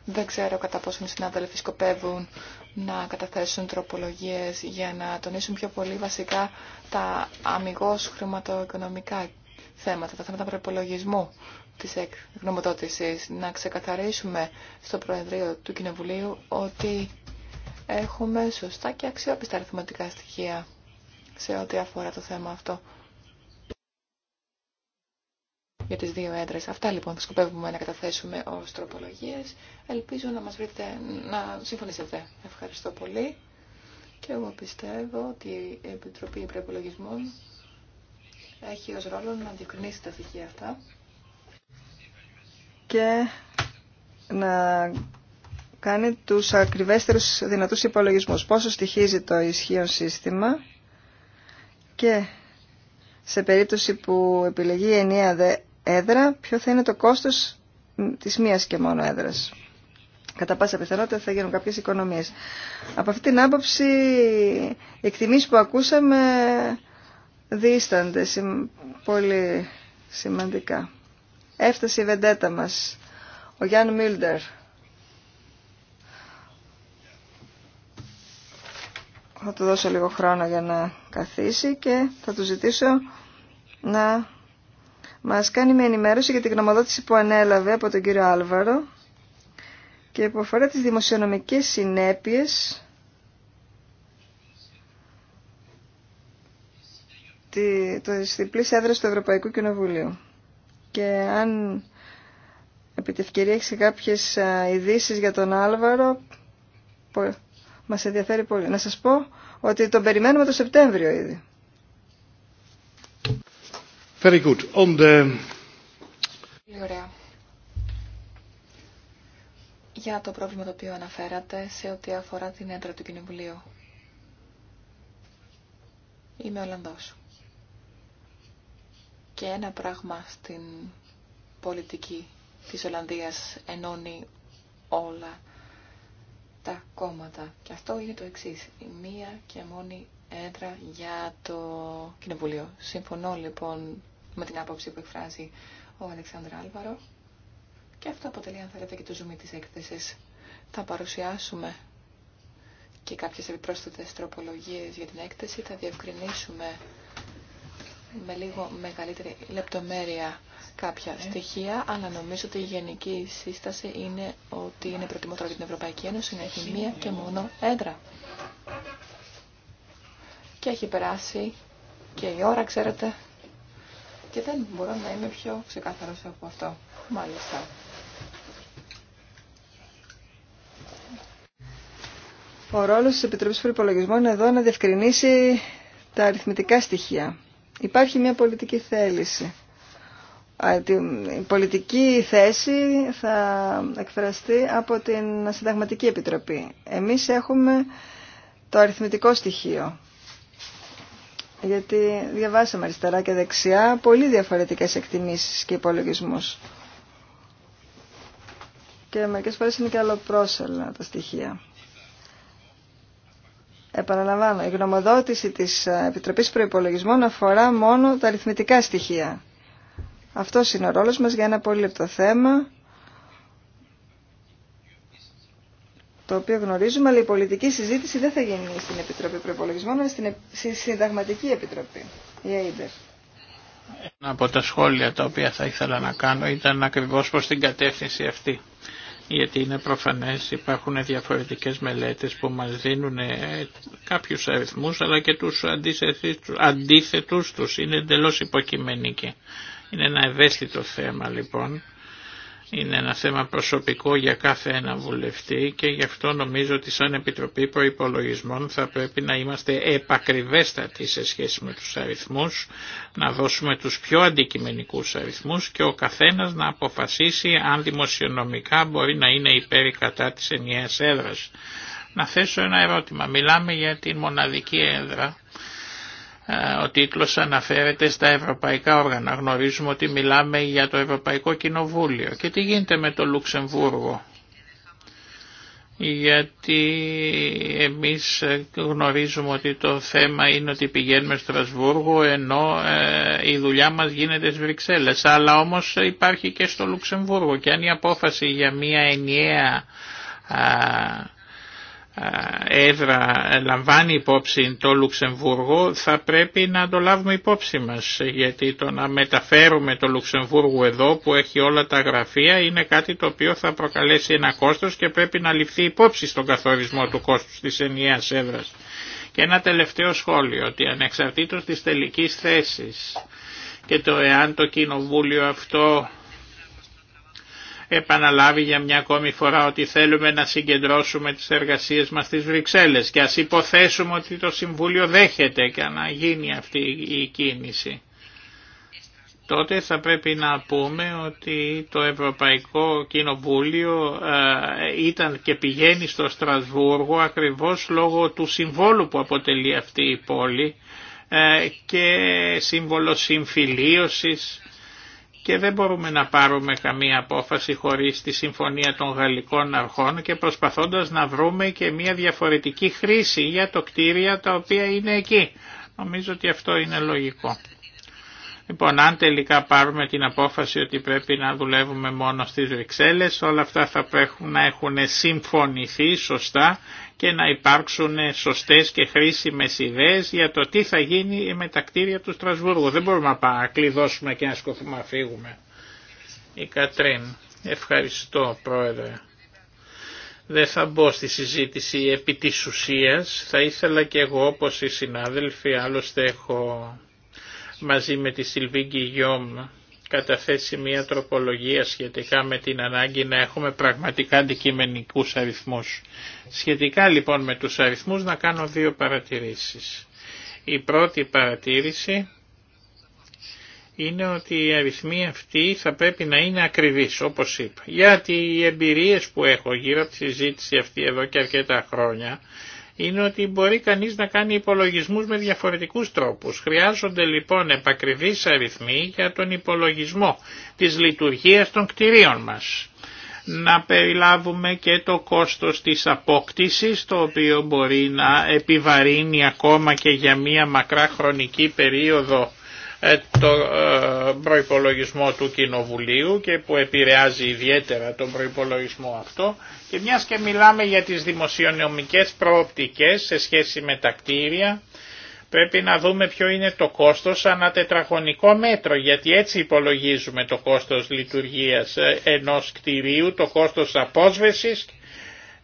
Δεν ξέρω κατά πόσον συνάδελφοι σκοπεύουν να καταθέσουν τροπολογίε για να τονίσουν πιο πολύ βασικά τα αμυγό χρηματοοικονομικά θέματα, τα θέματα προπολογισμού της γνωμοδότησης. Να ξεκαθαρίσουμε στο Προεδρείο του Κοινοβουλίου ότι έχουμε σωστά και αξιόπιστα αριθματικά στοιχεία σε ό,τι αφορά το θέμα αυτό για τις δύο έντρες. Αυτά λοιπόν σκοπεύουμε να καταθέσουμε ως τροπολογίες. Ελπίζω να μας βρείτε, να συμφωνήσετε. Ευχαριστώ πολύ και εγώ πιστεύω ότι η Επιτροπή Προπολογισμών έχει ως ρόλο να διευκρινίσει τα στοιχεία αυτά και να κάνει τους ακριβέστερους δυνατούς υπολογισμούς. Πόσο στοιχίζει το ισχύον σύστημα και σε περίπτωση που επιλεγεί ενιαία έδρα, ποιο θα είναι το κόστος της μίας και μόνο έδρας. Κατά πάσα πιθανότητα θα γίνουν κάποιες οικονομίες. Από αυτή την άποψη, οι εκτιμήσεις που ακούσαμε δίστανται πολύ σημαντικά. Έφτασε η βεντέτα μας, ο Γιάνν Μίλντερ. Θα του δώσω λίγο χρόνο για να καθίσει και θα του ζητήσω να μας κάνει μια ενημέρωση για την γνωμοδότηση που ανέλαβε από τον κύριο Άλβαρο και που αφορά τις δημοσιονομικές συνέπειες τη, το διπλής έδρα του Ευρωπαϊκού Κοινοβουλίου. Και αν επί τη ευκαιρία έχει κάποιες ειδήσει για τον Άλβαρο, μα ενδιαφέρει πολύ. Να σας πω ότι τον περιμένουμε το Σεπτέμβριο ήδη. Very good. On the... Ωραία. Για το πρόβλημα το οποίο αναφέρατε σε ό,τι αφορά την έντρα του Κοινοβουλίου. Είμαι Ολλανδός. Και ένα πράγμα στην πολιτική της Ολλανδίας ενώνει όλα τα κόμματα. Και αυτό είναι το εξής. μία και μόνη έδρα για το Κοινοβουλίο. Συμφωνώ λοιπόν με την άποψη που εκφράζει ο Αλεξάνδρα Άλβαρο. Και αυτό αποτελεί αν θέλετε και το ζουμί της έκθεσης. Θα παρουσιάσουμε και κάποιες επιπρόσθετες τροπολογίες για την έκθεση. Θα διευκρινίσουμε με λίγο μεγαλύτερη λεπτομέρεια κάποια στοιχεία, αλλά νομίζω ότι η γενική σύσταση είναι ότι είναι προτιμότερο για την Ευρωπαϊκή Ένωση να έχει μία και μόνο έδρα. Και έχει περάσει και η ώρα, ξέρετε, και δεν μπορώ να είμαι πιο ξεκάθαρος από αυτό. Μάλιστα. Ο ρόλος της Επιτροπής Προϋπολογισμών είναι εδώ να διευκρινίσει τα αριθμητικά στοιχεία. Υπάρχει μια πολιτική θέληση. Η πολιτική θέση θα εκφραστεί από την Συνταγματική Επιτροπή. Εμείς έχουμε το αριθμητικό στοιχείο. Γιατί διαβάσαμε αριστερά και δεξιά πολύ διαφορετικές εκτιμήσεις και υπολογισμούς. Και μερικές φορές είναι και άλλο πρόσελα τα στοιχεία. Επαναλαμβάνω, η γνωμοδότηση της Επιτροπής Προϋπολογισμών αφορά μόνο τα αριθμητικά στοιχεία. Αυτό είναι ο ρόλος μας για ένα πολύ λεπτό θέμα, το οποίο γνωρίζουμε, αλλά η πολιτική συζήτηση δεν θα γίνει στην Επιτροπή Προϋπολογισμών, αλλά στην Συνταγματική Επιτροπή, η ΑΕΔΕΡ. Ένα από τα σχόλια τα οποία θα ήθελα να κάνω ήταν ακριβώς προς την κατεύθυνση αυτή γιατί είναι προφανές υπάρχουν διαφορετικές μελέτες που μας δίνουν ε, κάποιους αριθμούς αλλά και τους αντίθετους τους είναι εντελώς υποκειμενικοί. Είναι ένα ευαίσθητο θέμα λοιπόν είναι ένα θέμα προσωπικό για κάθε ένα βουλευτή και γι' αυτό νομίζω ότι σαν Επιτροπή Προϋπολογισμών θα πρέπει να είμαστε επακριβέστατοι σε σχέση με τους αριθμούς, να δώσουμε τους πιο αντικειμενικούς αριθμούς και ο καθένας να αποφασίσει αν δημοσιονομικά μπορεί να είναι υπέρ ή κατά της ενιαίας έδρας. Να θέσω ένα ερώτημα. Μιλάμε για την μοναδική έδρα ο τίτλος αναφέρεται στα ευρωπαϊκά όργανα. Γνωρίζουμε ότι μιλάμε για το Ευρωπαϊκό Κοινοβούλιο. Και τι γίνεται με το Λουξεμβούργο. Γιατί εμείς γνωρίζουμε ότι το θέμα είναι ότι πηγαίνουμε στο Στρασβούργο ενώ ε, η δουλειά μας γίνεται στις Βρυξέλλες. Αλλά όμως υπάρχει και στο Λουξεμβούργο και αν η απόφαση για μια ενιαία έδρα λαμβάνει υπόψη το Λουξεμβούργο θα πρέπει να το λάβουμε υπόψη μας γιατί το να μεταφέρουμε το Λουξεμβούργο εδώ που έχει όλα τα γραφεία είναι κάτι το οποίο θα προκαλέσει ένα κόστος και πρέπει να ληφθεί υπόψη στον καθορισμό του κόστους της ενιαίας έδρας. Και ένα τελευταίο σχόλιο ότι ανεξαρτήτως της τελικής θέσης και το εάν το κοινοβούλιο αυτό επαναλάβει για μια ακόμη φορά ότι θέλουμε να συγκεντρώσουμε τις εργασίες μας στις Βρυξέλλες και ας υποθέσουμε ότι το Συμβούλιο δέχεται και να γίνει αυτή η κίνηση. Τότε θα πρέπει να πούμε ότι το Ευρωπαϊκό Κοινοβούλιο ε, ήταν και πηγαίνει στο Στρασβούργο ακριβώς λόγω του συμβόλου που αποτελεί αυτή η πόλη ε, και σύμβολο συμφιλίωσης και δεν μπορούμε να πάρουμε καμία απόφαση χωρίς τη συμφωνία των γαλλικών αρχών και προσπαθώντας να βρούμε και μια διαφορετική χρήση για το κτίρια τα οποία είναι εκεί. Νομίζω ότι αυτό είναι λογικό. Λοιπόν, αν τελικά πάρουμε την απόφαση ότι πρέπει να δουλεύουμε μόνο στις Βρυξέλλες, όλα αυτά θα πρέπει να έχουν συμφωνηθεί σωστά και να υπάρξουν σωστές και χρήσιμες ιδέες για το τι θα γίνει με τα κτίρια του Στρασβούργου. Δεν μπορούμε να κλειδώσουμε και να σκοθούμε να φύγουμε. Η Κατρίν. Ευχαριστώ Πρόεδρε. Δεν θα μπω στη συζήτηση επί της ουσίας. Θα ήθελα και εγώ όπως οι συνάδελφοι, άλλωστε έχω μαζί με τη Σιλβίγκη Γιώμ καταθέσει μια τροπολογία σχετικά με την ανάγκη να έχουμε πραγματικά αντικειμενικούς αριθμούς. Σχετικά λοιπόν με τους αριθμούς να κάνω δύο παρατηρήσεις. Η πρώτη παρατήρηση είναι ότι οι αριθμοί αυτοί θα πρέπει να είναι ακριβείς, όπως είπα. Γιατί οι εμπειρίες που έχω γύρω από τη συζήτηση αυτή εδώ και αρκετά χρόνια είναι ότι μπορεί κανείς να κάνει υπολογισμούς με διαφορετικούς τρόπους. Χρειάζονται λοιπόν επακριβείς αριθμοί για τον υπολογισμό της λειτουργίας των κτηρίων μας. Να περιλάβουμε και το κόστος της απόκτησης, το οποίο μπορεί να επιβαρύνει ακόμα και για μία μακρά χρονική περίοδο ε, το ε, προϋπολογισμό του Κοινοβουλίου και που επηρεάζει ιδιαίτερα τον προϋπολογισμό αυτό και μιας και μιλάμε για τις δημοσιονομικές προοπτικές σε σχέση με τα κτίρια πρέπει να δούμε ποιο είναι το κόστος ανά τετραγωνικό μέτρο γιατί έτσι υπολογίζουμε το κόστος λειτουργίας ε, ενός κτηρίου, το κόστος απόσβεσης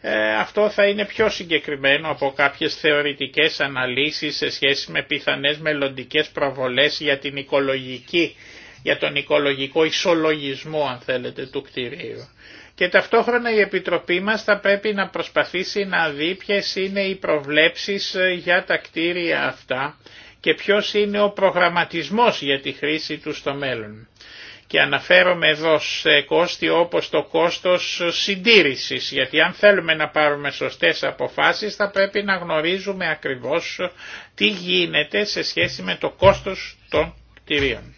ε, αυτό θα είναι πιο συγκεκριμένο από κάποιες θεωρητικές αναλύσεις σε σχέση με πιθανές μελλοντικές προβολές για, την οικολογική, για τον οικολογικό ισολογισμό αν θέλετε του κτηρίου. Και ταυτόχρονα η Επιτροπή μας θα πρέπει να προσπαθήσει να δει ποιε είναι οι προβλέψεις ε, για τα κτίρια αυτά και ποιος είναι ο προγραμματισμός για τη χρήση του στο μέλλον και αναφέρομαι εδώ σε κόστη όπως το κόστος συντήρησης, γιατί αν θέλουμε να πάρουμε σωστές αποφάσεις θα πρέπει να γνωρίζουμε ακριβώς τι γίνεται σε σχέση με το κόστος των κτηρίων.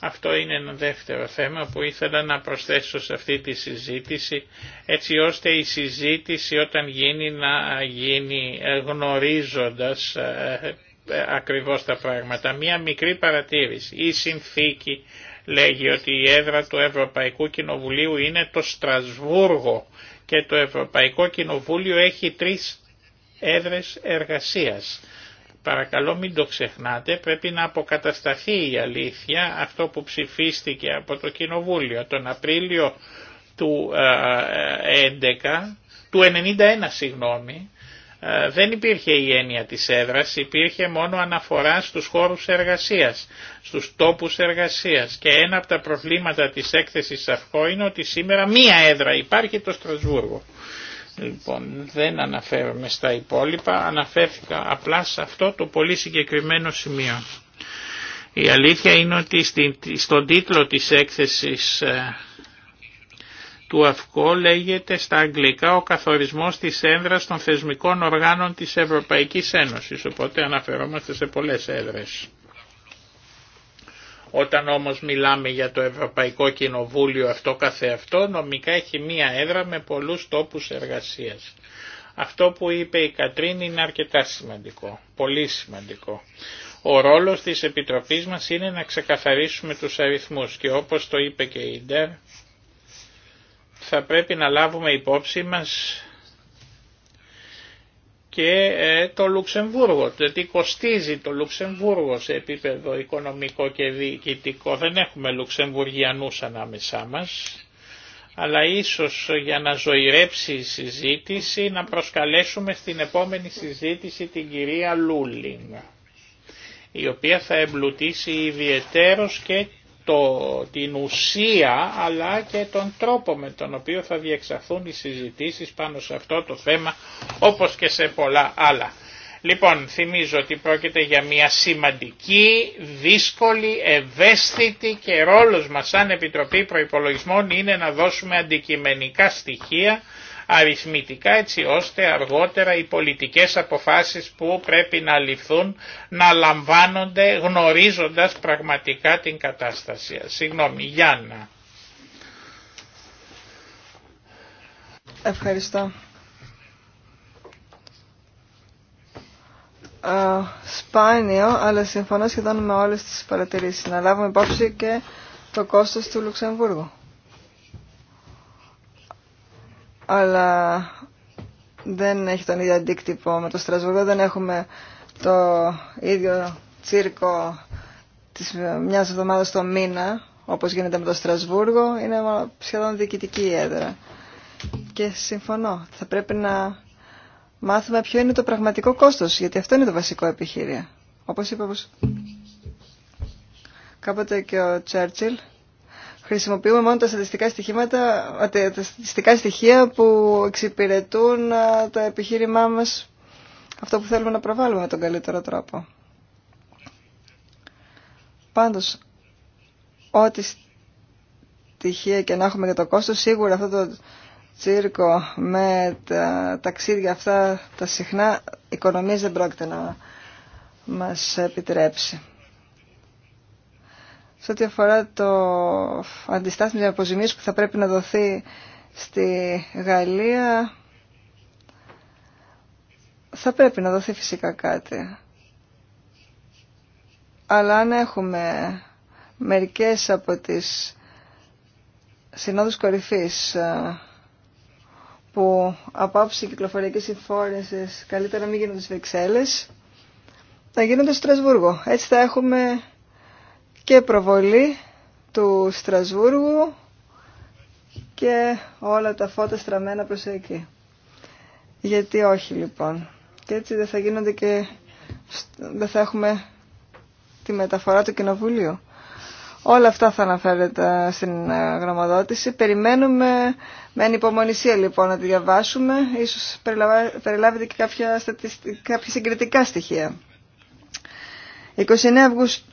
Αυτό είναι ένα δεύτερο θέμα που ήθελα να προσθέσω σε αυτή τη συζήτηση, έτσι ώστε η συζήτηση όταν γίνει να γίνει γνωρίζοντας ε, ε, ε, ακριβώς τα πράγματα. Μία μικρή παρατήρηση. Η συνθήκη λέγει ότι η έδρα του Ευρωπαϊκού Κοινοβουλίου είναι το Στρασβούργο και το Ευρωπαϊκό Κοινοβούλιο έχει τρεις έδρες εργασίας. Παρακαλώ μην το ξεχνάτε, πρέπει να αποκατασταθεί η αλήθεια αυτό που ψηφίστηκε από το Κοινοβούλιο τον Απρίλιο του 11, ε, ε, του 91 συγγνώμη, ε, δεν υπήρχε η έννοια της έδρας, υπήρχε μόνο αναφορά στους χώρους εργασίας, στους τόπους εργασίας και ένα από τα προβλήματα της έκθεσης αυτό είναι ότι σήμερα μία έδρα υπάρχει το Στρασβούργο. Λοιπόν, δεν αναφέρομαι στα υπόλοιπα, αναφέρθηκα απλά σε αυτό το πολύ συγκεκριμένο σημείο. Η αλήθεια είναι ότι στον τίτλο της έκθεσης ε, του ΑΦΚΟ λέγεται στα αγγλικά ο καθορισμός της ένδρας των θεσμικών οργάνων της Ευρωπαϊκής Ένωσης, οπότε αναφερόμαστε σε πολλές έδρες. Όταν όμως μιλάμε για το Ευρωπαϊκό Κοινοβούλιο αυτό καθεαυτό, νομικά έχει μία έδρα με πολλούς τόπους εργασίας. Αυτό που είπε η Κατρίνη είναι αρκετά σημαντικό, πολύ σημαντικό. Ο ρόλος της Επιτροπής μας είναι να ξεκαθαρίσουμε τους αριθμούς και όπως το είπε και η Ιντερ, θα πρέπει να λάβουμε υπόψη μας και ε, το Λουξεμβούργο, το τι κοστίζει το Λουξεμβούργο σε επίπεδο οικονομικό και διοικητικό. Δεν έχουμε Λουξεμβουργιανούς ανάμεσά μας, αλλά ίσως για να ζωηρέψει η συζήτηση να προσκαλέσουμε στην επόμενη συζήτηση την κυρία Λούλινγκ η οποία θα εμπλουτίσει ιδιαιτέρως και την ουσία αλλά και τον τρόπο με τον οποίο θα διεξαχθούν οι συζητήσεις πάνω σε αυτό το θέμα όπως και σε πολλά άλλα. Λοιπόν, θυμίζω ότι πρόκειται για μια σημαντική, δύσκολη, ευαίσθητη και ρόλος μας σαν Επιτροπή Προϋπολογισμών είναι να δώσουμε αντικειμενικά στοιχεία αριθμητικά έτσι ώστε αργότερα οι πολιτικές αποφάσεις που πρέπει να ληφθούν να λαμβάνονται γνωρίζοντας πραγματικά την κατάσταση. Συγγνώμη, Γιάννα. Ευχαριστώ. σπάνιο, αλλά συμφωνώ σχεδόν με όλες τις παρατηρήσεις. Να λάβουμε υπόψη και το κόστος του Λουξεμβούργου. αλλά δεν έχει τον ίδιο αντίκτυπο με το Στρασβουργό, δεν έχουμε το ίδιο τσίρκο της μιας εβδομάδας το μήνα, όπως γίνεται με το Στρασβούργο, είναι σχεδόν διοικητική η έδρα. Και συμφωνώ, θα πρέπει να μάθουμε ποιο είναι το πραγματικό κόστος, γιατί αυτό είναι το βασικό επιχείρημα. Όπως είπα, κάποτε και ο Τσέρτσιλ χρησιμοποιούμε μόνο τα στατιστικά, στοιχήματα, τα στατιστικά στοιχεία που εξυπηρετούν τα επιχείρημά μας αυτό που θέλουμε να προβάλλουμε με τον καλύτερο τρόπο. Πάντως, ό,τι στοιχεία και να έχουμε για το κόστος, σίγουρα αυτό το τσίρκο με τα ταξίδια αυτά τα συχνά οικονομίες δεν πρόκειται να μας επιτρέψει σε ό,τι αφορά το αντιστάθμιση αποζημίωση που θα πρέπει να δοθεί στη Γαλλία θα πρέπει να δοθεί φυσικά κάτι. Αλλά αν έχουμε μερικές από τις συνόδους κορυφής ε, που από άψη κυκλοφοριακής συμφόρησης καλύτερα μην γίνονται στις Βεξέλλες, θα γίνονται στο Στρασβούργο. Έτσι θα έχουμε και προβολή του Στρασβούργου και όλα τα φώτα στραμμένα προς εκεί. Γιατί όχι λοιπόν. Και έτσι δεν θα γίνονται και δεν θα έχουμε τη μεταφορά του Κοινοβουλίου. Όλα αυτά θα αναφέρεται στην ε, γραμματότηση. Περιμένουμε με ανυπομονησία λοιπόν να τη διαβάσουμε. Ίσως περιλάβετε και κάποια, κάποια συγκριτικά στοιχεία. 29 Αυγούστου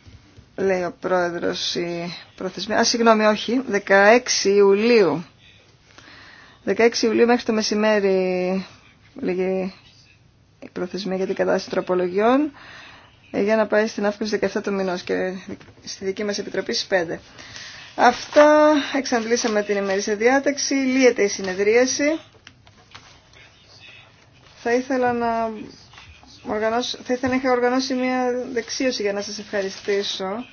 λέει ο πρόεδρος η προθεσμία. Α, συγγνώμη, όχι. 16 Ιουλίου. 16 Ιουλίου μέχρι το μεσημέρι λέγει η προθεσμία για την κατάσταση τροπολογιών ε, για να πάει στην αύξηση 17 του μηνός και στη δική μας επιτροπή στις 5. Αυτά, εξαντλήσαμε την ημερήσια διάταξη, λύεται η συνεδρίαση. Θα ήθελα να οργανώσω, θα ήθελα να είχα οργανώσει μια δεξίωση για να σας ευχαριστήσω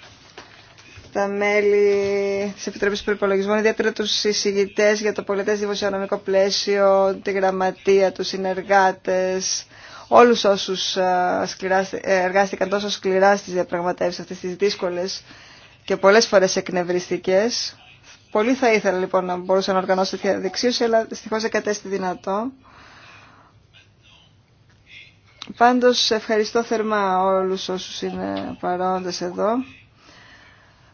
τα μέλη της Επιτροπής Προϋπολογισμών, ιδιαίτερα τους εισηγητές για το πολιτές δημοσιονομικό πλαίσιο, τη γραμματεία, τους συνεργάτες, όλους όσους ε, εργάστηκαν τόσο σκληρά στις διαπραγματεύσεις αυτές τις δύσκολες και πολλές φορές εκνευριστικές. Πολύ θα ήθελα λοιπόν να μπορούσα να οργανώσω τέτοια δεξίωση, αλλά δυστυχώς δεν κατέστη δυνατό. Πάντως ευχαριστώ θερμά όλους όσους είναι παρόντες εδώ.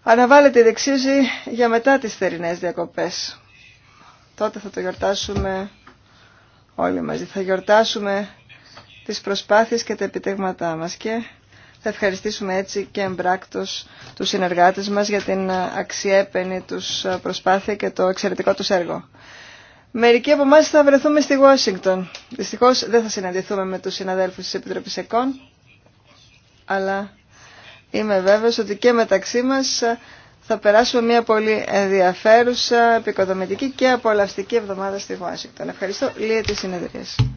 Αναβάλλεται η δεξίζη για μετά τις θερινές διακοπές. Τότε θα το γιορτάσουμε όλοι μαζί. Θα γιορτάσουμε τις προσπάθειες και τα επιτέγματά μας και θα ευχαριστήσουμε έτσι και εμπράκτος τους συνεργάτες μας για την αξιέπαινη τους προσπάθεια και το εξαιρετικό τους έργο. Μερικοί από εμά θα βρεθούμε στη Ουάσιγκτον. Δυστυχώ δεν θα συναντηθούμε με του συναδέλφου τη Επιτροπή ΕΚΟΝ, αλλά είμαι βέβαιο ότι και μεταξύ μα θα περάσουμε μια πολύ ενδιαφέρουσα, επικοδομητική και απολαυστική εβδομάδα στη Ουάσιγκτον. Ευχαριστώ. Λύεται η συνεδρία.